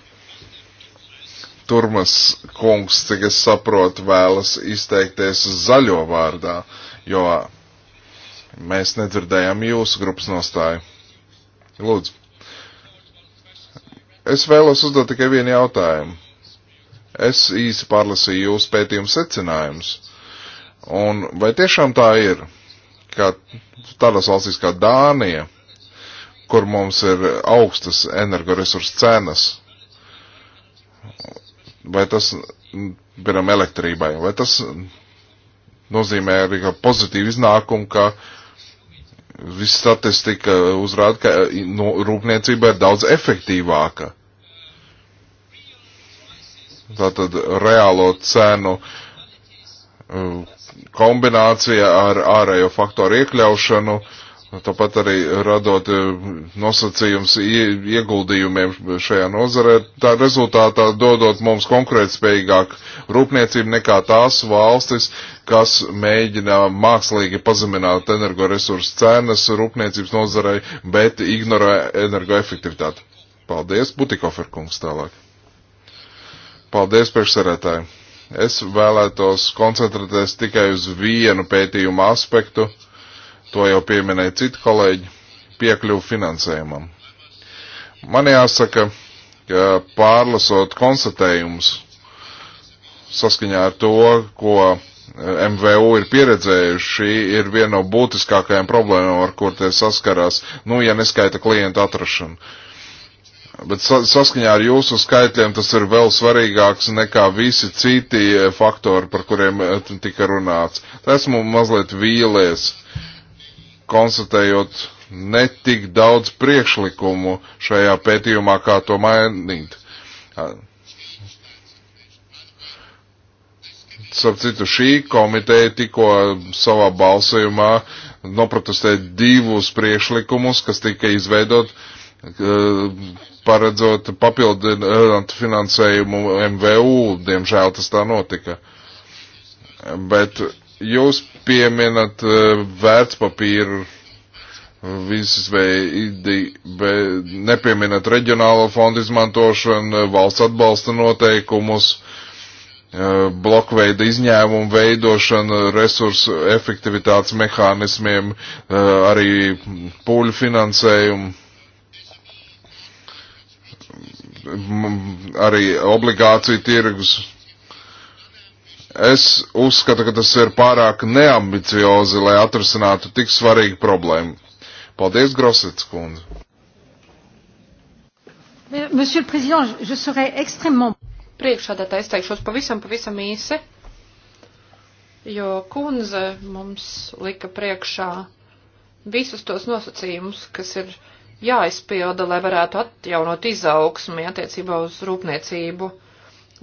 Turmas kungs, cik es saprotu, vēlas izteikties zaļo vārdā, jo mēs nedzirdējām jūsu grupas nostāju. Lūdzu. Es vēlos uzdot tikai vienu jautājumu. Es īsi pārlasīju jūsu pētījumu secinājumus. Un vai tiešām tā ir, ka tādās valstīs kā Dānija, kur mums ir augstas energoresursu cenas, vai tas, piemēram, elektrībai, vai tas nozīmē arī pozitīvu iznākumu, ka viss statistika uzrāda, ka no, rūpniecība ir daudz efektīvāka. Tātad reālo cenu uh, kombinācija ar ārējo faktoru iekļaušanu uh, Tāpat arī radot eh, nosacījums ieguldījumiem šajā nozarē, tā rezultātā dodot mums konkurētspējīgāku rūpniecību nekā tās valstis, kas mēģina mākslīgi pazemināt energoresursu cenas rūpniecības nozarei, bet ignorē energoefektivitāti. Paldies, Butikofer kungs tālāk. Paldies, priekšsarētāji. Es vēlētos koncentrēties tikai uz vienu pētījumu aspektu to jau pieminēja citi kolēģi, piekļuvu finansējumam. Man jāsaka, ka pārlasot konstatējumus saskaņā ar to, ko eh, MVU ir pieredzējuši, ir viena no būtiskākajām problēmām, ar kur tie saskarās, nu, ja neskaita klienta atrašanu. Bet saskaņā ar jūsu skaitļiem tas ir vēl svarīgāks nekā visi citi eh, faktori, par kuriem eh, tika runāts. Tā esmu mazliet vīlies. Uh, konstatējot netik daudz priekšlikumu šajā pētījumā, kā to mainīt. Sap citu, šī komiteja tikko savā balsojumā noprotestēja divus priekšlikumus, kas tika izveidot e, paredzot papildināt finansējumu MVU. Diemžēl tas tā notika. Bet Jūs pieminat eh, vērtspapīru eh, visas veidi, nepieminat reģionālo fondu izmantošanu, eh, valsts atbalsta noteikumus, blokveida izņēmumu veidošanu, resursu efektivitātes mehānismiem, arī pūļu finansējumu, arī obligāciju tirgus Es uzskatu, ka tas ir pārāk neambiciozi, lai atrisinātu tik svarīgu problēmu. Paldies, Grosets kundze. Monsieur le Président, je serai extrêmement... Priekšādātā es teikšos pavisam, pavisam īsi, jo kundze mums lika priekšā visus tos nosacījumus, kas ir jāizpilda, lai varētu atjaunot izaugsmi attiecībā uz rūpniecību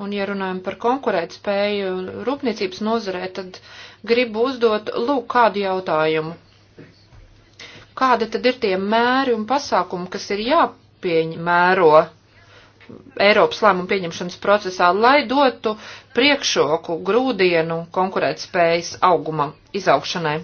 Un, ja runājam par konkurētspēju rūpniecības nozarē, tad gribu uzdot lūk kādu jautājumu. Kādi tad ir tie mēri un pasākumi, kas ir jāpieņemēro Eiropas lēmumu pieņemšanas procesā, lai dotu priekšroku grūdienu konkurētspējas augumam, izaugšanai?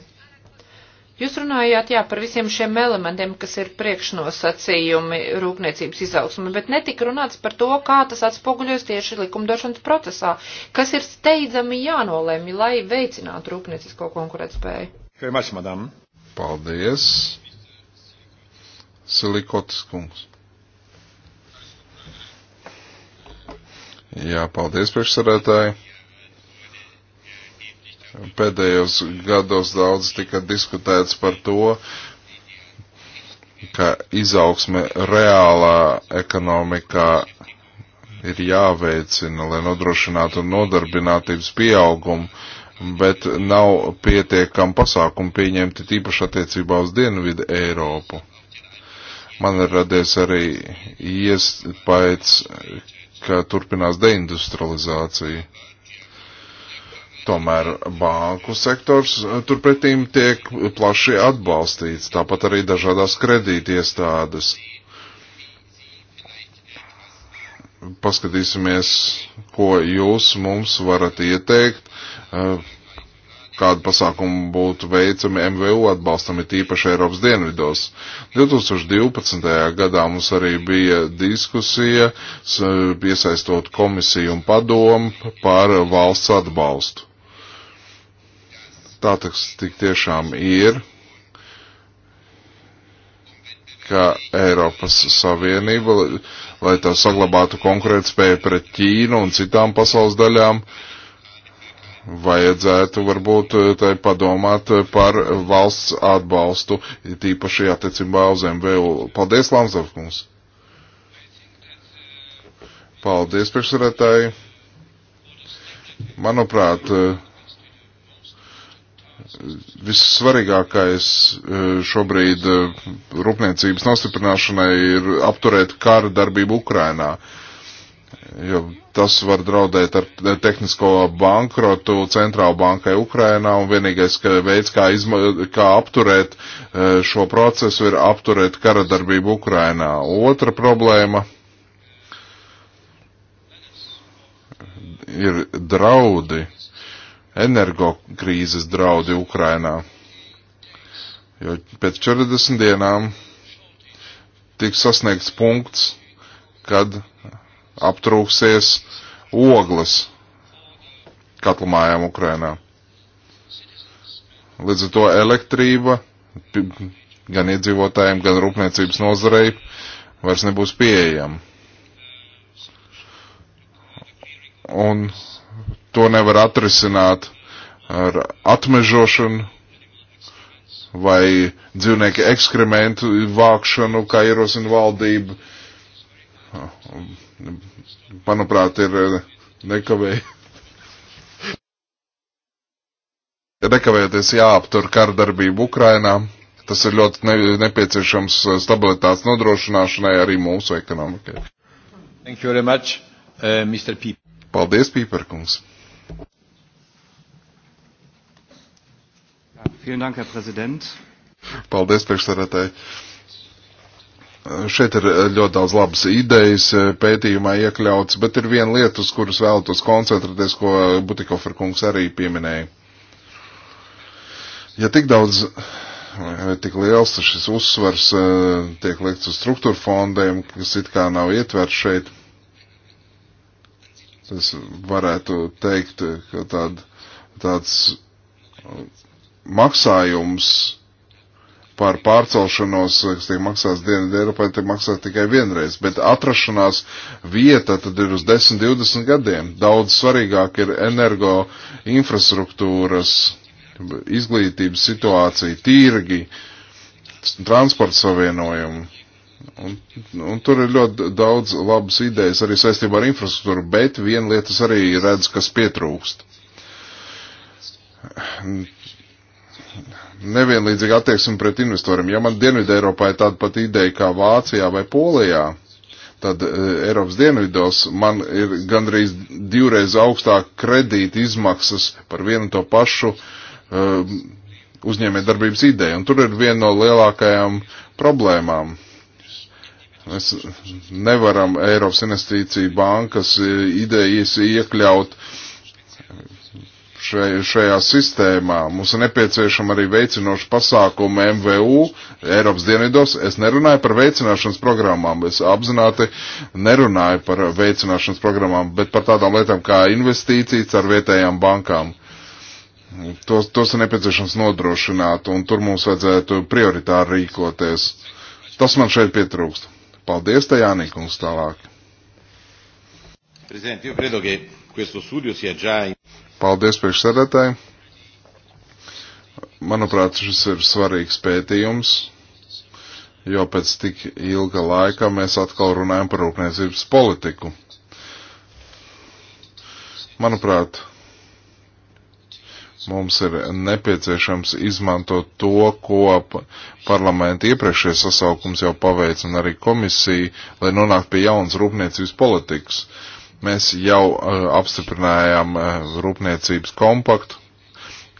Jūs runājāt, jā, par visiem šiem elementiem, kas ir priekšnosacījumi rūpniecības izaugsmi, bet netika runāts par to, kā tas atspoguļos tieši likumdošanas procesā, kas ir steidzami jānolēmi, lai veicinātu rūpniecisko konkurētspēju. Kaimaši, madam. Paldies. Silikotas kungs. Jā, paldies priekšsarētāji. Pēdējos gados daudz tika diskutēts par to, ka izaugsme reālā ekonomikā ir jāveicina, lai nodrošinātu nodarbinātības pieaugumu, bet nav pietiekam pasākumu pieņemti tīpaši attiecībā uz Dienvidu Eiropu. Man ir radies arī iespējas, ka turpinās deindustrializācija. Tomēr banku sektors eh, turpretīm tiek plaši atbalstīts, tāpat arī dažādās kredītiestādes. Paskatīsimies, ko jūs mums varat ieteikt, eh, kādu pasākumu būtu veicami MVU atbalstam, ir tīpaši Eiropas dienvidos. 2012. gadā mums arī bija diskusija, piesaistot komisiju un padomu par valsts atbalstu tā tas tik tiešām ir, ka Eiropas Savienība, lai tā saglabātu konkurētspēju pret Ķīnu un citām pasaules daļām, vajadzētu varbūt eh, tai padomāt eh, par valsts atbalstu, tīpaši attiecībā uz MVU. Paldies, Lamsdorfkungs! Paldies, priekšsarētāji! Manuprāt, uh, Vissvarīgākais eh, šobrīd eh, rūpniecības nostiprināšanai ir apturēt kara darbību Ukrainā, jo tas var draudēt ar tehnisko bankrotu centrālu bankai Ukrainā, un vienīgais ka veids, kā, izma, kā apturēt eh, šo procesu, ir apturēt kara darbību Ukrainā. Otra problēma ir draudi energokrīzes draudi Ukrainā. Jo pēc 40 dienām tiks sasniegts punkts, kad aptrūksies ogles katlamājām Ukrainā. Līdz ar to elektrība gan iedzīvotājiem, gan rūpniecības nozarei vairs nebūs pieejama. Un to nevar atrisināt ar atmežošanu vai dzīvnieku ekskrementu vākšanu, kā ierosina valdība. Manuprāt, ir nekavēj... nekavējoties jāaptur kardarbību Ukrainā. Tas ir ļoti ne, nepieciešams stabilitātes nodrošināšanai arī mūsu ekonomikai. Thank you very much, uh, Mr. Pīper. Paldies, Pīperkungs. Vielen Dank, Herr Präsident. Paldies, priekšsēdētāji. Šeit ir eh, ļoti daudz labas idejas eh, pētījumā iekļauts, bet ir viena lieta, uz kuras vēlētos koncentrēties, ko Butikofer kungs arī pieminēja. Ja tik daudz, tik liels šis uzsvars eh, tiek liekts uz struktūra fondiem, kas it kā nav ietverts šeit, tas varētu teikt, ka tād, tāds maksājums par pārcelšanos, kas tiek maksāts Dienvidu Eiropā, tiek maksāts tikai vienreiz, bet atrašanās vieta tad ir uz 10-20 gadiem. Daudz svarīgāk ir energo infrastruktūras, izglītības situācija, tīrgi, transporta savienojumi. Un, un tur ir ļoti daudz labas idejas arī saistībā ar infrastruktūru, bet viena lietas arī redz, kas pietrūkst nevienlīdzīga attieksme pret investoriem. Ja man Dienvidē Eiropā ir tāda pat ideja kā Vācijā vai Polijā, tad e, Eiropas dienvidos man ir gandrīz divreiz augstāk kredīta izmaksas par vienu to pašu uh, uzņēmējdarbības ideju. Un tur ir viena no lielākajām problēmām. Mēs nevaram Eiropas investīciju bankas e, idejas iekļaut uh, šajā sistēmā. Mums ir nepieciešama arī veicinoša pasākuma MVU Eiropas dienvidos. Es nerunāju par veicināšanas programmām, es apzināti nerunāju par veicināšanas programmām, bet par tādām lietām kā investīcijas ar vietējām bankām. Tos, tos ir nepieciešams nodrošināt, un tur mums vajadzētu prioritāri rīkoties. Tas man šeit pietrūkst. Paldies, Tajānīkums, tālāk. Presidente, io credo che questo studio sia già in... Paldies priekšsēdētāji. Manuprāt, šis ir svarīgs pētījums, jo pēc tik ilga laika mēs atkal runājam par rūpniecības politiku. Manuprāt, mums ir nepieciešams izmantot to, ko parlamenta iepriekšējais sasaukums jau paveic un arī komisija, lai nonāktu pie jaunas rūpniecības politikas. Mēs jau eh, apstiprinājām eh, rūpniecības kompaktu,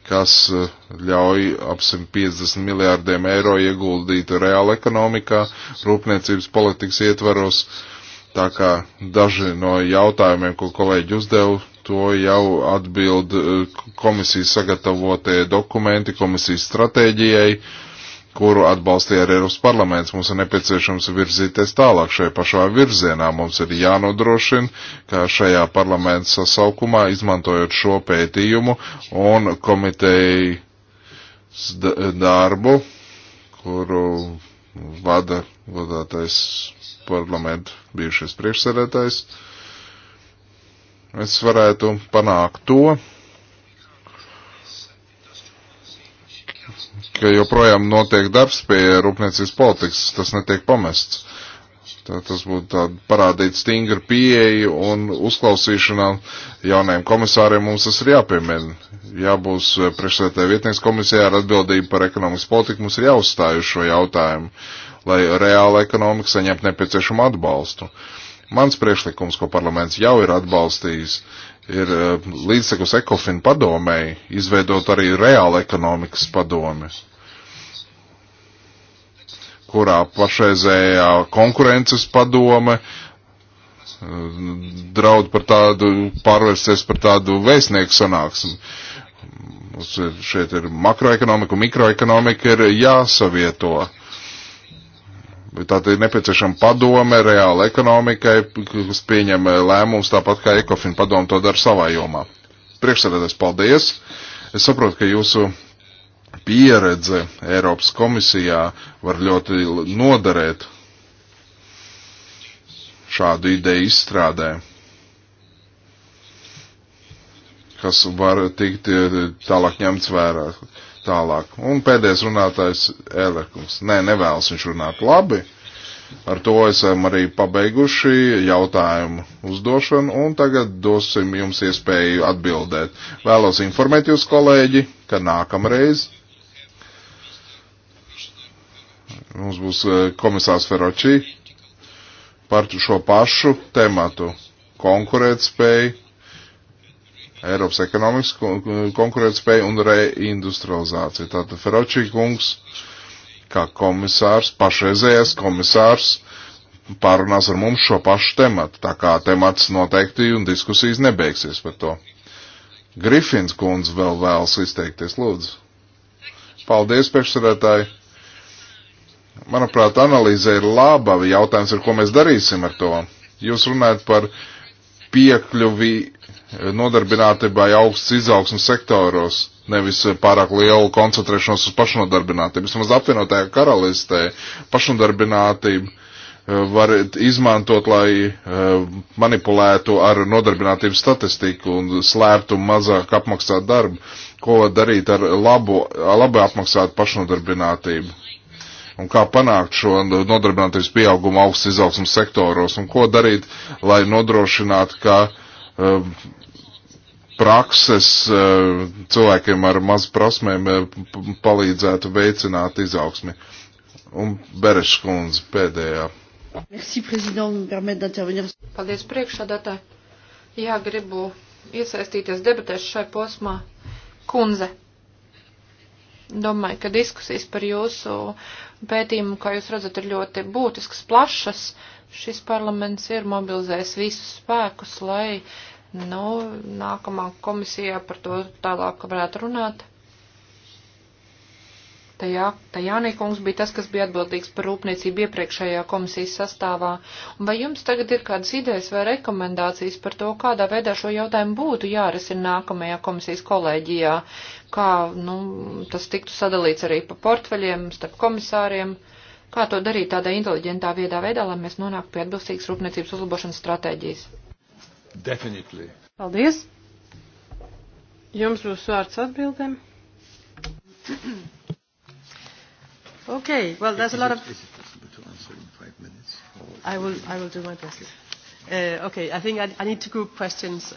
kas eh, ļauj ap 150 miljārdiem eiro ieguldīt reāla ekonomikā, rūpniecības politikas ietvaros. Tā kā daži no jautājumiem, ko kolēģi uzdeva, to jau atbild komisijas sagatavotie dokumenti, komisijas stratēģijai. Uh, kuru atbalstīja arī Eiropas parlaments. Mums ir nepieciešams virzīties tālāk šajā pašā virzienā. Mums ir jānodrošina, ka šajā parlamenta sasaukumā, izmantojot šo pētījumu un komitejas darbu, kuru vada vadātais parlamenta bijušais priekšsēdētājs, es varētu panākt to, ka joprojām notiek darbs pie rūpniecības politikas, tas netiek pamests. Tā, tas būtu tāda parādīt stingru pieeju un uzklausīšanām jaunajiem komisāriem mums tas ir jāpiemēr. Jābūs eh, priekšsētāja vietnieks komisijā ar atbildību par ekonomikas politiku, mums ir jāuzstāj uz šo jautājumu, lai reāla ekonomika saņemtu nepieciešamu atbalstu. Mans priekšlikums, ko parlaments jau ir atbalstījis, ir eh, līdzsekus Ekofin padomēji izveidot arī reāla ekonomikas padomi, kurā pašreizējā konkurences padome eh, draud par tādu, pārvērsties par tādu vēstnieku sanāksmi. Mums šeit ir makroekonomika, mikroekonomika ir jāsavieto. Uh, Tātad ir nepieciešama padome reāla ekonomikai, kas pieņem lēmumus tāpat kā Ekofin padome to dara savā jomā. Priekšsēdētājs, paldies! Es saprotu, ka jūsu pieredze Eiropas komisijā var ļoti noderēt šādu ideju izstrādē, kas var tikt eh, tālāk ņemts vērā tālāk. Un pēdējais runātājs Ēlerkungs. Nē, nevēlas viņš runāt labi. Ar to esam arī pabeiguši jautājumu uzdošanu un tagad dosim jums iespēju atbildēt. Vēlos informēt jūs, kolēģi, ka nākamreiz mums būs eh, komisārs Feroči par šo pašu tematu konkurētspēju Eiropas ekonomikas konkurētspēju un reindustrializāciju. Tātad Feroči kungs, kā komisārs, pašreizējais komisārs, pārunās ar mums šo pašu tematu, tā kā temats noteikti un diskusijas nebeigsies par to. Grifins kundze vēl vēlas izteikties, lūdzu. Paldies, priekšsarētāji. Manuprāt, analīze ir laba. Jautājums ir, ko mēs darīsim ar to. Jūs runājat par piekļuvi nodarbinātībai augsts izaugsmas sektoros, nevis pārāk lielu koncentrēšanos uz pašnodarbinātību. Vismaz apvienotajā karalistē pašnodarbinātība eh, var izmantot, lai eh, manipulētu ar nodarbinātības statistiku un slēptu mazāk apmaksāt darbu. Ko darīt ar labu, labi apmaksātu pašnodarbinātību? un kā panākt šo nodarbinātības pieaugumu augsts izaugsmas sektoros, un ko darīt, lai nodrošinātu, ka um, prakses e, cilvēkiem ar maz prasmēm e, palīdzētu veicināt izaugsmi. Un Bereša kundze pēdējā. Merci, Paldies, priekšsādātāji. Jā, gribu iesaistīties debatēs šai posmā. Kunze, domāju, ka diskusijas par jūsu pētījumu, kā jūs redzat, ir ļoti būtiskas, plašas. Šis parlaments ir mobilizējis visus spēkus, lai uh, Nu, nākamā komisijā par to tālāk varētu runāt. Tajā, tajānī kungs bija tas, kas bija atbildīgs par rūpniecību iepriekšējā komisijas sastāvā. Un vai jums tagad ir kādas idejas vai rekomendācijas par to, kādā veidā šo jautājumu būtu jārisina nākamajā komisijas kolēģijā? Kā, nu, tas tiktu sadalīts arī pa portfeļiem, starp komisāriem? Kā to darīt tādā inteliģentā viedā veidā, lai mēs nonāktu pie atbilstīgas rūpniecības uzlabošanas stratēģijas? Definitely. Paldies. Jums būs vārds atbildēm. okay, well, there's a lot of... Is it possible to answer in five minutes? I will, I will do my best. Uh, okay, I think I, I need to group questions.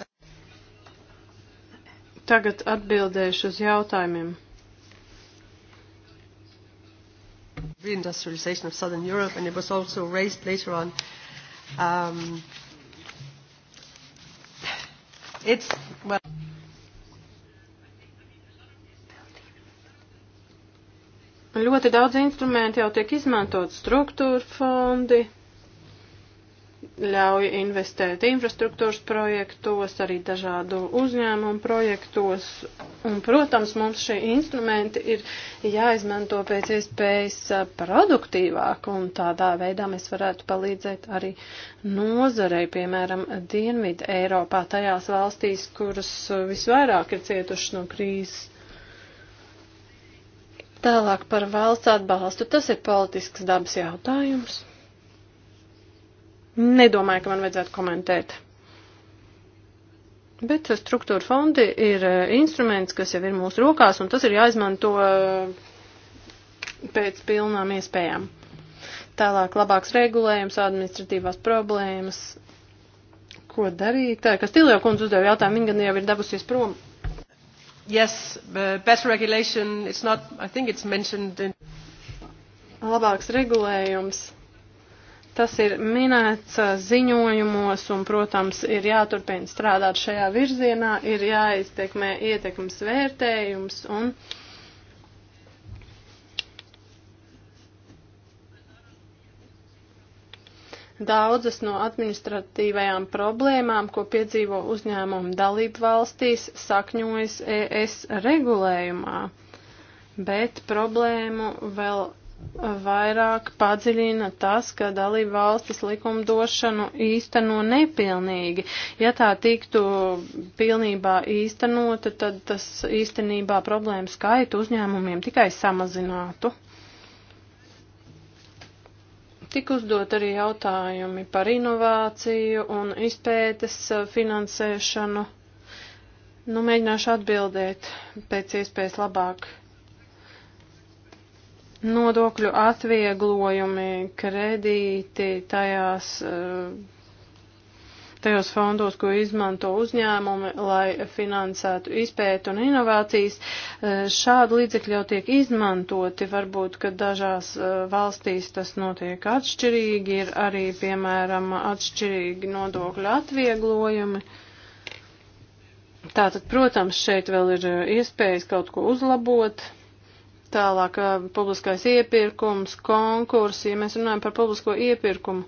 Tagad atbildēšu uz jautājumiem. Reindustrialization of Southern Europe, and it was also raised later on. Um, It's, well, Ļoti daudz instrumentu jau tiek izmantot struktūra fondi, ļauj investēt infrastruktūras projektos, arī dažādu uzņēmumu projektos. Un, protams, mums šie instrumenti ir jāizmanto pēc iespējas produktīvāk, un tādā veidā mēs varētu palīdzēt arī nozarei, piemēram, Dienvidu Eiropā, tajās valstīs, kuras visvairāk ir cietušas no krīzes. Tālāk par valsts atbalstu. Tas ir politisks dabas jautājums. Nedomāju, ka man vajadzētu komentēt. Bet struktūra fondi ir eh, instruments, kas jau ir mūsu rokās, un tas ir jāizmanto eh, pēc pilnām iespējām. Tālāk labāks regulējums, administratīvās problēmas, ko darīt. Kas Tiljo kundze uzdeva jautājumu, viņa gan jau ir devusies prom. Yes, uh, better regulation, it's not, I think it's mentioned in. Labāks regulējums Tas ir minēts ziņojumos un, protams, ir jāturpina strādāt šajā virzienā, ir jāiztekmē ietekmes vērtējums un. Daudzas no administratīvajām problēmām, ko piedzīvo uzņēmumu dalību valstīs, sakņojas ES regulējumā, bet problēmu vēl vairāk padziļina tas, ka dalība valstis likumdošanu īsteno nepilnīgi. Ja tā tiktu pilnībā īstenota, tad tas īstenībā problēmu skaitu uzņēmumiem tikai samazinātu. Tik uzdot arī jautājumi par inovāciju un izpētes finansēšanu. Nu, mēģināšu atbildēt pēc iespējas labāk nodokļu atvieglojumi, kredīti tajās, eh, tajos fondos, ko izmanto uzņēmumi, lai finansētu izpētu un inovācijas. Eh, šādi līdzekļi jau tiek izmantoti, varbūt, ka dažās eh, valstīs tas notiek atšķirīgi, ir arī, piemēram, atšķirīgi nodokļu atvieglojumi. Tātad, protams, šeit vēl ir iespējas kaut ko uzlabot. Tālāk publiskais iepirkums, konkursi, ja mēs runājam par publisko iepirkumu.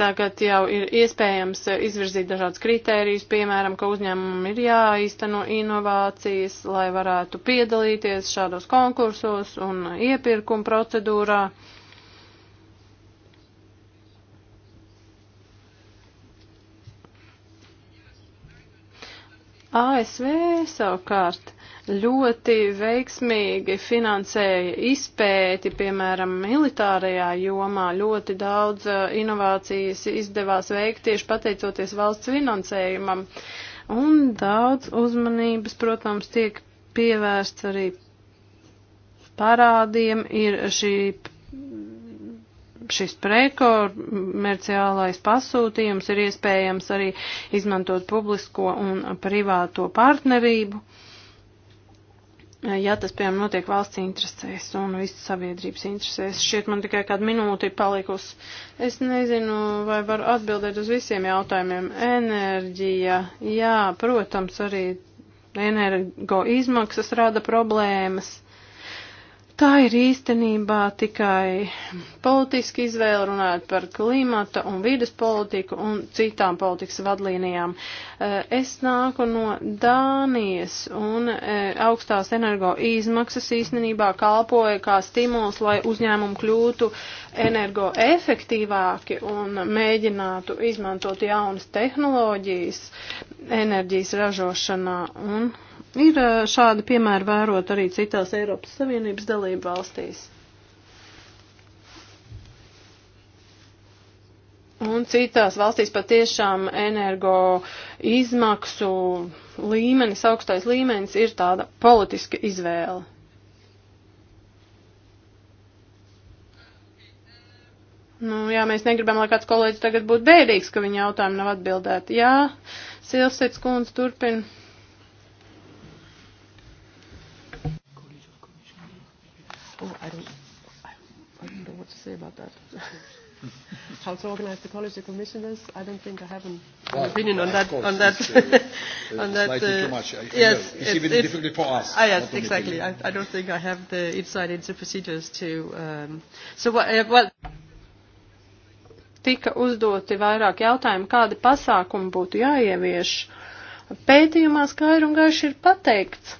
Tagad jau ir iespējams izvirzīt dažādas kritērijas, piemēram, ka uzņēmumam ir jāīsteno inovācijas, lai varētu piedalīties šādos konkursos un iepirkuma procedūrā. Uh, ASV savukārt ļoti veiksmīgi finansēja izpēti, piemēram, militārajā jomā. Ļoti daudz uh, inovācijas izdevās veikt tieši pateicoties valsts finansējumam. Un daudz uzmanības, protams, tiek pievērsts arī parādiem, ir šī šis prekomerciālais pasūtījums ir iespējams arī izmantot publisko un privāto partnerību, ja tas, piemēram, notiek valsts interesēs un visas sabiedrības interesēs. Šķiet, man tikai kāda minūte ir palikusi. Es nezinu, vai varu atbildēt uz visiem jautājumiem. Enerģija, jā, protams, arī energo izmaksas rada problēmas Tā ir īstenībā tikai politiska izvēle runājot par klimata un vidas politiku un citām politikas vadlīnijām. Eh, es nāku no Dānijas un eh, augstās energo izmaksas īstenībā kalpoja kā stimuls, lai uzņēmumu kļūtu energoefektīvāki un mēģinātu izmantot jaunas tehnoloģijas enerģijas ražošanā un Ir šādi piemēri vērot arī citās Eiropas Savienības dalību valstīs. Un citās valstīs patiešām energo izmaksu līmenis, augstais līmenis ir tāda politiska izvēle. Nu, jā, mēs negribam, lai kāds kolēģis tagad būtu bēdīgs, ka viņa jautājumu nav atbildēti. Jā, Silsets kundze turpina. Oh, I don't, I, I don't know what to say about that. How to organize the College of Commissioners? I don't think I have an, well, an opinion on that. Course, on that. Uh, on that. Uh, too much. I, yes, I it's, it's even it's, difficult for us. Ah, yes, exactly. I, I don't think I have the insight into procedures to. Um, so what? Uh, well, tika uzdoti vairāk jautājumu, kādi pasākumi būtu jāievieš. Pētījumā skaidri un gaiši ir pateikts,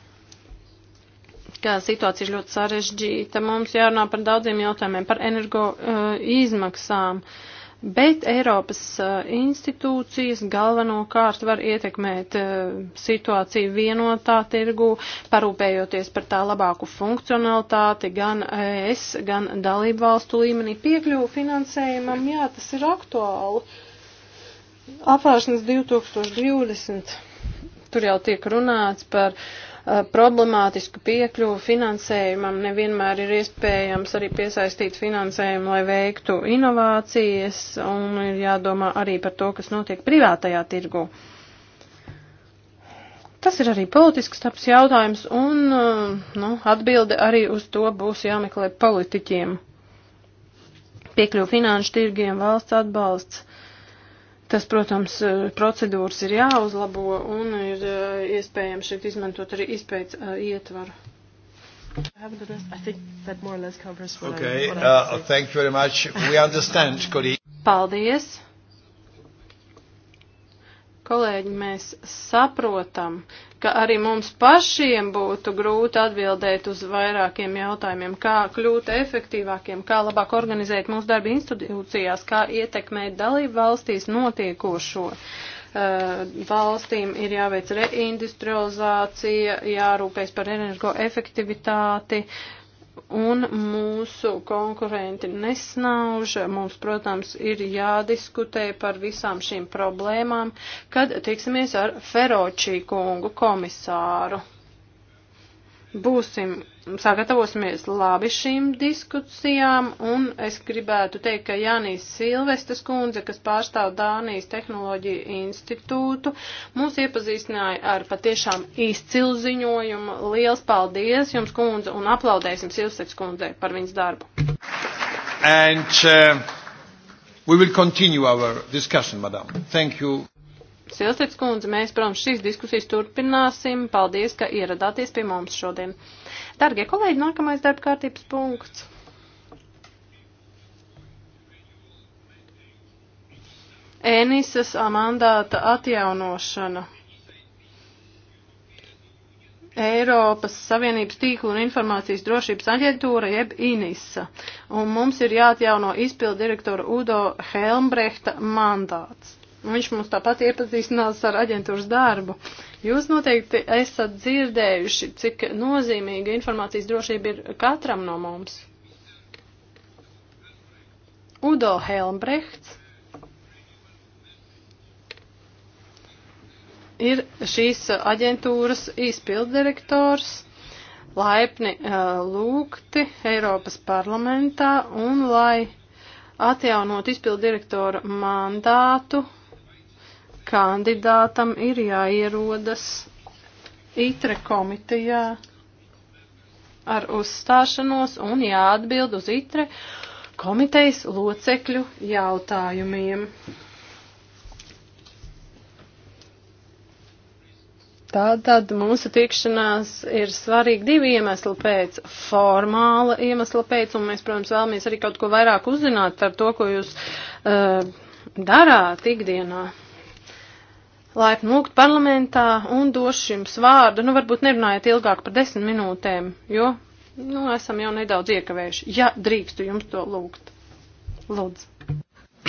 ka situācija ir ļoti sarežģīta. Mums jārunā par daudziem jautājumiem, par energo uh, izmaksām. Bet Eiropas uh, institūcijas galvenokārt var ietekmēt uh, situāciju vienotā tirgu, parūpējoties par tā labāku funkcionalitāti gan ES, gan dalību valstu līmenī piekļuvu finansējumam. Jā, tas ir aktuāli. Apvāršanas 2020. Tur jau tiek runāts par uh, Eh, problemātisku piekļuvu finansējumam nevienmēr ir iespējams arī piesaistīt finansējumu, lai veiktu inovācijas, un ir jādomā arī par to, kas notiek privātajā tirgu. Tas ir arī politisks taps jautājums, un eh, nu, atbilde arī uz to būs jāmeklē politiķiem. Piekļuvu finanšu tirgiem, valsts atbalsts Tas, protams, eh, procedūras ir jāuzlabo un ir eh, iespējams šeit izmantot arī izpēc eh, ietvaru. Okay, uh, thank you very much. We understand, colleague. Paldies. Kolēģi, mēs saprotam, ka arī mums pašiem būtu grūti atbildēt uz vairākiem jautājumiem, kā kļūt efektīvākiem, kā labāk organizēt mūsu darbu institūcijās, kā ietekmēt dalību valstīs notiekošo. Uh, valstīm ir jāveic reindustrializācija, jārūpēs par energoefektivitāti, uh, un mūsu konkurenti nesnauž. Mums, protams, ir jādiskutē par visām šīm problēmām, kad tiksimies ar Feročī kungu komisāru. Būsim sagatavosimies labi šīm diskusijām, un es gribētu teikt, ka Jānis Silvestas kundze, kas pārstāv Dānijas tehnoloģiju institūtu, mūs iepazīstināja ar patiešām izcilu ziņojumu. Liels paldies jums, kundze, un aplaudēsim Silvestas kundzei par viņas darbu. And, uh... We will continue our discussion, madam. Thank you. Silsteks kundze, mēs, protams, šīs diskusijas turpināsim. Paldies, ka ieradāties pie mums šodien. Dargie kolēģi, nākamais darba kārtības punkts. Ēnisas mandāta atjaunošana. Eiropas Savienības tīklu un informācijas drošības aģentūra jeb INISA. Un mums ir jāatjauno izpildirektora Udo Helmbrehta mandāts. Viņš mums tāpat iepazīstinās ar aģentūras darbu. Jūs noteikti esat dzirdējuši, cik nozīmīga informācijas drošība ir katram no mums. Udo Helmbrechts ir šīs aģentūras izpildirektors laipni uh, lūgti Eiropas parlamentā un lai atjaunot izpildirektora mandātu kandidātam ir jāierodas ITRE komitejā ar uzstāšanos un jāatbild uz ITRE komitejas locekļu jautājumiem. Tātad mūsu tikšanās ir svarīgi divi iemesli pēc, formāla iemesla pēc, un mēs, protams, vēlamies arī kaut ko vairāk uzzināt par to, ko jūs uh, darāt ikdienā laipni lūgt parlamentā un došu jums vārdu. Nu, varbūt nerunājiet ilgāk par desmit minūtēm, jo, nu, esam jau nedaudz iekavējuši. Ja drīkstu jums to lūgt. Lūdzu.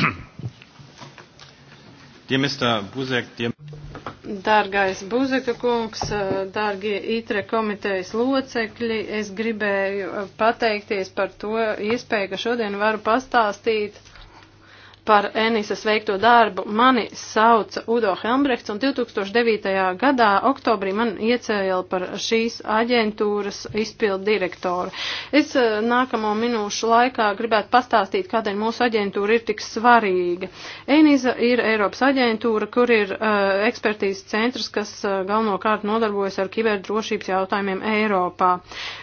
Dārgais Buzeka kungs, dārgie ITRE komitejas locekļi, es gribēju pateikties par to iespēju, ka šodien varu pastāstīt par Enises veikto darbu. Mani sauca Udo Helmbrechts un 2009. gadā oktobrī man iecēla par šīs aģentūras izpildu direktoru. Es eh, nākamo minūšu laikā gribētu pastāstīt, kādēļ mūsu aģentūra ir tik svarīga. Enisa ir Eiropas aģentūra, kur ir uh, ekspertīzes centrs, kas uh, galvenokārt nodarbojas ar kiberdrošības jautājumiem Eiropā.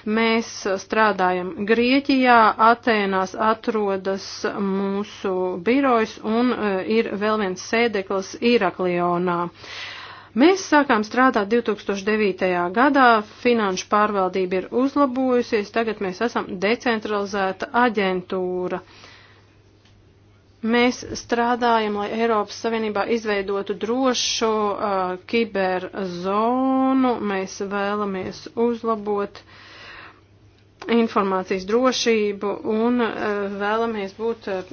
Mēs strādājam Grieķijā, Atēnās atrodas mūsu biroja birojs un e, ir vēl viens sēdeklis Iraklionā. Mēs sākām strādāt 2009. gadā, finanšu pārvaldība ir uzlabojusies, tagad mēs esam decentralizēta aģentūra. Mēs strādājam, lai Eiropas Savienībā izveidotu drošu uh, kiberzonu, mēs vēlamies uzlabot uh, informācijas drošību un eh, vēlamies būt eh,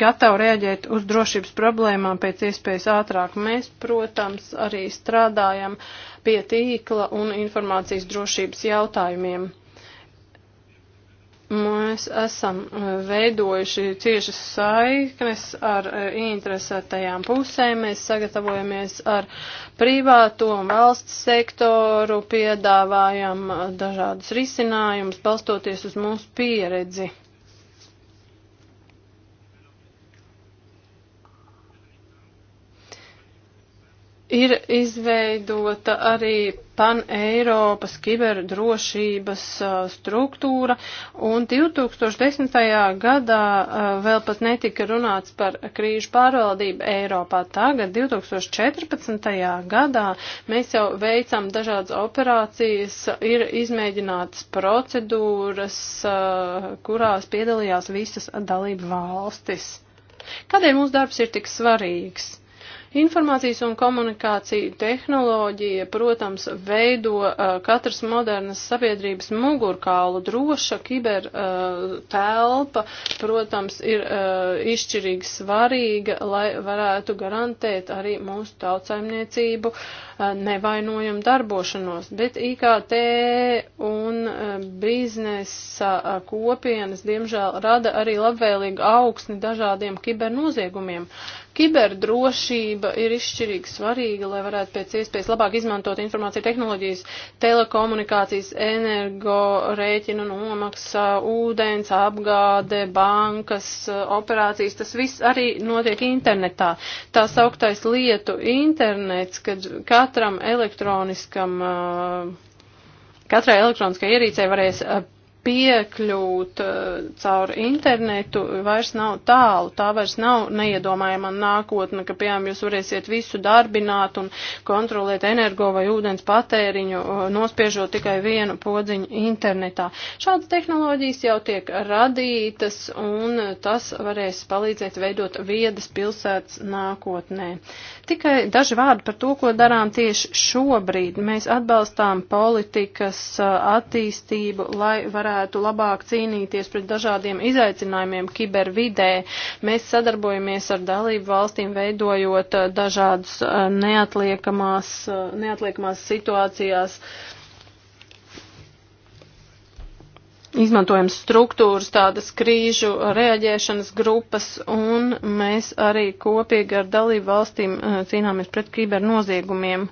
gatavi rēģēt uz drošības problēmām pēc iespējas ātrāk. Mēs, protams, arī strādājam pie tīkla un informācijas drošības jautājumiem. Mēs esam uh, veidojuši ciešas saiknes ar uh, interesētajām pusēm, mēs sagatavojamies ar privāto un valsts sektoru, piedāvājam uh, dažādus risinājumus, balstoties uz mūsu pieredzi. Ir izveidota arī pan-Eiropas kiberdrošības struktūra, un 2010. gadā vēl pat netika runāts par krīžu pārvaldību Eiropā. Tagad, 2014. gadā, mēs jau veicam dažādas operācijas, ir izmēģinātas procedūras, kurās piedalījās visas dalību valstis. Kādēļ mūsu darbs ir tik svarīgs? Informācijas un komunikāciju tehnoloģija, protams, veido uh, katras modernas sabiedrības mugurkaulu droša kiber uh, telpa, protams, ir uh, izšķirīgi svarīga, lai varētu garantēt arī mūsu tautsaimniecību uh, nevainojumu darbošanos. Bet IKT un uh, biznesa uh, kopienas, diemžēl, rada arī labvēlīgu augsni dažādiem kibernoziegumiem. Kiberdrošība ir izšķirīgi svarīga, lai varētu pēc iespējas labāk izmantot informāciju tehnoloģijas, telekomunikācijas, energo, rēķinu nomaksa, ūdens, apgāde, bankas, operācijas. Tas viss arī notiek internetā. Tā sauktais lietu internets, kad katram elektroniskam. Eh, katrai elektroniskai ierīcei varēs eh, piekļūt eh, caur internetu vairs nav tālu, tā vairs nav neiedomājama nākotne, ka, piemēram, jūs varēsiet visu darbināt un kontrolēt energo vai ūdens patēriņu, eh, nospiežot tikai vienu podziņu internetā. Šādas tehnoloģijas jau tiek radītas un tas varēs palīdzēt veidot viedas pilsētas nākotnē. Uh, Tikai daži vārdi par to, ko darām tieši šobrīd. Mēs atbalstām politikas attīstību, lai varētu labāk cīnīties pret dažādiem izaicinājumiem kibervidē. Mēs sadarbojamies ar dalību valstīm, veidojot dažādas neatliekamās, neatliekamās situācijās. Uh, izmantojam struktūras, tādas krīžu reaģēšanas grupas, un mēs arī kopīgi ar dalību valstīm eh, cīnāmies pret kibernoziegumiem.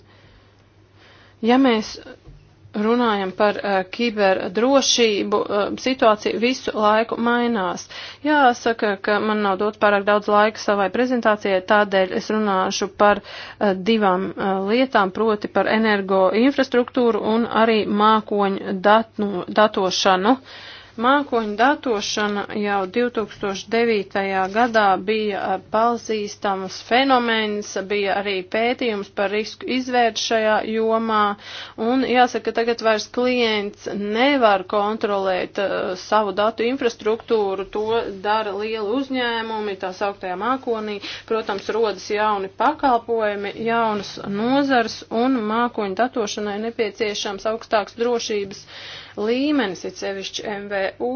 Ja mēs runājam par uh, kiberdrošību, uh, situācija visu laiku mainās. Jāsaka, ka man nav dot pārāk daudz laika savai prezentācijai, tādēļ es runāšu par uh, divām uh, lietām, proti par energo infrastruktūru un arī mākoņu datnu, datošanu. Uh, Mākoņu datošana jau 2009. gadā bija eh, pazīstams fenomens, bija arī pētījums par risku izvērt šajā jomā, un jāsaka, tagad vairs klients nevar kontrolēt uh, savu datu infrastruktūru, to dara lieli uzņēmumi, tā sauktajā mākonī, protams, rodas jauni pakalpojumi, jaunas nozars, un mākoņu datošanai nepieciešams augstāks drošības līmenis, it sevišķi MVU,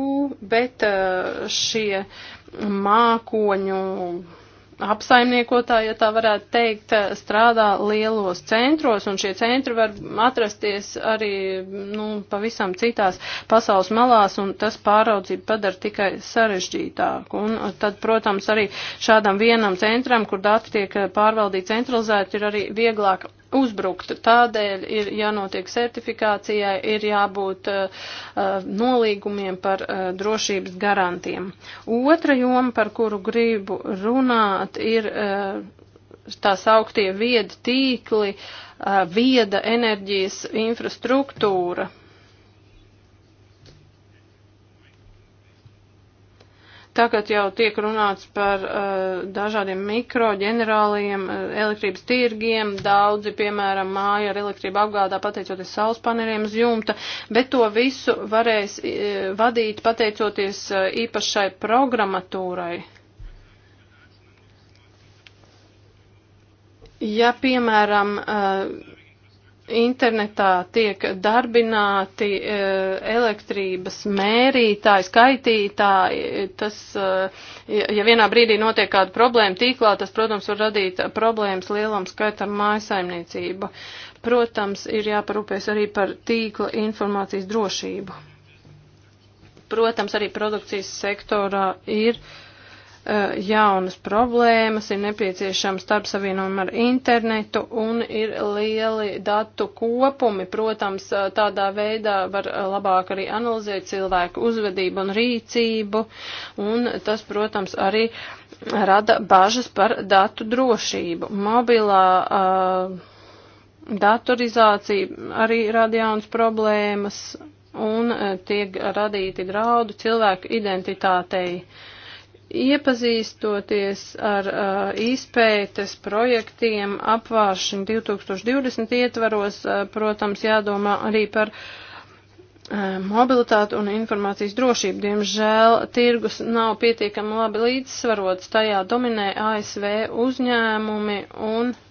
bet eh, šie mākoņu apsaimniekotāji, ja tā varētu teikt, eh, strādā lielos centros, un šie centri var atrasties arī nu, pavisam citās pasaules malās, un tas pāraudzību padara tikai sarežģītāku. Un eh, tad, protams, arī šādam vienam centram, kur dati tiek pārvaldīti centralizēti, ir arī vieglāk uzbrukt. Tādēļ ir jānotiek certifikācijai, ir jābūt uh, uh, nolīgumiem par uh, drošības garantiem. Otra joma, par kuru gribu runāt, ir uh, tā sauktie viedi tīkli, uh, vieda enerģijas infrastruktūra Tagad jau tiek runāts par uh, dažādiem mikroģenerāliem uh, elektrības tirgiem, daudzi, piemēram, māja ar elektrību apgādā pateicoties saules paneļiem uz jumta, bet to visu varēs uh, vadīt pateicoties uh, īpašai programmatūrai, Ja, piemēram, uh, internetā tiek darbināti e, elektrības mērītāji, skaitītāji, tas, e, ja vienā brīdī notiek kāda problēma tīklā, tas, protams, var radīt problēmas lielam skaitam mājasaimniecību. Protams, ir jāparūpēs arī par tīkla informācijas drošību. Protams, arī produkcijas sektorā ir uh, Eh, jaunas problēmas, ir nepieciešama starpsavienojuma ar internetu un ir lieli datu kopumi. Protams, eh, tādā veidā var eh, labāk arī analizēt cilvēku uzvedību un rīcību, un tas, protams, arī rada bažas par datu drošību. Mobilā uh, datorizācija arī rada jaunas problēmas un uh, tiek radīti draudu cilvēku identitātei. Uh, Iepazīstoties ar uh, izpētes projektiem apvāršana 2020 ietvaros, uh, protams, jādomā arī par uh, mobilitāti un informācijas drošību. Diemžēl tirgus nav pietiekami labi līdzsvarots, tajā dominē ASV uzņēmumi un uh,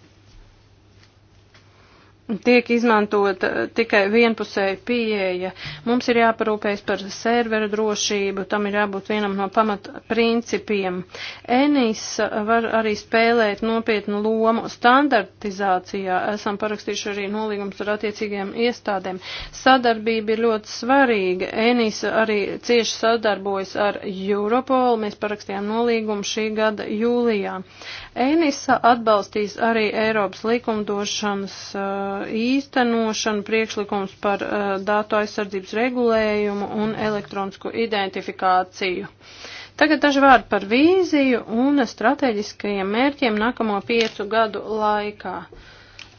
tiek izmantota tikai vienpusēja pieeja. Mums ir jāparūpējas par serveru drošību, tam ir jābūt vienam no pamat principiem. Enis var arī spēlēt nopietnu lomu standartizācijā, esam parakstījuši arī nolīgums ar attiecīgajām iestādēm. Sadarbība ir ļoti svarīga. Enis arī cieši sadarbojas ar Europolu, mēs parakstījām nolīgumu šī gada jūlijā. Enisa atbalstīs arī Eiropas likumdošanas uh, īstenošanu, priekšlikums par uh, datu aizsardzības regulējumu un elektronisku identifikāciju. Tagad daži vārdi par vīziju un strateģiskajiem mērķiem nākamo piecu gadu laikā. Uh,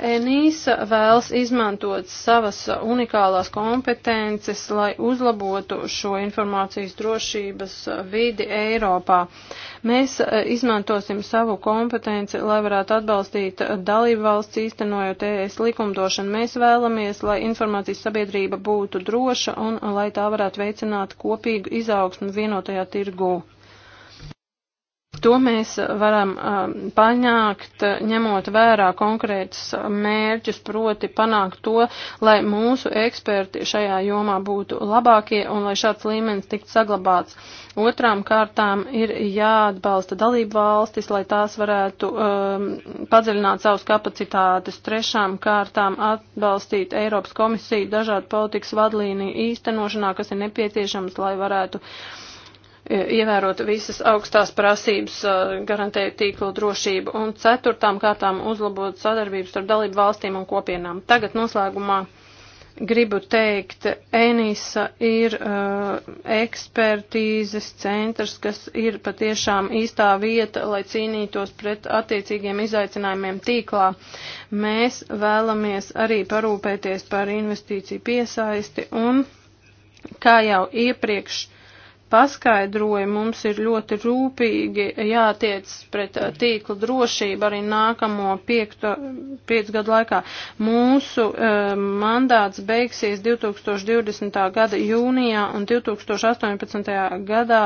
Enīsa vēlas izmantot savas unikālās kompetences, lai uzlabotu šo informācijas drošības vidi Eiropā. Mēs e, izmantosim savu kompetenci, lai varētu atbalstīt dalību valsts īstenojot ES likumdošanu. Mēs vēlamies, lai informācijas sabiedrība būtu droša un lai tā varētu veicināt kopīgu izaugsmu vienotajā tirgū. To mēs uh, varam uh, panākt, uh, ņemot vērā konkrētus mērķus, proti panākt to, lai mūsu eksperti šajā jomā būtu labākie un lai šāds līmenis tiktu saglabāts. Otrām kārtām ir jāatbalsta dalību valstis, lai tās varētu um, padziļināt savus kapacitātes. Trešām kārtām atbalstīt Eiropas komisiju dažādu politikas vadlīniju īstenošanā, kas ir nepieciešams, lai varētu uh, E, ievērot visas augstās prasības, e, garantēt tīklu drošību un ceturtām kārtām uzlabot sadarbības starp dalību valstīm un kopienām. Tagad noslēgumā gribu teikt, Enisa ir uh, ekspertīzes centrs, kas ir patiešām īstā vieta, lai cīnītos pret attiecīgiem izaicinājumiem tīklā. Mēs vēlamies arī parūpēties par investīciju piesaisti un, kā jau iepriekš, uh, paskaidroja, mums ir ļoti rūpīgi jātiec pret eh, tīkla drošību arī nākamo piekto, piecu gadu laikā. Mūsu uh, mandāts beigsies 2020. gada jūnijā un 2018. gadā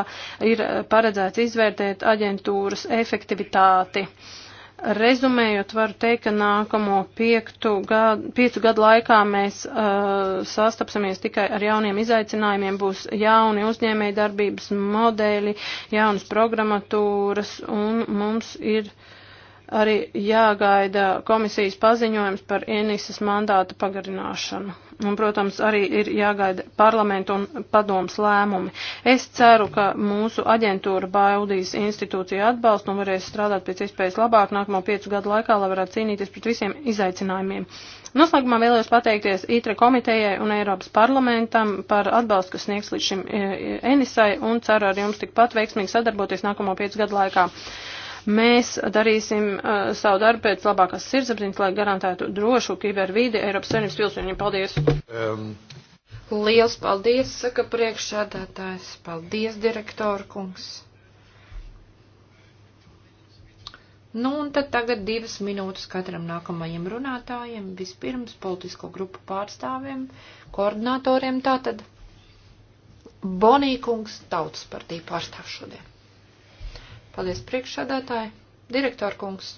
ir eh, paredzēts izvērtēt aģentūras efektivitāti. Uh, Rezumējot, varu teikt, ka nākamo piektu gadu, piecu gadu laikā mēs uh, sastapsimies tikai ar jauniem izaicinājumiem, būs jauni uzņēmēji darbības modeļi, jaunas programmatūras, un mums ir arī jāgaida komisijas paziņojums par Enises mandāta pagarināšanu. Un, protams, arī ir jāgaida parlamentu un padomas lēmumi. Es ceru, ka mūsu aģentūra baudīs institūciju atbalstu un varēs strādāt pēc iespējas labāk nākamo piecu gadu laikā, lai varētu cīnīties pret visiem izaicinājumiem. Noslēgumā vēlējos pateikties ITRE komitejai un Eiropas parlamentam par atbalstu, kas sniegs līdz šim e, e, Enisai un ceru ar jums tikpat veiksmīgi sadarboties nākamo piecu gadu laikā. Mēs darīsim uh, savu darbu pēc labākās sirdsapziņas, lai garantētu drošu kibervīdi Eiropas Savienības pilsoņiem. Paldies! Um. Liels paldies, saka priekšsādātājs. Paldies, direktora kungs. Nu, un tad tagad divas minūtes katram nākamajam runātājiem, vispirms politisko grupu pārstāvjiem, koordinatoriem tātad. Bonīkungs tautas partija pārstāv šodien. Paldies priekšsādātāji. Direktor kungs.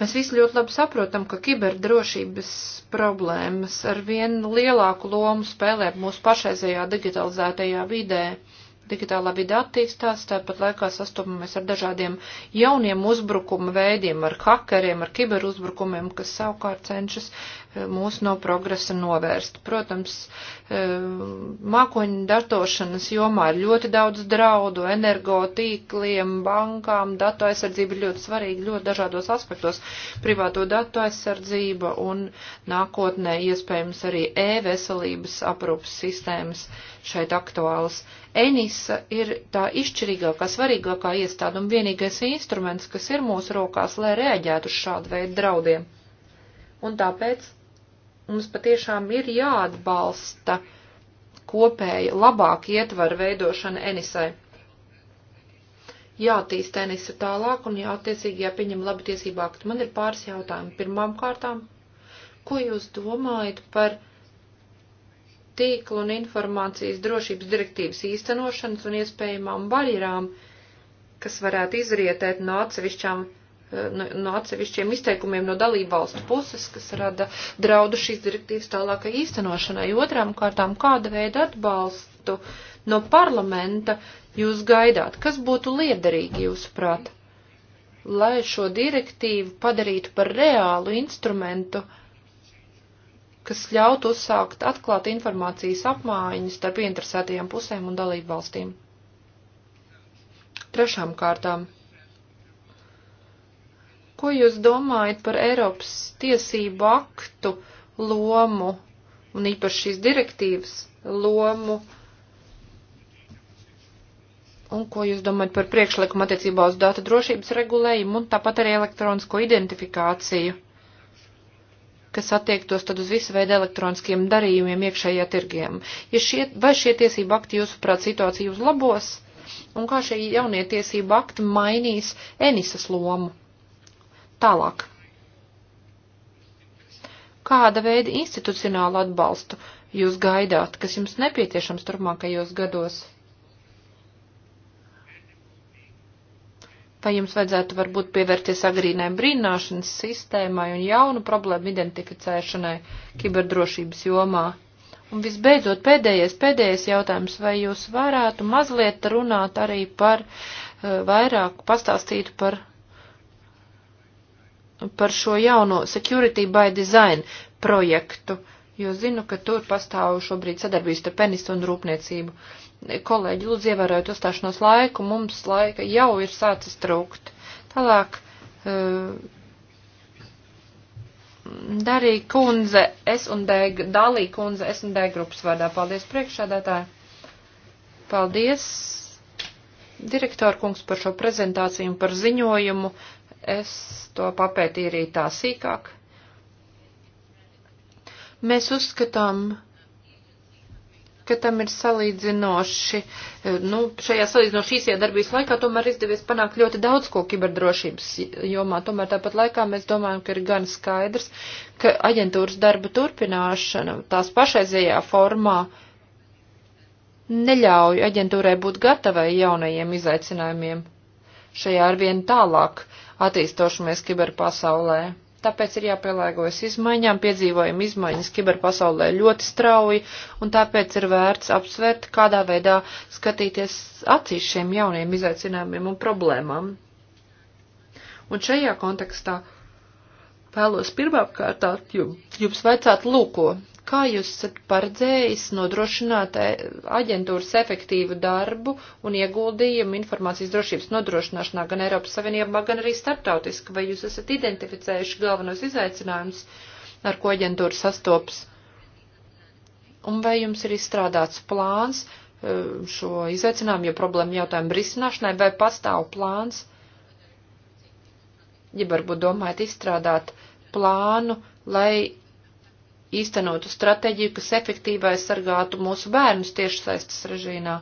Mēs visi ļoti labi saprotam, ka kiberdrošības problēmas ar vien lielāku lomu spēlē mūsu pašreizējā digitalizētajā vidē. Digitālā vide attīstās, tāpat laikā sastopamies ar dažādiem jauniem uzbrukuma veidiem, ar hakeriem, ar kiberuzbrukumiem, kas savukārt cenšas mūs no progresa novērst. Protams, e, mākoņu datošanas jomā ir ļoti daudz draudu, energo tīkliem, bankām, datu aizsardzība ir ļoti svarīga ļoti dažādos aspektos - privāto datu aizsardzība un nākotnē iespējams arī e-veselības aprūpas sistēmas šeit aktuāls. Enisa ir tā izšķirīgākā, svarīgākā iestāde un vienīgais instruments, kas ir mūsu rokās, lai reaģētu uz šādu veidu draudiem. Un tāpēc Mums patiešām ir jāatbalsta kopēja labāk ietvaru veidošana Enisai. Jātīst Enisa tālāk un jātiecīgi jāpieņem labi tiesībā akti. Man ir pāris jautājumi. Pirmām kārtām, ko jūs domājat par tīklu un informācijas drošības direktīvas īstenošanas un iespējamām barjerām, kas varētu izrietēt no atsevišķām no, no atsevišķiem izteikumiem no dalībvalstu puses, kas rada draudu šīs direktīvas tālākai īstenošanai. Otrām kārtām, kāda veida atbalstu no parlamenta jūs gaidāt? Kas būtu liederīgi jūsuprāt, lai šo direktīvu padarītu par reālu instrumentu? kas ļautu uzsākt atklāt informācijas apmaiņas starp interesētajām pusēm un dalību valstīm. Trešām kārtām Ko jūs domājat par Eiropas tiesību aktu lomu un īpaši šīs direktīvas lomu? Un ko jūs domājat par priekšlikumu attiecībā uz data drošības regulējumu un tāpat arī elektronisko identifikāciju, kas attiektos tad uz visu veidu elektroniskiem darījumiem iekšējā tirgiem? Ja šie, vai šie tiesību akti jūsuprāt situāciju uzlabos? Un kā šie jaunie tiesību akti mainīs Enisas lomu? Tālāk. Kāda veida institucionālu atbalstu jūs gaidāt, kas jums nepieciešams turpmākajos gados? Vai jums vajadzētu varbūt pievērties agrīnai brīnāšanas sistēmai un jaunu problēmu identificēšanai kiberdrošības jomā? Un visbeidzot, pēdējais, pēdējais jautājums, vai jūs varētu mazliet runāt arī par, eh, vairāk pastāstīt par par šo jauno Security by Design projektu, jo zinu, ka tur pastāv šobrīd sadarbības starp penisu un rūpniecību. Kolēģi, lūdzu, ievērojot uzstāšanos laiku, mums laika jau ir sācis trūkt. Tālāk, eh, Darī kundze, es un D, Dalī kundze, es un D grupas vārdā. Paldies priekšādātāji. Paldies, direktor kungs, par šo prezentāciju un par ziņojumu. Es to papētīju arī tā sīkāk. Mēs uzskatām, ka tam ir salīdzinoši, nu, šajā salīdzinoši īsajā darbības laikā tomēr izdevies panākt ļoti daudz ko kiberdrošības jomā. Tomēr tāpat laikā mēs domājam, ka ir gan skaidrs, ka aģentūras darba turpināšana tās pašreizējā formā neļauj aģentūrai būt gatavai jaunajiem izaicinājumiem šajā arvien tālāk attīstošamies kiberpasaulē. Tāpēc ir jāpielāgojas izmaiņām, piedzīvojam izmaiņas kiberpasaulē ļoti strauji, un tāpēc ir vērts apsvērt, kādā veidā skatīties acīs šiem jauniem izaicinājumiem un problēmām. Un šajā kontekstā vēlos pirmkārt jums, jums vaicāt lūko, Kā jūs esat paredzējis nodrošināt e, aģentūras efektīvu darbu un ieguldījumu informācijas drošības nodrošināšanā gan Eiropas Savienībā, gan arī starptautiski? Vai jūs esat identificējuši galvenos izaicinājumus, ar ko aģentūra sastopas? Un vai jums ir izstrādāts plāns e, šo izaicinājumu, jo problēmu jautājumu risināšanai, vai pastāv plāns, ja varbūt domājat izstrādāt plānu, lai īstenotu stratēģiju, kas efektīvai sargātu mūsu bērnus tiešsaistes režīmā,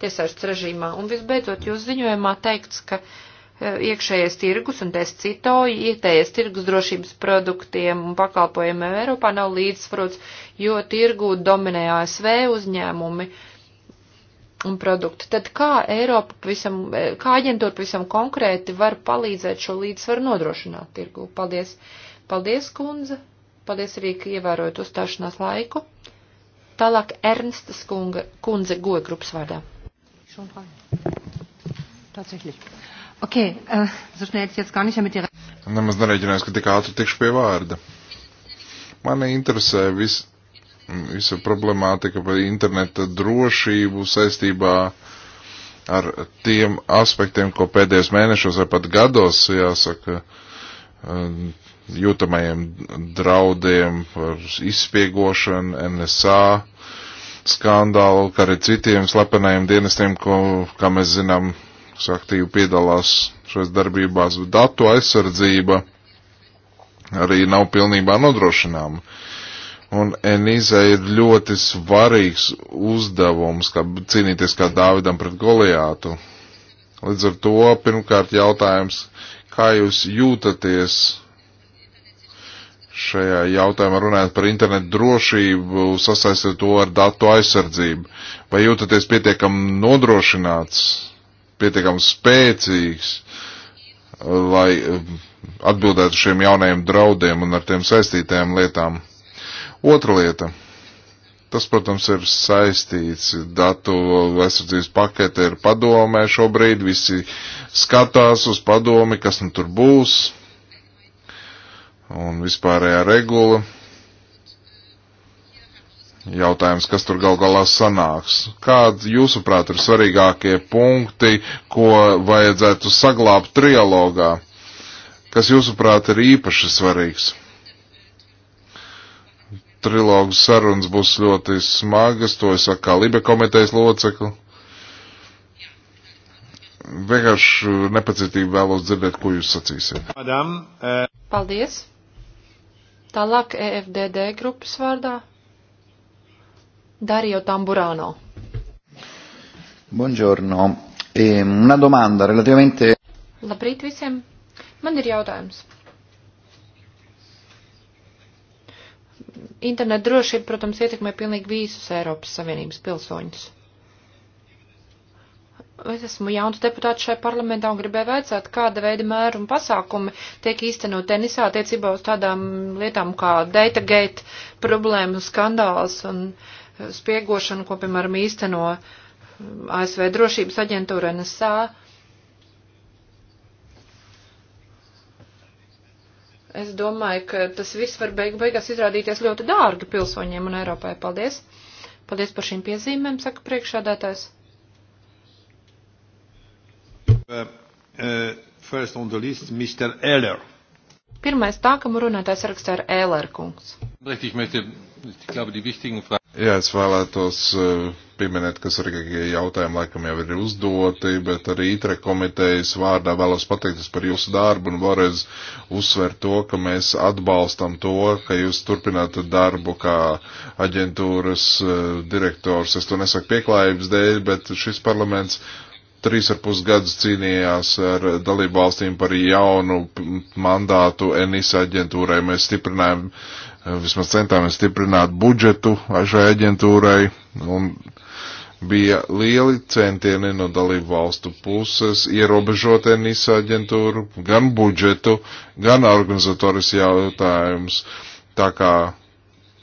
tiešsaistes režīmā. Un visbeidzot, jūs ziņojumā teikts, ka e, iekšējais tirgus, un es citoju, ietējais tirgus drošības produktiem un pakalpojumiem Eiropā nav līdzsvarots, jo tirgu dominē ASV uzņēmumi un produkti. Tad kā Eiropa pavisam, e, kā aģentūra pavisam konkrēti var palīdzēt šo līdzsvaru nodrošināt tirgu? Paldies! Paldies, kundze! Paldies arī, ka ievērojot uzstāšanās laiku. Tālāk Ernsta skunga, kundze goja grupas vārdā. Okay, uh, Nemaz nereiķinājos, ka tik ātri tikšu pie vārda. Mani interesē vis, visa problemātika par interneta drošību saistībā ar tiem aspektiem, ko pēdējos mēnešos vai pat gados, jāsaka, uh, jūtamajiem draudiem par izspiegošanu, NSA skandālu, kā arī citiem slepenajiem dienestiem, ko, kā mēs zinām, aktīvi piedalās šajās darbībās. Datu aizsardzība arī nav pilnībā nodrošināma. Un Enīza ir ļoti svarīgs uzdevums, kā cīnīties kā Dāvidam pret Goliātu. Līdz ar to pirmkārt jautājums, kā jūs jūtaties šajā jautājumā runājot par internetu drošību, sasaistot to ar datu aizsardzību? Vai jūtaties pietiekami nodrošināts, pietiekami spēcīgs, lai eh, atbildētu šiem jaunajiem draudiem un ar tiem saistītajām lietām? Otra lieta. Tas, protams, ir saistīts. Datu aizsardzības pakete ir padomē šobrīd. Visi skatās uz padomi, kas nu tur būs un vispārējā regula. Jautājums, kas tur gal galā sanāks? Kādi, jūsuprāt, ir svarīgākie punkti, ko vajadzētu saglābt trialogā? Kas, jūsuprāt, ir īpaši svarīgs? Trilogu sarunas būs ļoti smagas, to es saku kā Libe komitejas locekli. Vienkārši nepacietīgi vēlos dzirdēt, ko jūs sacīsiet. Madam, uh... Paldies! Tālāk EFDD grupas vārdā Dario Tamburano. Buongiorno. E una domanda relativamente. Labrīt visiem. Man ir jautājums. Internet drošība, protams, ietekmē pilnīgi visus Eiropas Savienības pilsoņus. Es esmu jauns deputāts šai parlamentā un gribēju veicāt, kāda veida mēru un pasākumi tiek īstenot tenisā attiecībā uz tādām lietām kā datagate problēmu, skandāls un e, spiegošana, ko, piemēram, īsteno e, ASV drošības aģentūra NSA. Es domāju, ka tas viss var beig beigās izrādīties ļoti dārgi pilsoņiem un Eiropai. Paldies! Paldies par šīm piezīmēm, saka priekšādātājs. Uh, uh, list, Pirmais tā, kam runātājs rakstā ir Ēler kungs. Jā, es vēlētos uh, pieminēt, ka svarīgākie jautājumi laikam jau ir uzdoti, bet arī ITRE komitejas vārdā vēlos pateikties par jūsu darbu un vēlreiz uzsvērt to, ka mēs atbalstam to, ka jūs turpināt darbu kā aģentūras uh, direktors. Es to nesaku pieklājības dēļ, bet šis parlaments trīs ar pus gadus cīnījās ar dalību valstīm par jaunu mandātu NISA aģentūrai. Mēs stiprinājām, vismaz centāmies stiprināt budžetu šai aģentūrai un bija lieli centieni no dalību valstu puses ierobežot NISA aģentūru, gan budžetu, gan organizatoris jautājums. Tā kā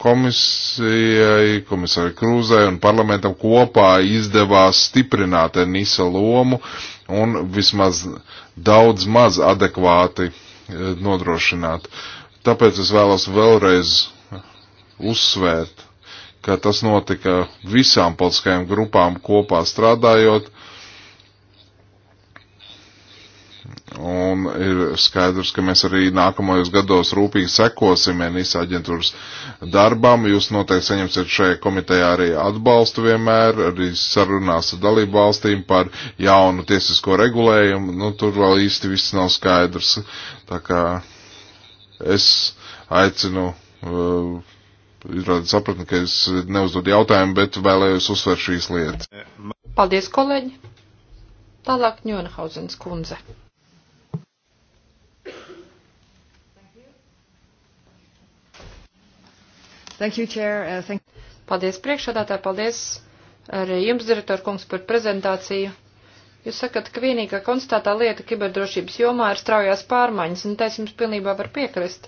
komisijai, komisārai Krūzai un parlamentam kopā izdevās stiprināt Nisa lomu un vismaz daudz maz adekvāti eh, nodrošināt. Tāpēc es vēlos vēlreiz uzsvērt, ka tas notika visām politiskajām grupām kopā strādājot Un ir skaidrs, ka mēs arī nākamajos gados rūpīgi sekosim NISA aģentūras darbam. Jūs noteikti saņemsiet šajā komitejā arī atbalstu vienmēr, arī sarunās ar dalību valstīm par jaunu tiesisko regulējumu. Nu, tur vēl īsti viss nav skaidrs. Tā kā es aicinu. Uh, Izrādīt sapratni, ka es neuzdodu jautājumu, bet vēlējos uzsvērt šīs lietas. Paldies, kolēģi! Tālāk Ņūnehauzens kundze. Thank you, Chair. Uh, thank... Paldies priekšādātāji, paldies arī jums, direktor kungs, par prezentāciju. Jūs sakat, ka vienīgā konstatētā lieta kiberdrošības jomā ir straujās pārmaiņas, un tā es jums pilnībā varu piekrist.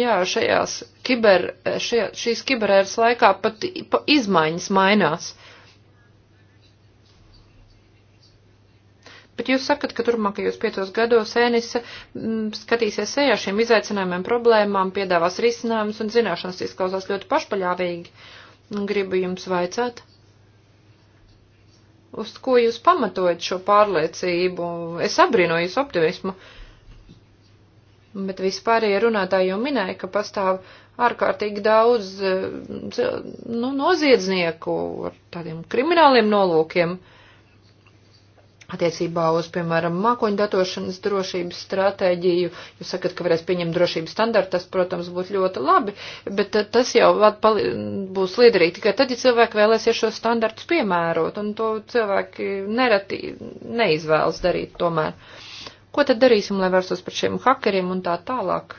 Jā, šajās kiber, šajā, šīs kiberēras laikā pat izmaiņas mainās. Uh, Bet jūs sakat, ka turpmākajos piecos gados ēnisa m, mm, skatīsies ejā šiem izaicinājumiem, problēmām, piedāvās risinājumus un zināšanas izklausās ļoti pašpaļāvīgi. Gribu jums vaicāt, uz ko jūs pamatojat šo pārliecību? Es abrīnoju jūsu optimismu, bet vispārējie ja runātāji jau minēja, ka pastāv ārkārtīgi daudz eh, nu, noziedznieku ar tādiem krimināliem nolūkiem. Uh, attiecībā uz, piemēram, mākoņu datošanas drošības stratēģiju. Jūs sakat, ka varēs pieņemt drošības standartu, tas, protams, būtu ļoti labi, bet tas jau būs liederīgi tikai tad, ja cilvēki vēlēsies šo standartus piemērot, un to cilvēki nereti neizvēlas darīt tomēr. Ko tad darīsim, lai vērsos par šiem hakeriem un tā tālāk?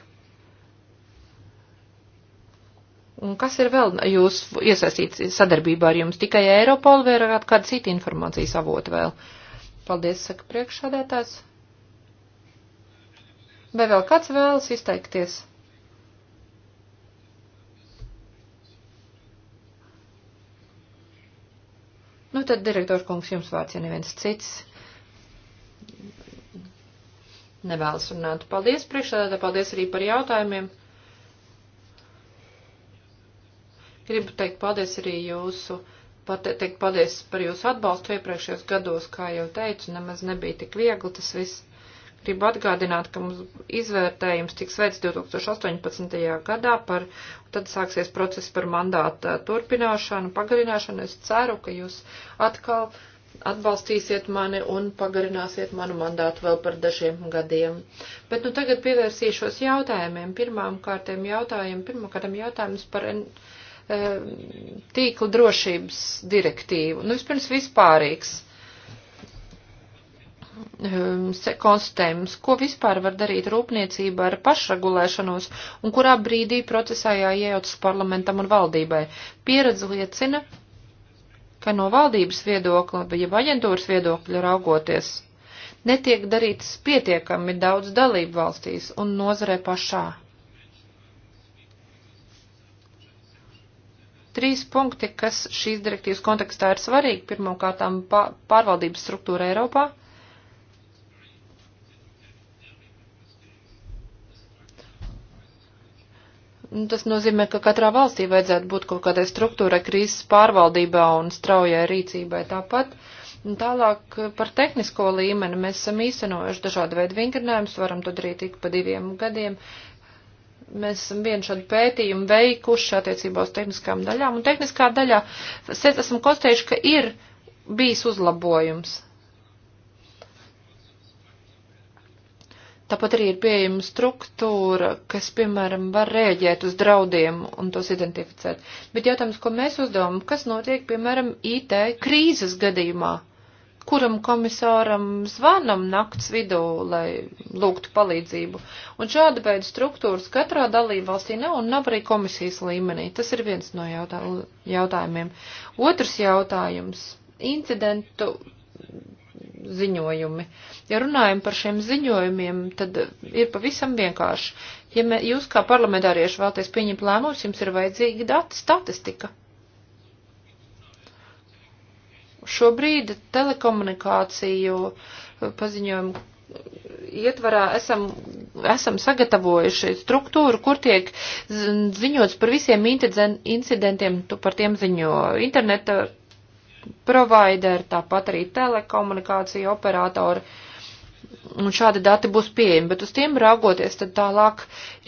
Un kas ir vēl jūs iesaistīts sadarbībā ar jums? Tikai Eiropola vai ir kāda cita informācijas avota vēl? Uh, Paldies, saka priekšsādētājs. Vai vēl kāds vēlas izteikties? Nu, tad direktors kungs jums vārds, ja neviens cits nevēlas runāt. Paldies priekšsēdētā, paldies arī par jautājumiem. Gribu teikt paldies arī jūsu pateikt paldies par jūsu atbalstu iepriekšējos gados, kā jau teicu, nemaz nebija tik viegli tas viss. Gribu atgādināt, ka mums izvērtējums tiks veids 2018. gadā, par, tad sāksies process par mandāta turpināšanu, pagarināšanu. Es ceru, ka jūs atkal atbalstīsiet mani un pagarināsiet manu mandātu vēl par dažiem gadiem. Bet nu tagad pievērsīšos jautājumiem. Pirmām kārtām jautājumu, pirmkārtām jautājums par. En Eh, tīkla drošības direktīvu. Nu, vispirms vispārīgs eh, konstatējums, ko vispār var darīt rūpniecība ar pašregulēšanos un kurā brīdī procesā jāiejaucas parlamentam un valdībai. Pieredze liecina, ka no valdības viedokļa, ja aģentūras viedokļa raugoties, netiek darītas pietiekami daudz dalību valstīs un nozarē pašā. trīs punkti, kas šīs direktīvas kontekstā ir svarīgi. Pirmkārtām pārvaldības struktūra Eiropā. Nu, tas nozīmē, ka katrā valstī vajadzētu būt kaut kādai struktūrai krīzes pārvaldībā un straujai rīcībai tāpat. Tālāk eh, par tehnisko līmeni mēs esam īstenojuši dažādu veidu vingrinājumus, varam to darīt ik pa diviem gadiem. Uh, mēs esam vienu šādu pētījumu veikuši attiecībā uz tehniskām daļām, un tehniskā daļā esam konstatējuši, ka ir bijis uzlabojums. Tāpat arī ir pieejama struktūra, kas, piemēram, var rēģēt uz draudiem un tos identificēt. Bet jautājums, ko mēs uzdevām, kas notiek, piemēram, IT krīzes gadījumā? Uh, kuram komisāram zvanam nakts vidū, lai lūgtu palīdzību. Un šāda veida struktūras katrā dalībvalstī nav un nav arī komisijas līmenī. Tas ir viens no jautā, jautājumiem. Otrs jautājums - incidentu ziņojumi. Ja runājam par šiem ziņojumiem, tad ir pavisam vienkārši. Ja mē, jūs kā parlamentārieši vēlaties pieņemt lēmumus, jums ir vajadzīga data statistika. Šobrīd telekomunikāciju paziņojumu ietvarā esam, esam sagatavojuši struktūru, kur tiek ziņots par visiem incidentiem, tu par tiem ziņo interneta provider, tāpat arī telekomunikācija operatori un šādi dati būs pieejami, bet uz tiem raugoties tad tālāk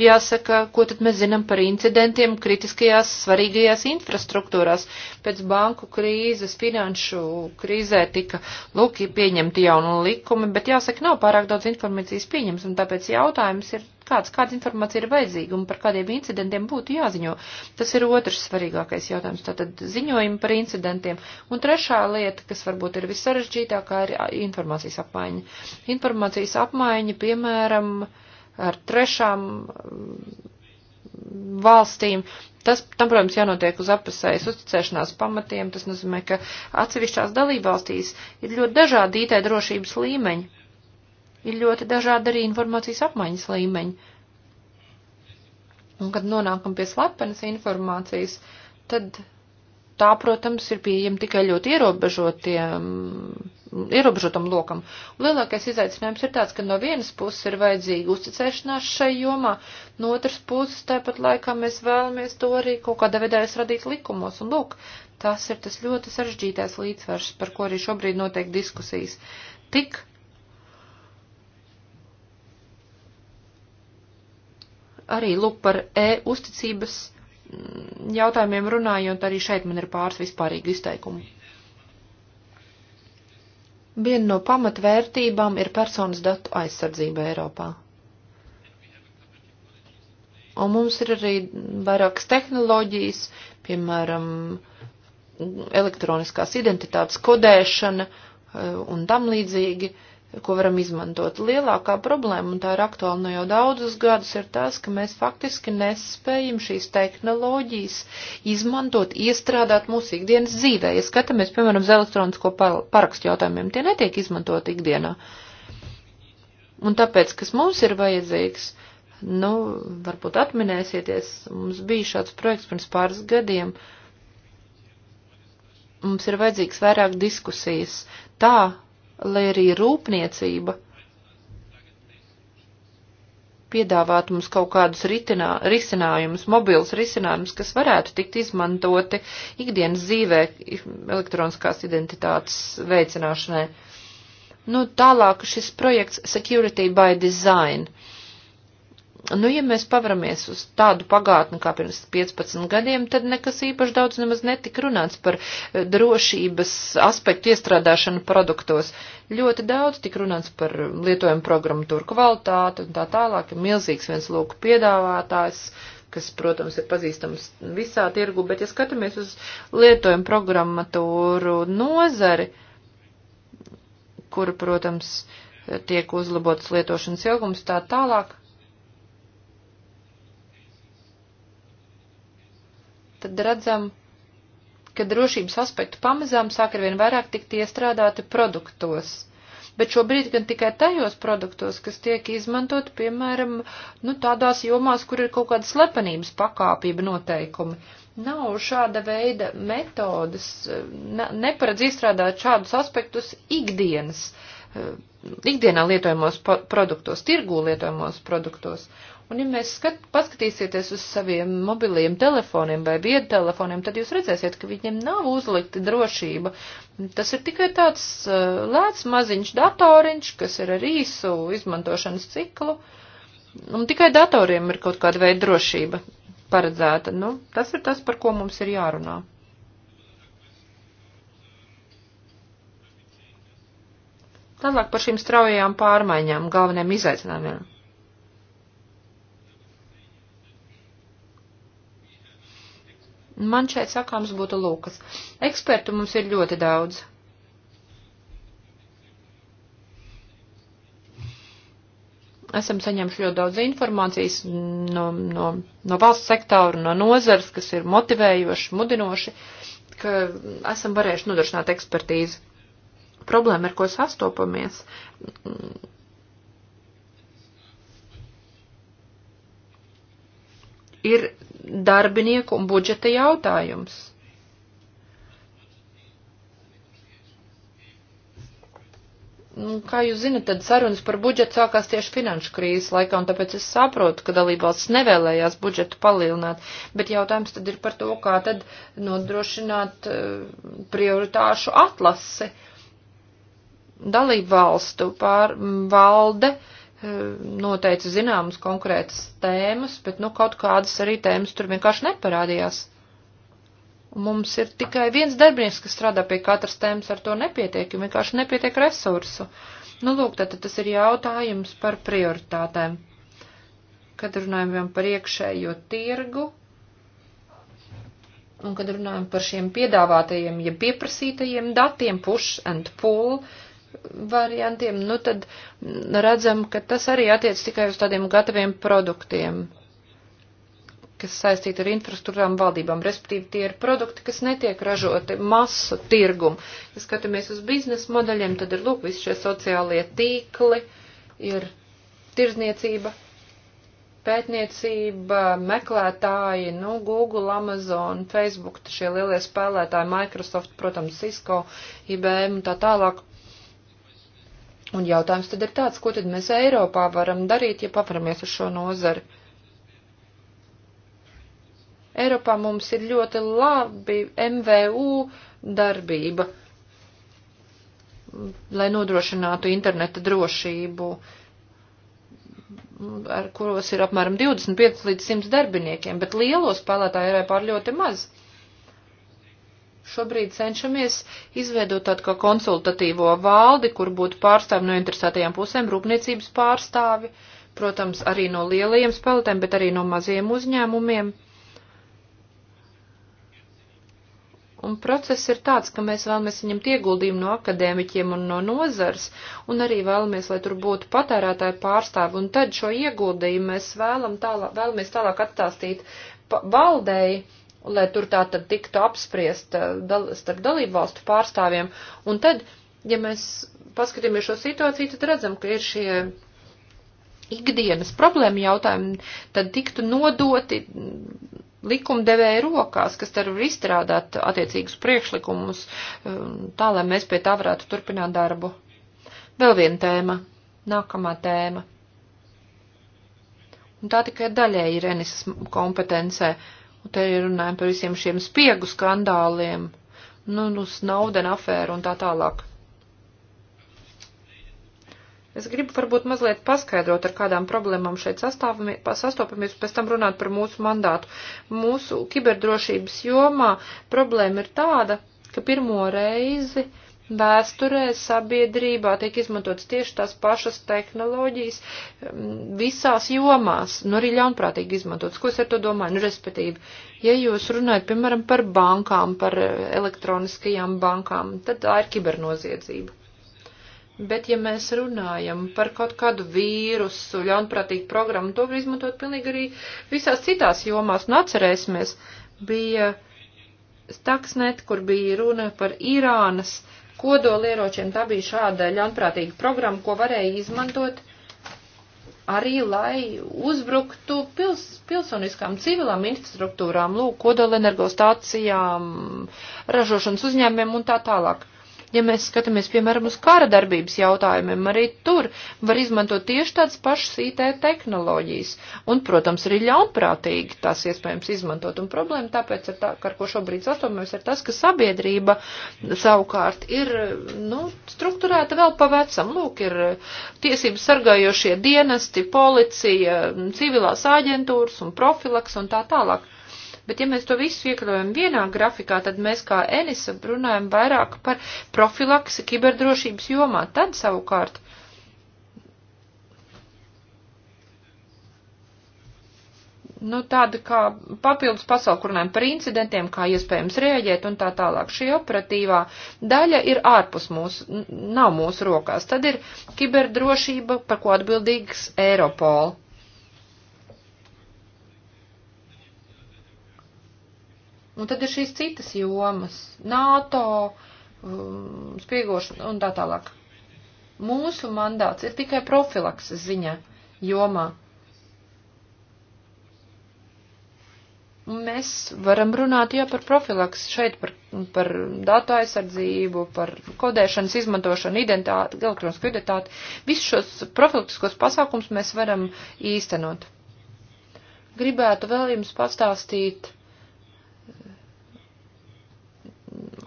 jāsaka, ko tad mēs zinām par incidentiem kritiskajās svarīgajās infrastruktūrās. Pēc banku krīzes, finanšu krīzē tika, lūk, pieņemti jauni likumi, bet jāsaka, nav pārāk daudz informācijas pieņems, un tāpēc jautājums ir tāds, kāda informācija ir vajadzīga un par kādiem incidentiem būtu jāziņo. Tas ir otrs svarīgākais jautājums, tātad ziņojumi par incidentiem. Un trešā lieta, kas varbūt ir vissarežģītākā, ir informācijas apmaiņa. Informācijas apmaiņa, piemēram, ar trešām mm, valstīm. Tas, tam, protams, jānotiek uz apasējas uzticēšanās pamatiem. Tas nozīmē, ka atsevišķās dalībvalstīs ir ļoti dažādi IT drošības līmeņi ir ļoti dažādi arī informācijas apmaiņas līmeņi. Un, kad nonākam pie slepenas informācijas, tad tā, protams, ir pieejama tikai ļoti ierobežotam lokam. Lielākais izaicinājums ir tāds, ka no vienas puses ir vajadzīga uzticēšanās šai jomā, no otras puses tāpat laikā mēs vēlamies to arī kaut kādā veidā radīt likumos. Un lūk, tas ir tas ļoti sarežģītais līdzsvars, par ko arī šobrīd notiek diskusijas. Tik arī lūk par e-uzticības mm, jautājumiem runājot, arī šeit man ir pāris vispārīgi izteikumi. Viena no pamatvērtībām ir personas datu aizsardzība Eiropā. Un mums ir arī vairākas tehnoloģijas, piemēram, elektroniskās identitātes kodēšana eh, un tam līdzīgi. Uh, ko varam izmantot. Lielākā problēma, un tā ir aktuāla no jau daudzus gadus, ir tas, ka mēs faktiski nespējam šīs tehnoloģijas izmantot, iestrādāt mūsu ikdienas dzīvē. Ja skatāmies, piemēram, uz elektronisko parakstu jautājumiem, tie netiek izmantot ikdienā. Un tāpēc, kas mums ir vajadzīgs, nu, varbūt atminēsieties, mums bija šāds projekts pirms pāris gadiem. Mums ir vajadzīgs vairāk diskusijas tā, lai arī rūpniecība piedāvāt mums kaut kādus ritinā, risinājumus, mobils risinājumus, kas varētu tikt izmantoti ikdienas dzīvē elektroniskās identitātes veicināšanai. Nu, tālāk šis projekts Security by Design. Uh, nu, ja mēs pavramies uz tādu pagātni kā pirms 15 gadiem, tad nekas īpaši daudz nemaz netika runāts par eh, drošības aspektu iestrādāšanu produktos. Ļoti daudz tika runāts par lietojumu programmatūru kvalitāti un tā tālāk, ir milzīgs viens lūku piedāvātājs, kas, protams, ir pazīstams visā tirgu, bet ja skatāmies uz lietojumu programmatūru nozari, kur, protams, tiek uzlabotas lietošanas ilgums tā tālāk, tad redzam, ka drošības aspektu pamazām sāk arvien vairāk tikt iestrādāti produktos. Bet šobrīd gan tikai tajos produktos, kas tiek izmantot, piemēram, nu, tādās jomās, kur ir kaut kāda slepenības pakāpība noteikumi. Nav šāda veida metodas, ne, neparedz izstrādāt šādus aspektus ikdienas, eh, ikdienā lietojamos produktos, tirgū lietojamos produktos. Un ja mēs skat, paskatīsieties uz saviem mobiliem telefoniem vai viedtelefoniem, tad jūs redzēsiet, ka viņiem nav uzlikta drošība. Tas ir tikai tāds uh, lēts maziņš datoriņš, kas ir ar īsu izmantošanas ciklu. Un tikai datoriem ir kaut kāda veida drošība paredzēta. Nu, tas ir tas, par ko mums ir jārunā. Tālāk par šīm straujajām pārmaiņām, galveniem izaicinājumiem. Man šeit sakāms būtu lūkas. Ekspertu mums ir ļoti daudz. esam saņemši ļoti daudz informācijas no, no, no valsts sektora, no nozars, kas ir motivējoši, mudinoši, ka esam varējuši nodrošināt ekspertīzi. Problēma, ar ko sastopamies, ir darbinieku un budžeta jautājums. Nu, kā jūs zinat, tad sarunas par budžetu sākās tieši finanšu krīzes laikā, un tāpēc es saprotu, ka dalībvalsts nevēlējās budžetu palielināt, bet jautājums tad ir par to, kā tad nodrošināt uh, prioritāšu atlasi. Dalībvalstu pārvalde uh, noteica zināmas konkrētas tēmas, bet nu kaut kādas arī tēmas tur vienkārši neparādījās. Un mums ir tikai viens darbinieks, kas strādā pie katras tēmas, ar to nepietiek, jo vienkārši nepietiek resursu. Nu, lūk, tad tas ir jautājums par prioritātēm. Kad runājam par iekšējo tirgu, un kad runājam par šiem piedāvātajiem, ja pieprasītajiem datiem, push and pull, uh, variantiem, nu tad redzam, ka tas arī attiec tikai uz tādiem gataviem produktiem, kas saistīti ar infrastruktūrām valdībām, respektīvi tie ir produkti, kas netiek ražoti masu tirgumu. Ja skatāmies uz biznesa modeļiem, tad ir lūk visi šie sociālie tīkli, ir tirzniecība, pētniecība, meklētāji, nu, Google, Amazon, Facebook, šie lielie spēlētāji, Microsoft, protams, Cisco, IBM un tā tālāk. Un jautājums tad ir tāds, ko tad mēs Eiropā varam darīt, ja pavaramies uz šo nozari? Eiropā mums ir ļoti labi MVU darbība, lai nodrošinātu interneta drošību, ar kuros ir apmēram 25 līdz 100 darbiniekiem, bet lielo spēlētāju Eiropā ir ļoti maz šobrīd cenšamies izveidot tādu kā konsultatīvo valdi, kur būtu pārstāvi no interesētajām pusēm, rūpniecības pārstāvi, protams, arī no lielajiem spēlētēm, bet arī no maziem uzņēmumiem. Un process ir tāds, ka mēs vēlamies saņemt ieguldījumu no akadēmiķiem un no nozars, un arī vēlamies, lai tur būtu patērētāju pārstāvi, un tad šo ieguldījumu mēs vēlam tālāk, vēlamies tālāk attāstīt valdēji, lai tur tā tad tiktu apspriest eh, dal, starp dalību valstu pārstāvjiem. Un tad, ja mēs paskatīmies šo situāciju, tad redzam, ka ir šie ikdienas problēma jautājumi, tad tiktu nodoti likumdevēja rokās, kas tad var izstrādāt attiecīgus priekšlikumus, um, tā lai mēs pie tā varētu turpināt darbu. Vēl viena tēma, nākamā tēma. Un tā tikai daļēji ir Enisas kompetencē. Uh, Un te ir runājam par visiem šiem spiegu skandāliem, nu, nu, Snowden afēru un tā tālāk. Es gribu varbūt mazliet paskaidrot, ar kādām problēmām šeit sastopamies, pēc tam runāt par mūsu mandātu. Mūsu kiberdrošības jomā problēma ir tāda, ka pirmo reizi uh, Vēsturē, sabiedrībā tiek izmantotas tieši tās pašas tehnoloģijas mm, visās jomās, nu arī ļaunprātīgi izmantotas. Ko es ar to domāju? Nu, respektīvi, ja jūs runājat, piemēram, par bankām, par elektroniskajām bankām, tad tā ir kibernoziedzība. Bet, ja mēs runājam par kaut kādu vīrusu, ļaunprātīgu programmu, to var izmantot pilnīgi arī visās citās jomās. Un nu, atcerēsimies, bija Stuxnet, kur bija runa par Irānas kodolieročiem. Tā bija šāda ļaunprātīga programma, ko varēja izmantot arī, lai uzbruktu pils, pilsoniskām civilām infrastruktūrām, lūk, kodolenergostācijām, ražošanas uzņēmumiem un tā tālāk. Ja mēs skatāmies, piemēram, uz kara darbības jautājumiem, arī tur var izmantot tieši tādas pašas IT tehnoloģijas. Un, protams, arī ļaunprātīgi tās iespējams izmantot. Un problēma tāpēc, ar, tā, ar ko šobrīd sastopamies, ir tas, ka sabiedrība savukārt ir, nu, strukturēta vēl pa vecam. Lūk, ir tiesības sargājošie dienesti, policija, civilās aģentūras un profilaks un tā tālāk. Bet ja mēs to visu iekļaujam vienā grafikā, tad mēs kā Enisa runājam vairāk par profilaksi kiberdrošības jomā. Tad savukārt. nu, tāda kā papildus pasaukurinājumu par incidentiem, kā iespējams rēģēt un tā tālāk. Šī operatīvā daļa ir ārpus mūsu, nav mūsu rokās. Tad ir kiberdrošība, par ko atbildīgs Eiropola. Un nu, tad ir šīs citas jomas - NATO, um, spiegošana un tā tālāk. Mūsu mandāts ir tikai profilakses ziņā jomā. Un mēs varam runāt, jā, par profilaks šeit, par, par datu aizsardzību, par kodēšanas izmantošanu, identitāti, elektronisku identitāti. Visus šos profilaktiskos pasākums mēs varam īstenot. Gribētu vēl jums pastāstīt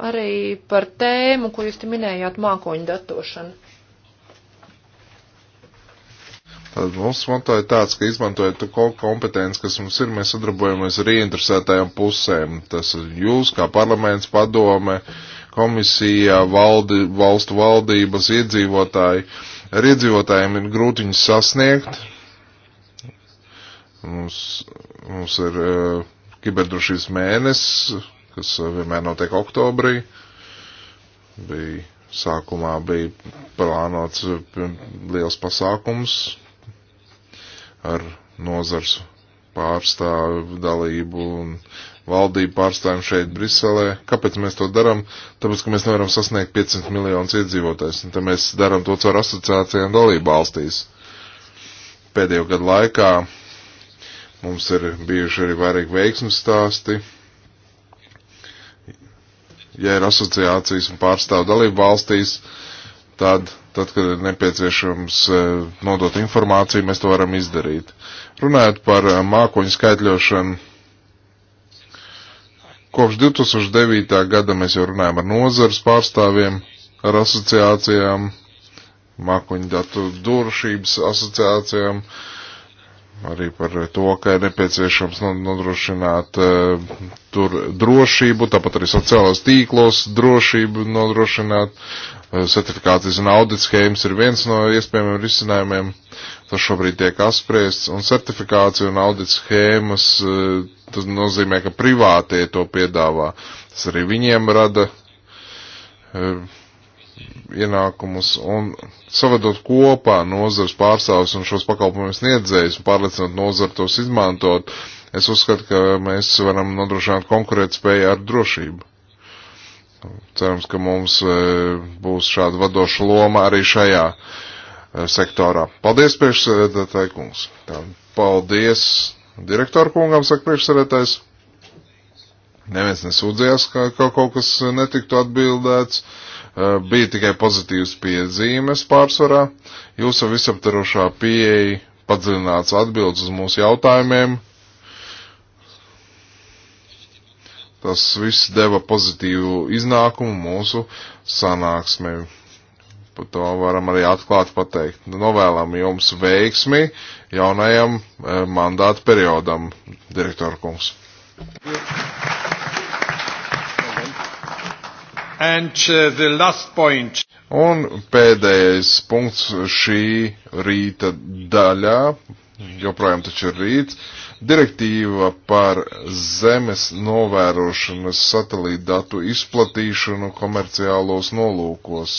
arī par tēmu, ko jūs te minējāt, mākoņu datošanu. Tad mums moto ir tāds, ka izmantojot to kompetenci, kas mums ir, mēs sadarbojamies ar ieinteresētajām pusēm. Tas ir jūs, kā parlaments, padome, komisija, valdi, valstu valdības, iedzīvotāji. Ar iedzīvotājiem ir grūti viņus sasniegt. Mums, mums ir uh, kiberdrošības mēnesis, kas vienmēr notiek oktobrī. Bija, sākumā bija plānots liels pasākums ar nozars pārstāvu dalību un valdību pārstāvjiem šeit Briselē. Kāpēc mēs to darām? Tāpēc, ka mēs nevaram sasniegt 500 miljonus iedzīvotājs, un te mēs darām to caur asociācijām dalību valstīs. Pēdējo gadu laikā mums ir bijuši arī vairāk veiksmju stāsti ja ir asociācijas un pārstāv dalību valstīs, tad, tad kad ir nepieciešams e, nodot informāciju, mēs to varam izdarīt. Runājot par e, mākoņu skaitļošanu, kopš 2009. gada mēs jau runājam ar nozars pārstāvjiem, ar asociācijām, mākoņu datu drošības asociācijām. Uh, arī par to, ka ir nepieciešams nodrošināt uh, tur drošību, tāpat arī sociālās tīklos drošību nodrošināt. Uh, Certifikācijas un audit schēmas ir viens no iespējamiem risinājumiem. Tas šobrīd tiek apspriests, un certifikācija un audit schēmas, uh, tas nozīmē, ka privātie to piedāvā. Tas arī viņiem rada uh, ienākumus un savadot kopā nozars pārstāvus un šos pakalpojumus niedzējus un pārliecināt nozaru tos izmantot, es uzskatu, ka mēs varam nodrošināt konkurētspēju ar drošību. Cerams, ka mums e, būs šāda vadoša loma arī šajā e, sektorā. Paldies, priekšsēdētāji kungs. Tā, paldies direktoru kungam, saka priekšsēdētājs. Neviens nesūdzējās, ka kaut kas netiktu atbildēts. Uh, Eh, bija tikai pozitīvas piezīmes pārsvarā. Jūsu visaptarošā pieeja padziļināts atbildes uz mūsu jautājumiem. Tas viss deva pozitīvu iznākumu mūsu sanāksmē. Par to varam arī atklāt pateikt. Novēlam jums veiksmi jaunajam eh, mandāta periodam, direktorkungs. Thank you. Uh, un pēdējais punkts šī rīta daļā, joprojām taču ir rīts, direktīva par zemes novērošanas satelīta datu izplatīšanu komerciālos nolūkos.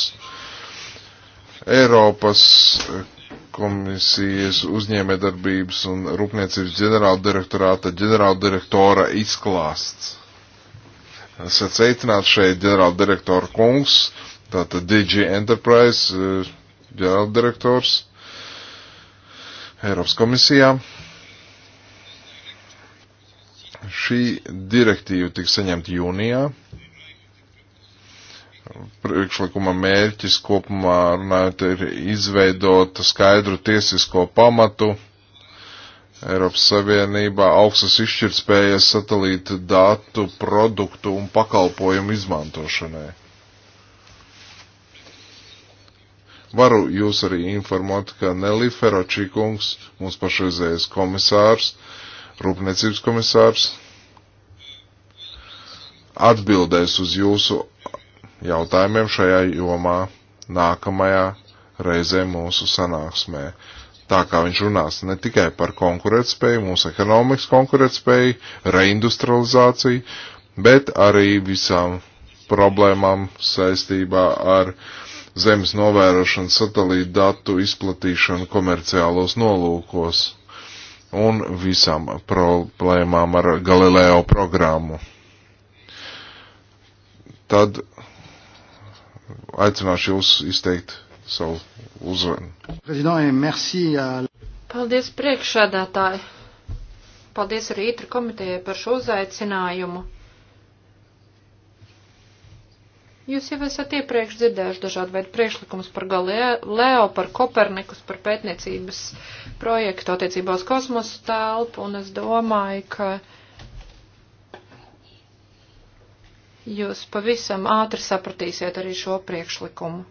Eiropas komisijas uzņēmēdarbības un rūpniecības ģenerāldirektorāta ģenerāldirektora izklāsts. Esat sveicināts šeit ģenerāla direktora kungs, tātad DG Enterprise eh, ģenerāla direktors Eiropas komisijā. Šī direktīva tiks saņemta jūnijā. Priekšlikuma mērķis kopumā runājot ir izveidot skaidru tiesisko pamatu Eiropas Savienībā augstas izšķirtspējas satelīta datu, produktu un pakalpojumu izmantošanai. Varu jūs arī informot, ka Nelī Feročī kungs, mūsu pašreizējais komisārs, rūpniecības komisārs, atbildēs uz jūsu jautājumiem šajā jomā nākamajā reizē mūsu sanāksmē tā kā viņš runās ne tikai par konkurētspēju, mūsu ekonomikas konkurētspēju, reindustrializāciju, bet arī visām problēmām saistībā ar zemes novērošanas satelītu datu izplatīšanu komerciālos nolūkos un visām problēmām ar Galileo programmu. Tad aicināšu jūs izteikt savu uzvanu. Paldies priekšsēdētāji. Paldies arī ITRA komitejai par šo uzaicinājumu. Jūs jau esat iepriekš dzirdējuši dažādu veidu priekšlikumus par Galileo, par Kopernikus, par pētniecības projektu attiecībā uz kosmosu telpu, un es domāju, ka jūs pavisam ātri sapratīsiet arī šo priekšlikumu.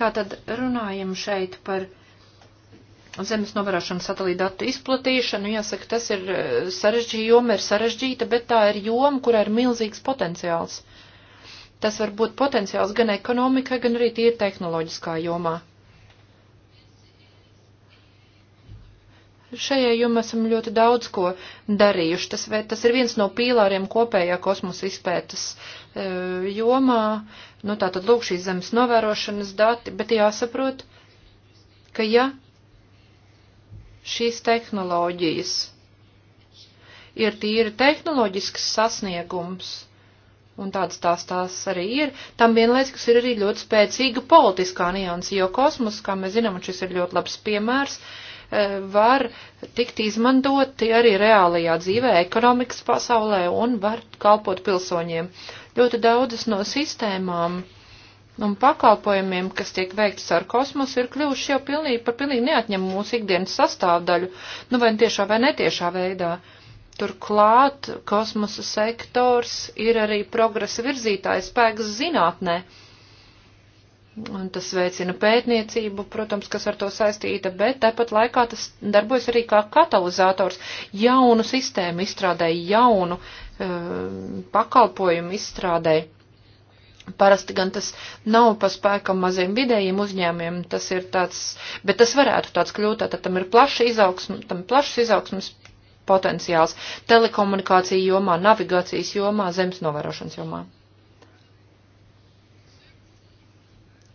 Tātad runājam šeit par zemes novērošanas satelīta datu izplatīšanu. Jāsaka, tas ir e, sarežģīta joma, ir sarežģīta, bet tā ir joma, kurā ir milzīgs potenciāls. Tas var būt potenciāls gan ekonomikai, gan arī tīri tehnoloģiskā jomā. Šajā jomā esam ļoti daudz ko darījuši. Tas, tas ir viens no pīlāriem kopējā kosmosa izpētes e, jomā. Nu, tā tad lūk šīs zemes novērošanas dati, bet jāsaprot, ka ja šīs tehnoloģijas ir tīri tehnoloģisks sasniegums, un tādas tās tās arī ir, tam vienlaikus ir arī ļoti spēcīga politiskā nianse, jo kosmos, kā mēs zinām, un šis ir ļoti labs piemērs, uh, E, var tikt izmantoti arī reālajā dzīvē, ekonomikas pasaulē un var kalpot pilsoņiem. Ļoti daudzas no sistēmām un pakalpojumiem, kas tiek veikts ar kosmosu, ir kļuvuši jau pilnīgi par pilnīgi neatņemumu mūsu ikdienas sastāvdaļu, nu vai tiešā vai netiešā veidā. Turklāt kosmosa sektors ir arī progresa virzītājs spēks zinātnē. Ne? un tas veicina pētniecību, protams, kas ar to saistīta, bet tāpat laikā tas darbojas arī kā katalizators jaunu sistēmu izstrādēji, jaunu uh, pakalpojumu izstrādēji. Parasti gan tas nav pa spēkam maziem vidējiem uzņēmiem, tas ir tāds, bet tas varētu tāds kļūt, tātad tam ir plaša izaugsme, tam plašs izaugsmes potenciāls telekomunikāciju jomā, navigācijas jomā, zemes novērošanas jomā.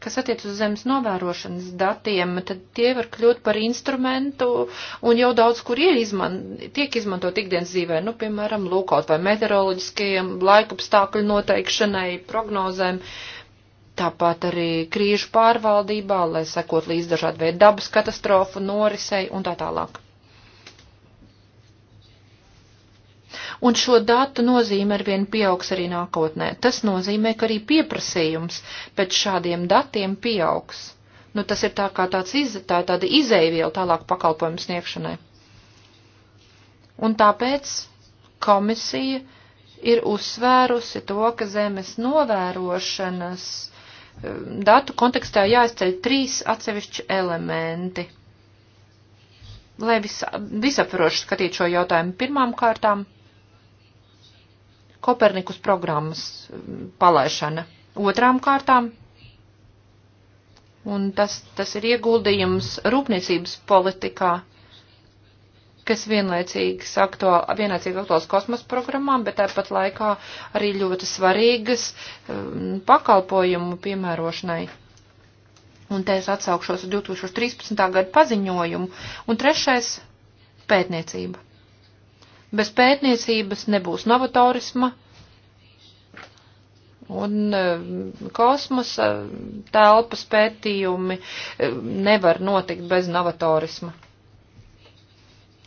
Kas attiec uz zemes novērošanas datiem, tad tie var kļūt par instrumentu un jau daudz kur ir izman, tiek izmantot ikdienas dzīvē, nu, piemēram, lūkaut vai meteoroloģiskajiem laikapstākļu noteikšanai, prognozēm, tāpat arī krīžu pārvaldībā, lai sekot līdz dažādu veidu dabas katastrofu norisei un tā tālāk. un šo datu nozīme arvien pieaugs arī nākotnē. Tas nozīmē, ka arī pieprasījums pēc šādiem datiem pieaugs. Nu, tas ir tā kā tāds iz, tā, tāda izēviela tālāk pakalpojumu sniegšanai. Un tāpēc komisija ir uzsvērusi to, ka zemes novērošanas um, datu kontekstā jāizceļ trīs atsevišķi elementi. Lai visaptvaroši skatītu šo jautājumu pirmām kārtām, Kopernikus programmas mm, palaišana. Otrām kārtām, un tas, tas ir ieguldījums rūpniecības politikā, kas vienlaicīgs aktuāl, vienlaicīgi aktuāls kosmosa programmām, bet tāpat laikā arī ļoti svarīgas um, pakalpojumu piemērošanai. Un te es atsaukšos 2013. gada paziņojumu. Un trešais - pētniecība. Bez pētniecības nebūs novatorisma, Un e, kosmosa e, telpas pētījumi e, nevar notikt bez novatorisma.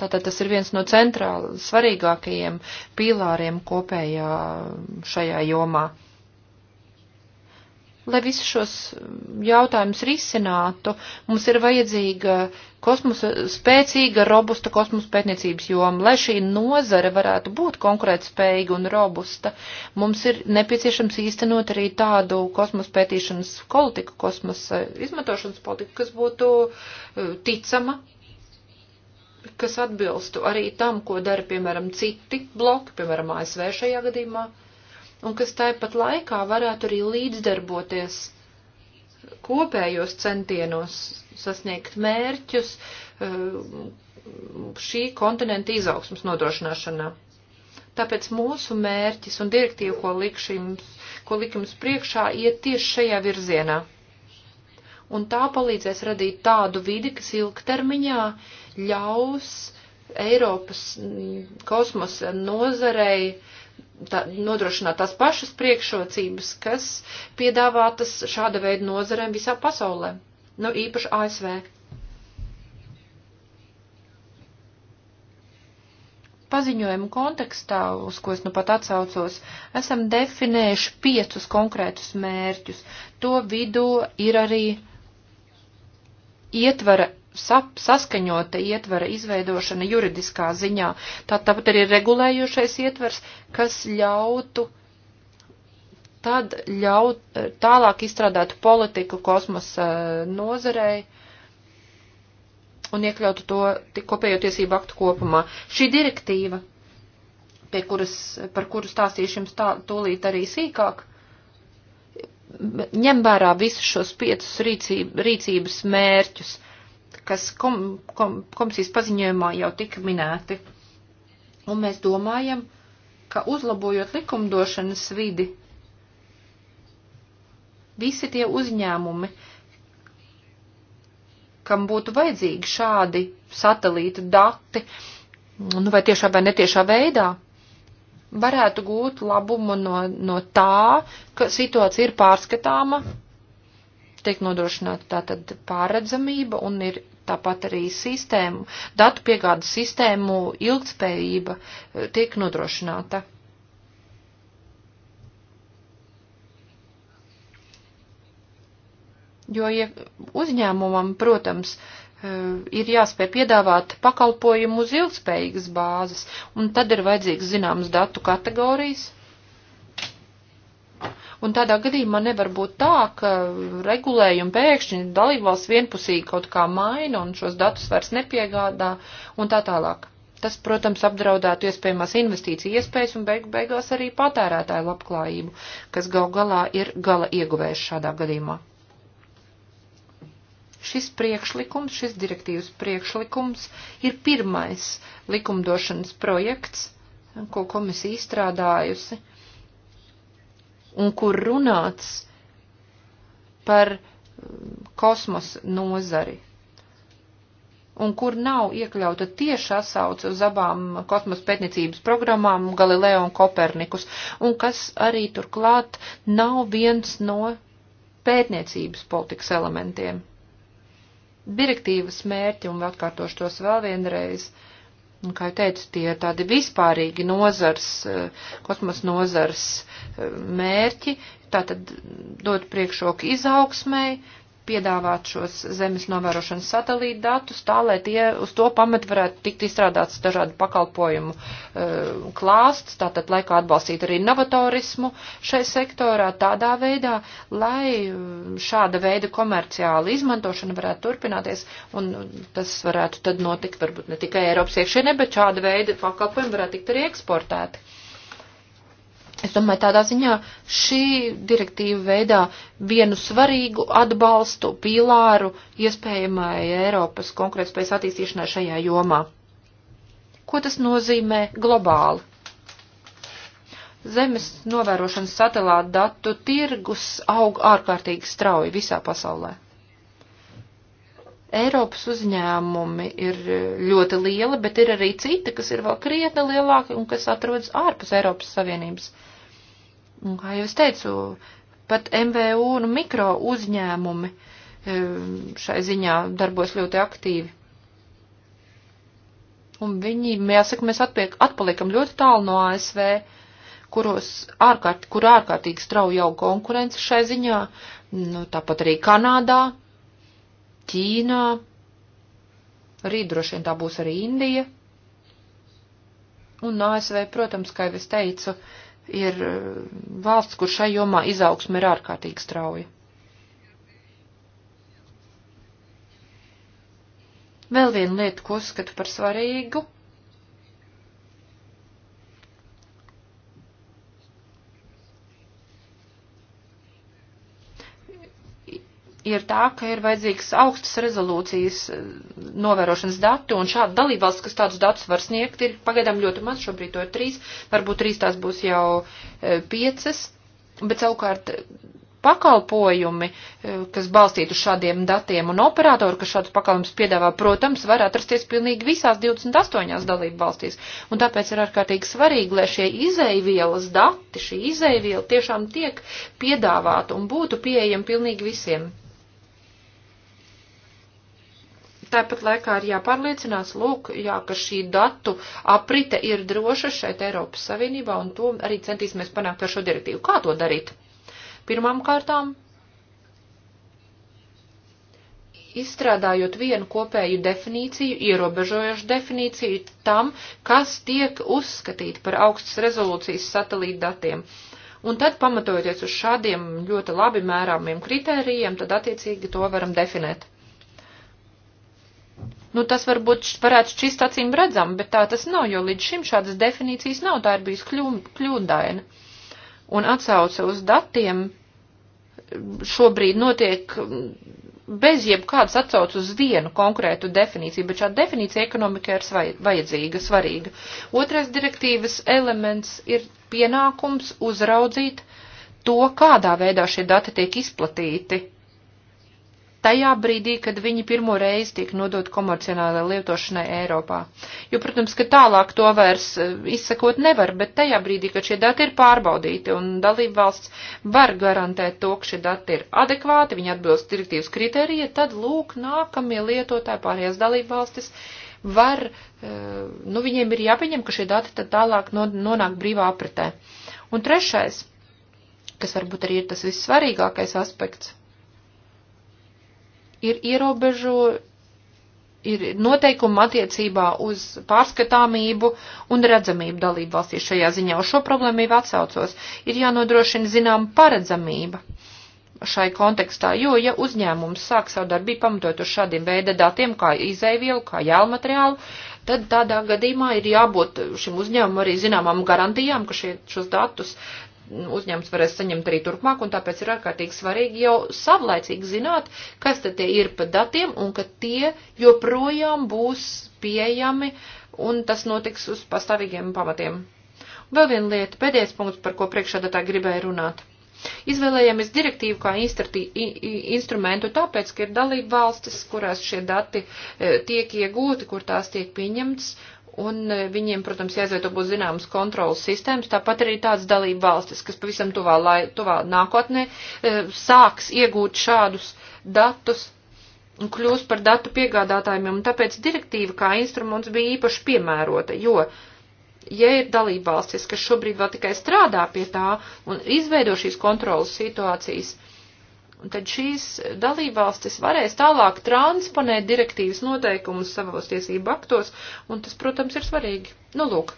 Tātad tas ir viens no centrāli svarīgākajiem pīlāriem kopējā šajā jomā. Lai visus šos mm, jautājumus risinātu, mums ir vajadzīga kosmosa, spēcīga, robusta kosmosa pētniecības joma. Lai šī nozare varētu būt konkurētspējīga un robusta, mums ir nepieciešams īstenot arī tādu kosmosa pētīšanas politiku, kosmosa izmantošanas politiku, kas būtu e, ticama, kas atbilstu arī tam, ko dara, piemēram, citi bloki, piemēram, ASV šajā gadījumā un kas tāpat laikā varētu arī līdzdarboties kopējos centienos sasniegt mērķus eh, šī kontinenta izaugsmas nodrošināšanā. Tāpēc mūsu mērķis un direktīva, ko, likšim, ko likums priekšā, iet tieši šajā virzienā. Un tā palīdzēs radīt tādu vidi, kas ilgtermiņā ļaus Eiropas mm, kosmosa nozarei uh, tā, nodrošināt tās pašas priekšrocības, kas piedāvātas šāda veida nozarēm visā pasaulē, nu īpaši ASV. Paziņojumu kontekstā, uz ko es nu pat atsaucos, esam definējuši piecus konkrētus mērķus. To vidū ir arī ietvara sap, saskaņota ietvara izveidošana juridiskā ziņā. Tā tāpat arī regulējušais ietvers, kas ļautu tad ļaut, eh, tālāk izstrādāt politiku kosmosa eh, nozarei un iekļautu to kopējo tiesību aktu kopumā. Šī direktīva, pie kuras, par kuru stāstīšu jums tā, tūlīt arī sīkāk, ņem vērā visus šos piecus rīcība, rīcības mērķus – kas kom, kom, komisijas paziņojumā jau tika minēti. Un mēs domājam, ka uzlabojot likumdošanas vidi, visi tie uzņēmumi, kam būtu vajadzīgi šādi satelīta dati, nu vai tiešā vai netiešā veidā, varētu gūt labumu no, no tā, ka situācija ir pārskatāma. Mm tiek nodrošināta tātad pārredzamība un ir tāpat arī sistēmu, datu piegādes sistēmu ilgtspējība eh, tiek nodrošināta. Jo ja uzņēmumam, protams, eh, ir jāspēj piedāvāt pakalpojumu uz ilgspējīgas bāzes, un tad ir vajadzīgs zināmas datu kategorijas, Un tādā gadījumā nevar būt tā, ka regulējumi pēkšņi dalībvalsts vienpusīgi kaut kā maina un šos datus vairs nepiegādā un tā tālāk. Tas, protams, apdraudētu iespējamās investīciju iespējas un beigu beigās arī patērētāju labklājību, kas gal galā ir gala ieguvējs šādā gadījumā. Šis priekšlikums, šis direktīvas priekšlikums ir pirmais likumdošanas projekts, ko komisija izstrādājusi un kur runāts par mm, kosmos nozari un kur nav iekļauta tieša asauce uz abām kosmosa pētniecības programmām Galileo un Kopernikus, un kas arī turklāt nav viens no pētniecības politikas elementiem. Direktīvas mērķi, un atkārtošu tos vēl vienreiz, uh, Un, kā jau teicu, tie ir tādi vispārīgi nozars, eh, kosmos nozars eh, mērķi, tātad dot priekšroku izaugsmai, piedāvāt šos zemes novērošanas satelīta datus, tā lai tie uz to pamat varētu tikt izstrādāts dažādu pakalpojumu uh, klāsts, tātad laikā atbalstīt arī novatorismu šai sektorā tādā veidā, lai eh, šāda veida komerciāla izmantošana varētu turpināties, un tas varētu tad notikt varbūt ne tikai Eiropas iekšienē, bet šāda veida pakalpojumi varētu tikt arī eksportēti. Es domāju, tādā ziņā šī direktīva veidā vienu svarīgu atbalstu pīlāru iespējamai Eiropas konkurētspējas attīstīšanai šajā jomā. Ko tas nozīmē globāli? Zemes novērošanas satelāta datu tirgus aug ārkārtīgi strauji visā pasaulē. Eiropas uzņēmumi ir ļoti lieli, bet ir arī citi, kas ir vēl krietni lielāki un kas atrodas ārpus Eiropas Savienības. Uh, Un, kā jau es teicu, pat MVU un nu, mikro uzņēmumi e, šai ziņā darbos ļoti aktīvi. Un viņi, jāsaka, mēs atpiek, atpaliekam ļoti tālu no ASV, kuros ārkārt, kur ārkārtīgi strauji jau konkurence šai ziņā, nu, tāpat arī Kanādā, Ķīnā, rīt droši vien tā būs arī Indija. Un ASV, protams, kā jau es teicu, uh, ir eh, valsts, kur šai jomā izaugsme ir ārkārtīgi strauja. Vēl viena lieta, ko uzskatu par svarīgu ir tā, ka ir vajadzīgs augstas rezolūcijas eh, novērošanas dati, un šāda dalībvalsts, kas tādus datus var sniegt, ir pagaidām ļoti maz, šobrīd to ir trīs, varbūt trīs tās būs jau eh, piecas, bet savukārt eh, pakalpojumi, kas balstītu šādiem datiem un operātori, kas šādus pakalpojumus piedāvā, protams, var atrasties pilnīgi visās 28 dalību valstīs. Un tāpēc ir ārkārtīgi svarīgi, lai šie izeivielas dati, šī izeiviela tiešām tiek piedāvāta un būtu pieejama pilnīgi visiem. Tāpat laikā ir jāpārliecinās, lūk, jā, ka šī datu aprite ir droša šeit Eiropas Savienībā, un to arī centīsimies panākt ar šo direktīvu. Kā to darīt? Pirmām kārtām, izstrādājot vienu kopēju definīciju, ierobežojošu definīciju tam, kas tiek uzskatīt par augstas rezolūcijas satelītdatiem. Un tad, pamatojoties uz šādiem ļoti labi mērāmiem kritērijiem, tad attiecīgi to varam definēt. Nu, tas varbūt varētu šķist acīm redzam, bet tā tas nav, jo līdz šim šādas definīcijas nav, tā ir bijis kļūdaina. Un atsauce uz datiem šobrīd notiek bez jebkādas atsaucas uz vienu konkrētu definīciju, bet šāda definīcija ekonomikai ir vajadzīga, svarīga. Otrais direktīvas elements ir pienākums uzraudzīt to, kādā veidā šie dati tiek izplatīti tajā brīdī, kad viņi pirmo reizi tiek nodot komercionālai lietošanai Eiropā. Jo, protams, ka tālāk to vairs eh, izsakot nevar, bet tajā brīdī, kad šie dati ir pārbaudīti un dalība valsts var garantēt to, ka šie dati ir adekvāti, viņi atbilst direktīvas kritērija, tad lūk, nākamie lietotāji pārējās dalība valstis var, eh, nu, viņiem ir jāpieņem, ka šie dati tad tālāk nonāk brīvā apritē. Un trešais, kas varbūt arī ir tas vissvarīgākais aspekts ir ierobežo, ir noteikumi attiecībā uz pārskatāmību un redzamību dalību valstī šajā ziņā. Uz šo problēmu jau atsaucos. Ir jānodrošina zinām paredzamība šai kontekstā, jo, ja uzņēmums sāk savu darbību pamatot uz šādiem veida datiem, kā izēvielu, kā jēlmateriālu, tad tādā gadījumā ir jābūt šim uzņēmumam arī zināmām garantijām, ka šie, šos datus uzņēmums varēs saņemt arī turpmāk, un tāpēc ir ārkārtīgi svarīgi jau savlaicīgi zināt, kas tad tie ir pa datiem, un ka tie joprojām būs pieejami, un tas notiks uz pastāvīgiem pamatiem. Vēl viena lieta, pēdējais punkts, par ko priekšādatāji gribēja runāt. Izvēlējamies direktīvu kā instrumentu tāpēc, ka ir dalība valstis, kurās šie dati e, tiek iegūti, kur tās tiek pieņemts, Un e, viņiem, protams, jāizveido būs zināmas kontrolas sistēmas, tāpat arī tāds dalība valstis, kas pavisam tuvā, lai, tuvā nākotnē e, sāks iegūt šādus datus un kļūs par datu piegādātājiem, un tāpēc direktīva kā instruments bija īpaši piemērota, jo ja ir dalībvalstis, kas šobrīd vēl tikai strādā pie tā un izveido šīs kontrolas situācijas, Un tad šīs dalībvalstis varēs tālāk transponēt direktīvas noteikumus savos tiesību aktos, un tas, protams, ir svarīgi. Nu, lūk,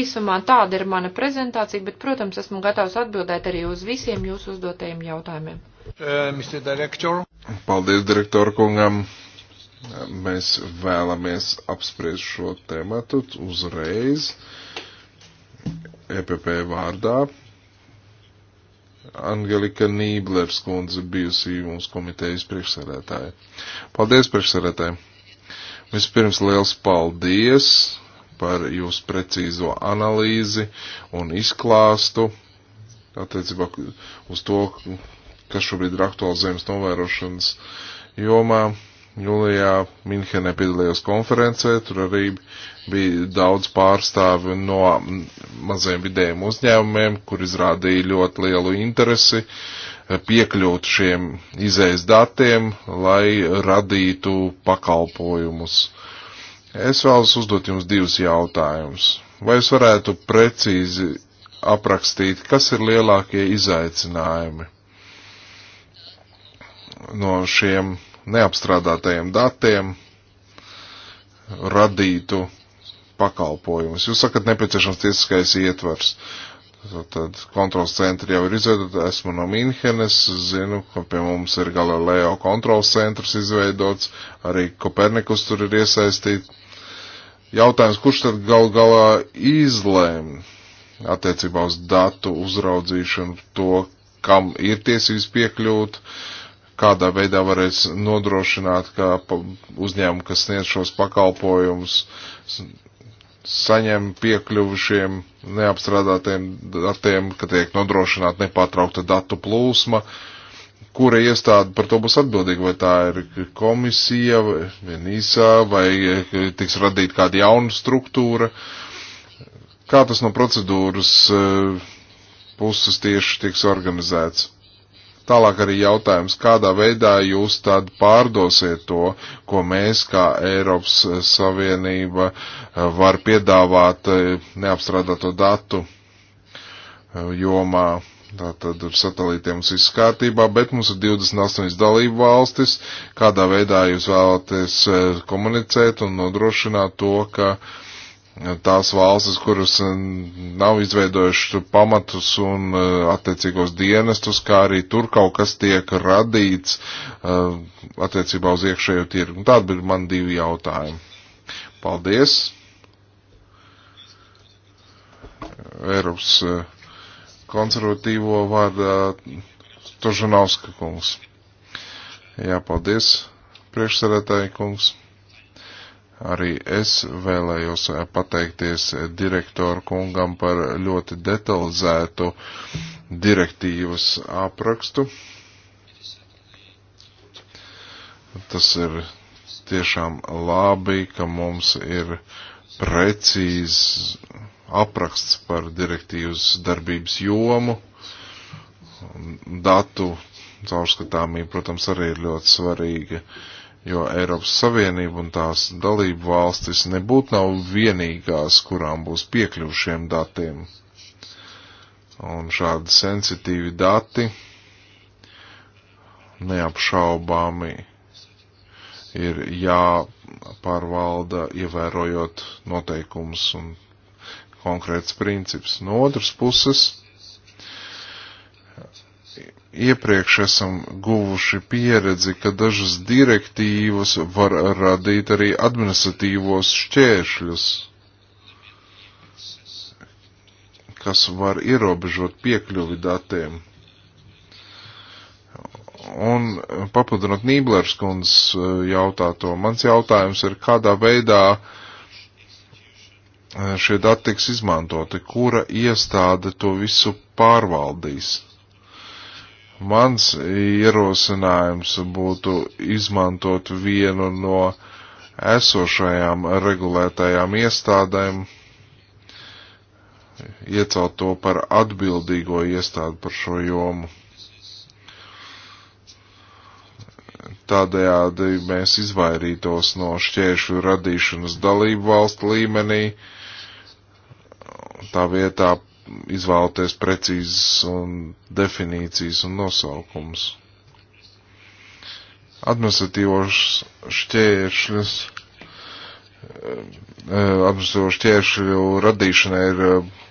īsumā tāda ir mana prezentācija, bet, protams, esmu gatavs atbildēt arī uz visiem jūsu uzdotajiem jautājumiem. Uh, Paldies direktoru kungam. Mēs vēlamies apspriest šo tēmatu uzreiz EPP vārdā. Angelika Nīblers kundze bijusi mūsu komitejas priekšsarētāja. Paldies, priekšsarētāji! Vispirms liels paldies par jūsu precīzo analīzi un izklāstu attiecībā uz to, kas šobrīd ir aktuāls zemes novērošanas jomā. Jūlijā Minhenē piedalījos konferencē, tur arī bija daudz pārstāvi no maziem vidējiem uzņēmumiem, kur izrādīja ļoti lielu interesi eh, piekļūt šiem izējas datiem, lai radītu pakalpojumus. Es vēlos uzdot jums divus jautājumus. Vai jūs varētu precīzi aprakstīt, kas ir lielākie izaicinājumi no šiem neapstrādātajiem datiem radītu pakalpojumus. Jūs sakat, nepieciešams tiesiskais ietvars. Tad kontrols centri jau ir izveidoti, esmu no Mīnhenes, zinu, ka pie mums ir Galileo kontrols centrs izveidots, arī Kopernikus tur ir iesaistīts. Jautājums, kurš tad gal galā izlēma attiecībā uz datu uzraudzīšanu to, kam ir tiesības piekļūt, uh, kādā veidā varēs nodrošināt, ka uzņēmumi, kas sniedz šos pakalpojumus, saņem piekļuvušiem neapstrādātiem datiem, ka tiek nodrošināta nepārtraukta datu plūsma, kura iestāde par to būs atbildīga, vai tā ir komisija, vai NISA, vai e, tiks radīta kāda jauna struktūra. Kā tas no procedūras e, puses tieši tiks organizēts? Tālāk arī jautājums, kādā veidā jūs tad pārdosiet to, ko mēs kā Eiropas Savienība eh, var piedāvāt eh, neapstrādāto datu eh, jomā. Tātad ar satelītiem mums viss kārtībā, bet mums ir 28 dalību valstis, kādā veidā jūs vēlaties komunicēt un nodrošināt to, ka uh, tās valstis, kuras nav izveidojuši pamatus un e, attiecīgos dienestus, kā arī tur kaut kas tiek radīts e, attiecībā uz iekšējo tirgu. Tādi bija man divi jautājumi. Paldies! Eiropas e, konservatīvo vārdā Tožanovska kungs. Jā, paldies, priekšsarētāji kungs. Arī es vēlējos eh, pateikties direktoru kungam par ļoti detalizētu direktīvas aprakstu. Tas ir tiešām labi, ka mums ir precīzs apraksts par direktīvas darbības jomu. Datu caurskatāmība, protams, arī ir ļoti svarīga. Uh, jo Eiropas Savienība un tās dalību valstis nebūtu nav vienīgās, kurām būs piekļuvušiem datiem. Un šādi sensitīvi dati neapšaubāmi ir jāpārvalda, ievērojot noteikumus un konkrēts princips. No otras puses, iepriekš esam guvuši pieredzi, ka dažas direktīvas var radīt arī administratīvos šķēršļus, kas var ierobežot piekļuvi datiem. Un papildinot Nīblers kundzes eh, jautāto, mans jautājums ir, kādā veidā eh, šie dati tiks izmantoti, kura iestāde to visu pārvaldīs? Mans ierosinājums būtu izmantot vienu no esošajām regulētajām iestādēm, iecelt to par atbildīgo iestādi par šo jomu. Tādējādi mēs izvairītos no šķēršu radīšanas dalību valstu līmenī, tā vietā izvēlēties precīzes un definīcijas un nosaukums. Administratīvos šķēršļus, eh, administratīvo šķēršļu radīšana ir eh,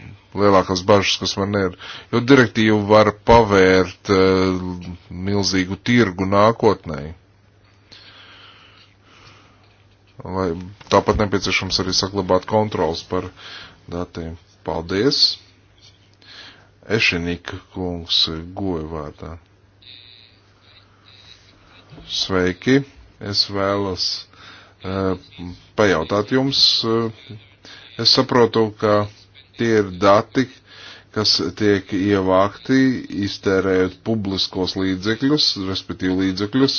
lielākās bažas, kas man ir, jo direktīva var pavērt eh, milzīgu tirgu nākotnēji. Lai tāpat nepieciešams arī saglabāt kontrols par datiem. Paldies! Ešenika kungs govārdā. Sveiki! Es vēlos uh, pajautāt jums. Uh, es saprotu, ka tie ir dati, kas tiek ievākti, iztērējot publiskos līdzekļus, respektīvi līdzekļus,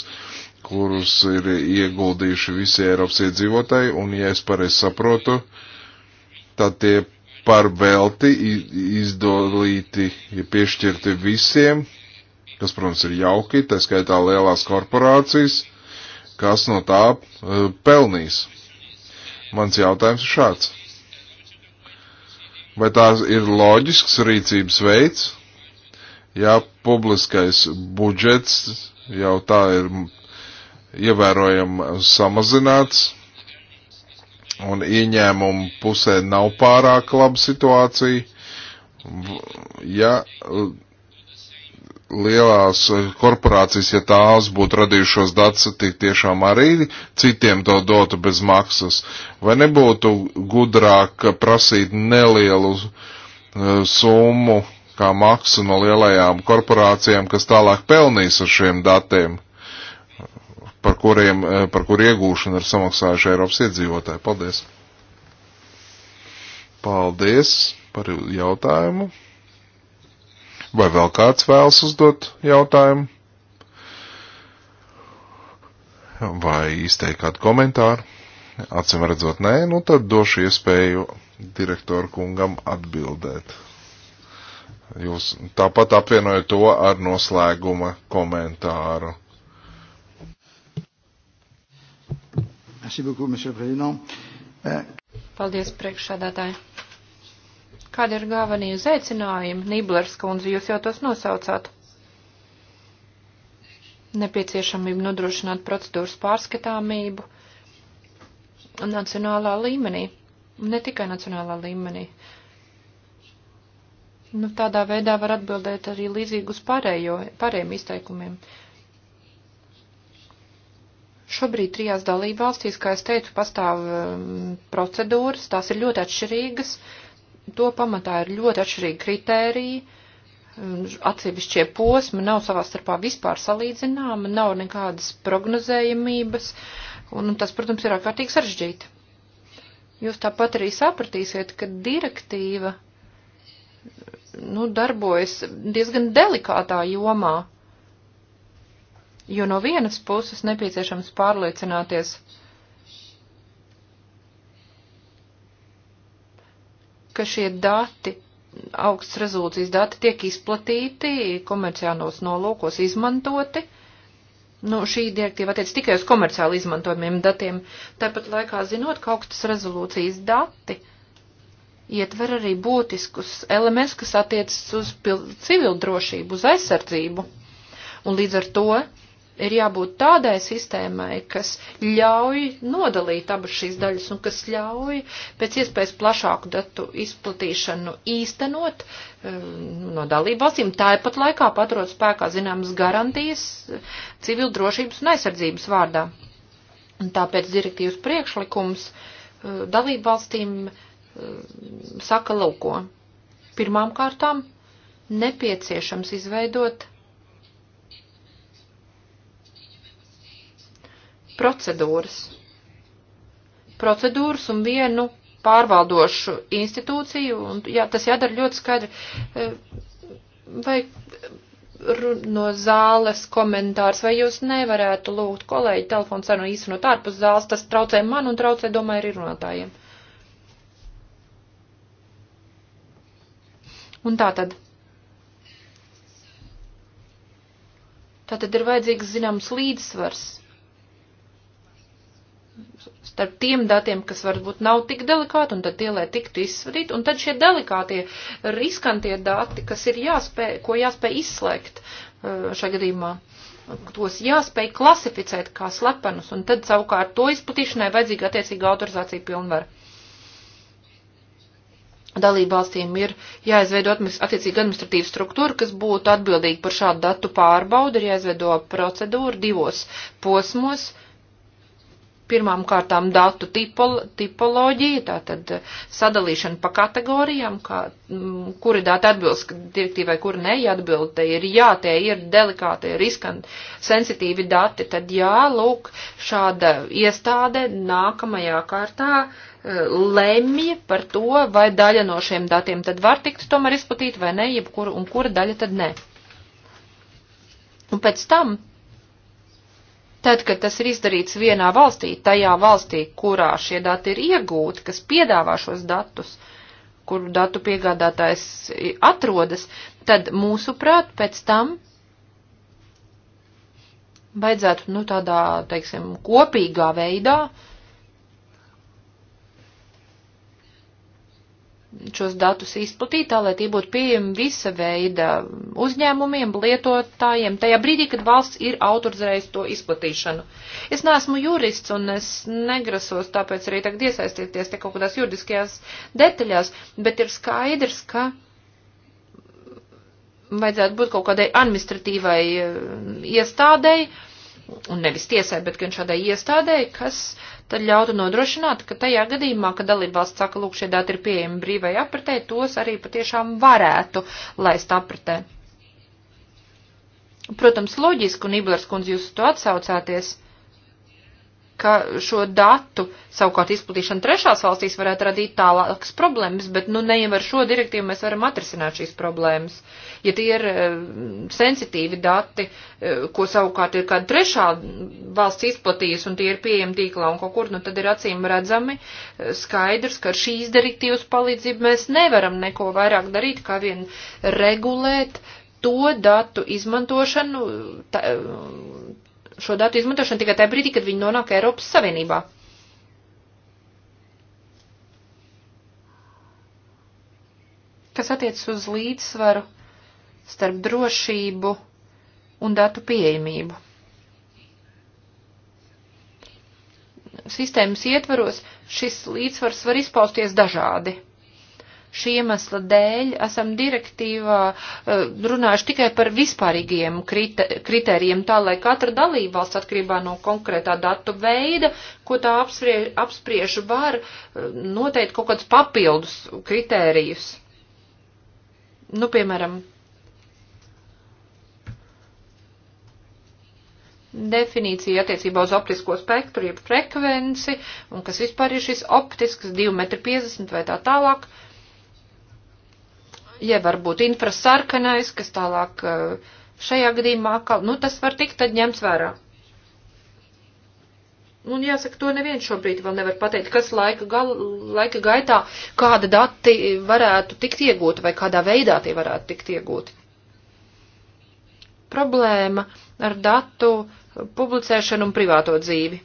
kurus ir ieguldījuši visi Eiropas iedzīvotāji, un, ja es pareizi saprotu, tad tie par velti izdolīti, piešķirti visiem, kas, protams, ir jauki, tā skaitā lielās korporācijas, kas no tā uh, pelnīs. Mans jautājums ir šāds. Vai tās ir loģisks rīcības veids, ja publiskais budžets jau tā ir ievērojami samazināts, un ieņēmumu pusē nav pārāk laba situācija. Ja lielās korporācijas, ja tās būtu radījušos datus, tik tiešām arī citiem to dotu bez maksas, vai nebūtu gudrāk prasīt nelielu uh, summu kā maksu no lielajām korporācijām, kas tālāk pelnīs ar šiem datiem? par, kuriem, eh, par kur iegūšanu ir samaksājuši Eiropas iedzīvotāji. Paldies! Paldies par jautājumu! Vai vēl kāds vēlas uzdot jautājumu? Vai izteikt kādu komentāru? Acim redzot, nē, nu tad došu iespēju direktoru kungam atbildēt. Jūs tāpat apvienojat to ar noslēguma komentāru. Euh, Paldies, priekšsādātāji. Kādi ir galvenie izaicinājumi, Niblers kundze, jūs jau tos nosaucāt? Nepieciešamība nodrošināt procedūras pārskatāmību nacionālā līmenī, ne tikai nacionālā līmenī. Nu, tādā veidā var atbildēt arī līdzīgus pārējo, pārējiem izteikumiem. Uh, Šobrīd trijās dalību valstīs, kā es teicu, pastāv um, procedūras, tās ir ļoti atšķirīgas, to pamatā ir ļoti atšķirīgi kritēriji, um, atsevišķie posmi nav savā starpā vispār salīdzināma, nav nekādas prognozējamības, un tas, protams, ir ārkārtīgi sarežģīti. Jūs tāpat arī sapratīsiet, ka direktīva nu, darbojas diezgan delikātā jomā jo no vienas puses nepieciešams pārliecināties, ka šie dati, augsts rezolūcijas dati tiek izplatīti, komerciālos nolūkos izmantoti. Nu, šī direktīva attiec tikai uz komerciāli izmantojumiem datiem, tāpat laikā zinot, ka augstas rezolūcijas dati ietver arī būtiskus elements, kas attiecas uz civil drošību, uz aizsardzību. Un līdz ar to ir jābūt tādai sistēmai, kas ļauj nodalīt abas šīs daļas un kas ļauj pēc iespējas plašāku datu izplatīšanu īstenot um, no dalību valstīm. Tāpat laikā paturot spēkā zināmas garantijas civil drošības un aizsardzības vārdā. Un tāpēc direktīvas priekšlikums uh, dalību valstīm uh, saka lūko. Pirmām kārtām nepieciešams izveidot procedūras. Procedūras un vienu pārvaldošu institūciju, un jā, tas jādara ļoti skaidri. Eh, vai no zāles komentārs, vai jūs nevarētu lūgt kolēģi telefonu cenu īstenot ārpus zāles, tas traucē man un traucē, domāju, arī runātājiem. Un tā tad. Tā tad ir vajadzīgs zināms līdzsvars starp tiem datiem, kas varbūt nav tik delikāti, un tad tie, lai tiktu izsvarīti, un tad šie delikātie, riskantie dati, kas ir jāspēj, ko jāspēj izslēgt eh, šajā gadījumā, tos jāspēj klasificēt kā slepenus, un tad savukārt to izplatīšanai vajadzīga attiecīga autorizācija pilnvara. Dalībvalstīm ir jāizveido attiecīga administratīva struktūra, kas būtu atbildīga par šādu datu pārbaudu, ir jāizveido procedūra divos posmos, uh, pirmām kārtām datu tipol, tipoloģija, tātad eh, sadalīšana pa kategorijām, kā, mm, kuri dati atbilst direktīvai, kuri neatbild, te ir jā, tie ir delikāti, riskanti, sensitīvi dati, tad jā, lūk, šāda iestāde nākamajā kārtā eh, lemj par to, vai daļa no šiem datiem tad var tikt tomēr izplatīta vai ne, jebkura, un kura daļa tad ne. Un pēc tam Tad, kad tas ir izdarīts vienā valstī, tajā valstī, kurā šie dati ir iegūti, kas piedāvā šos datus, kur datu piegādātājs atrodas, tad mūsuprāt pēc tam vajadzētu, nu, tādā, teiksim, kopīgā veidā uh, šos datus izplatīt, tā lai tie būtu pieejami visa veida uzņēmumiem, lietotājiem, tajā brīdī, kad valsts ir autorizējusi to izplatīšanu. Es neesmu jurists un es negrasos tāpēc arī tagad iesaistīties te kaut kādās juridiskajās detaļās, bet ir skaidrs, ka vajadzētu būt kaut kādai administratīvai eh, iestādei, uh, un nevis tiesai, bet gan šādai iestādēji, kas tad ļautu nodrošināt, ka tajā gadījumā, kad dalībvalsts saka, lūk, šie dati ir pieejami brīvai apritē, tos arī patiešām varētu laist apritē. Protams, loģiski, un Iblers kundze jūs to atsaucāties, ka šo datu savukārt izplatīšana trešās valstīs varētu radīt tālākas problēmas, bet nu ne jau ar šo direktīvu mēs varam atrisināt šīs problēmas. Ja tie ir eh, sensitīvi dati, eh, ko savukārt ir kāda trešā valsts izplatījusi un tie ir pieejami tīklā un kaut kur, nu tad ir acīm redzami eh, skaidrs, ka ar šīs direktīvas palīdzību mēs nevaram neko vairāk darīt, kā vien regulēt to datu izmantošanu, tā, šo datu izmantošanu tikai tajā brīdī, kad viņi nonāk Eiropas Savienībā. Kas attiec uz līdzsvaru starp drošību un datu pieejamību. Sistēmas ietvaros šis līdzsvars var izpausties dažādi. Šī iemesla dēļ esam direktīvā eh, runājuši tikai par vispārīgiem kritērijiem, tā lai katra dalībvalsts atkarībā no konkrētā datu veida, ko tā apspriež, apspriež var eh, noteikt kaut kādus papildus kritērijus. Nu, piemēram, definīcija attiecībā uz optisko spektru, jeb frekvenci, un kas vispār ir šis optisks, 2,50 m vai tā tālāk. Uh, ja varbūt infrasarkanais, kas tālāk eh, šajā gadījumā, nu tas var tikt tad ņemts vērā. Un jāsaka, to neviens šobrīd vēl nevar pateikt, kas laika, gal, laika gaitā, kāda dati varētu tikt iegūti vai kādā veidā tie varētu tikt iegūti. Problēma ar datu publicēšanu un privāto dzīvi.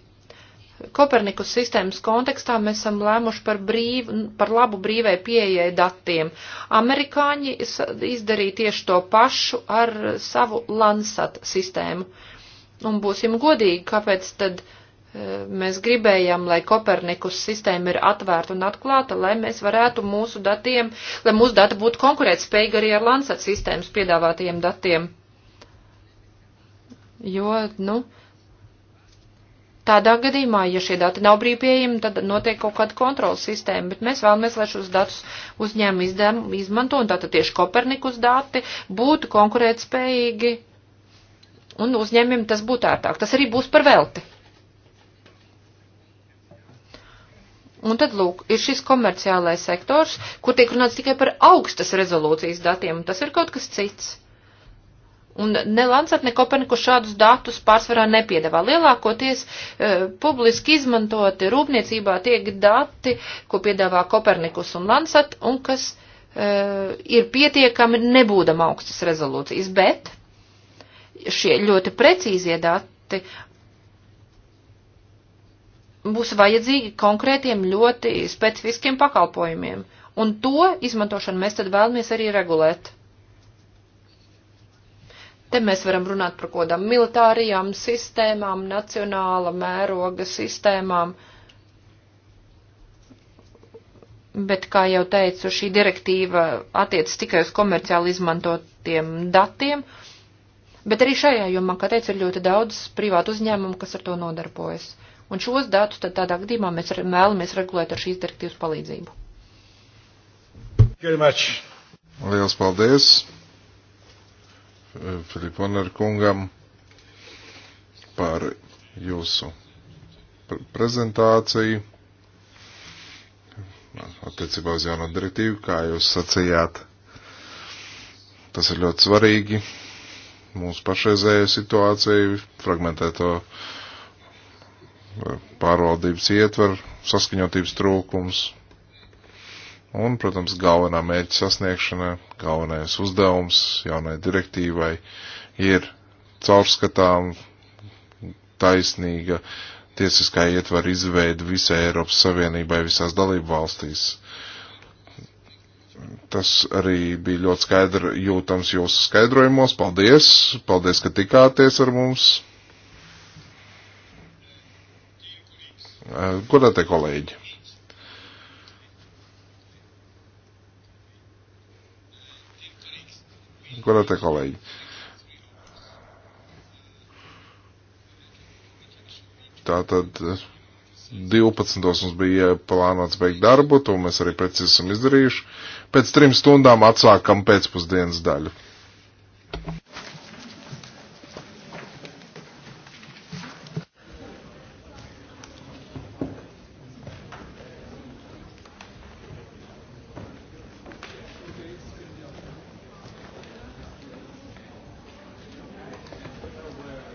Kopernikus sistēmas kontekstā mēs esam lēmuši par, brīv, par labu brīvai pieejai datiem. Amerikāņi izdarīja tieši to pašu ar savu Lansat sistēmu. Un būsim godīgi, kāpēc tad e, mēs gribējam, lai Kopernikus sistēma ir atvērta un atklāta, lai mēs varētu mūsu datiem, lai mūsu data būtu konkurētspējīga arī ar Lansat sistēmas piedāvātajiem datiem. Jo, nu, uh, Tādā gadījumā, ja šie dati nav brīvpieejami, tad notiek kaut kāda kontrolas sistēma, bet mēs vēlamies, lai šos datus uzņēmumi izmanto, un tātad tieši Kopernikus dati būtu konkurētspējīgi, un uzņēmumiem tas būtu ērtāk. Tas arī būs par velti. Un tad, lūk, ir šis komerciālais sektors, kur tiek runāts tikai par augstas rezolūcijas datiem, un tas ir kaut kas cits. Un ne Lancet, ne Koperniku šādus datus pārsvarā nepiedāvā. Lielākoties e, publiski izmantoti rūpniecībā tiek dati, ko piedāvā Kopernikus un Lancet, un kas e, ir pietiekami nebūdam augstas rezolūcijas. Bet šie ļoti precīzie dati būs vajadzīgi konkrētiem ļoti specifiskiem pakalpojumiem. Un to izmantošanu mēs tad vēlamies arī regulēt. Te mēs varam runāt par kodām militārijām sistēmām, nacionāla mēroga sistēmām. Bet, kā jau teicu, šī direktīva attiec tikai uz komerciāli izmantotiem datiem, bet arī šajā jomā, kā teicu, ir ļoti daudz privātu uzņēmumu, kas ar to nodarbojas. Un šos datus tad tādā gadījumā mēs vēlamies regulēt ar šīs direktīvas palīdzību. Liels paldies! Filiponer kungam par jūsu prezentāciju attiecībā uz jauno direktīvu, kā jūs sacījāt. Tas ir ļoti svarīgi mūsu pašreizēju situāciju, fragmentēto pārvaldības ietvaru, saskaņotības trūkums, Un, protams, galvenā mērķa sasniegšana, galvenais uzdevums jaunai direktīvai ir caurskatām taisnīga tiesiskā ietvara izveida visai Eiropas Savienībai visās dalību valstīs. Tas arī bija ļoti skaidri jūtams jūsu skaidrojumos. Paldies! Paldies, ka tikāties ar mums! Godātie kolēģi! godātie kolēģi. Tātad 12. mums bija plānots beigt darbu, to mēs arī precīzi esam izdarījuši. Pēc trim stundām atsākam pēcpusdienas daļu.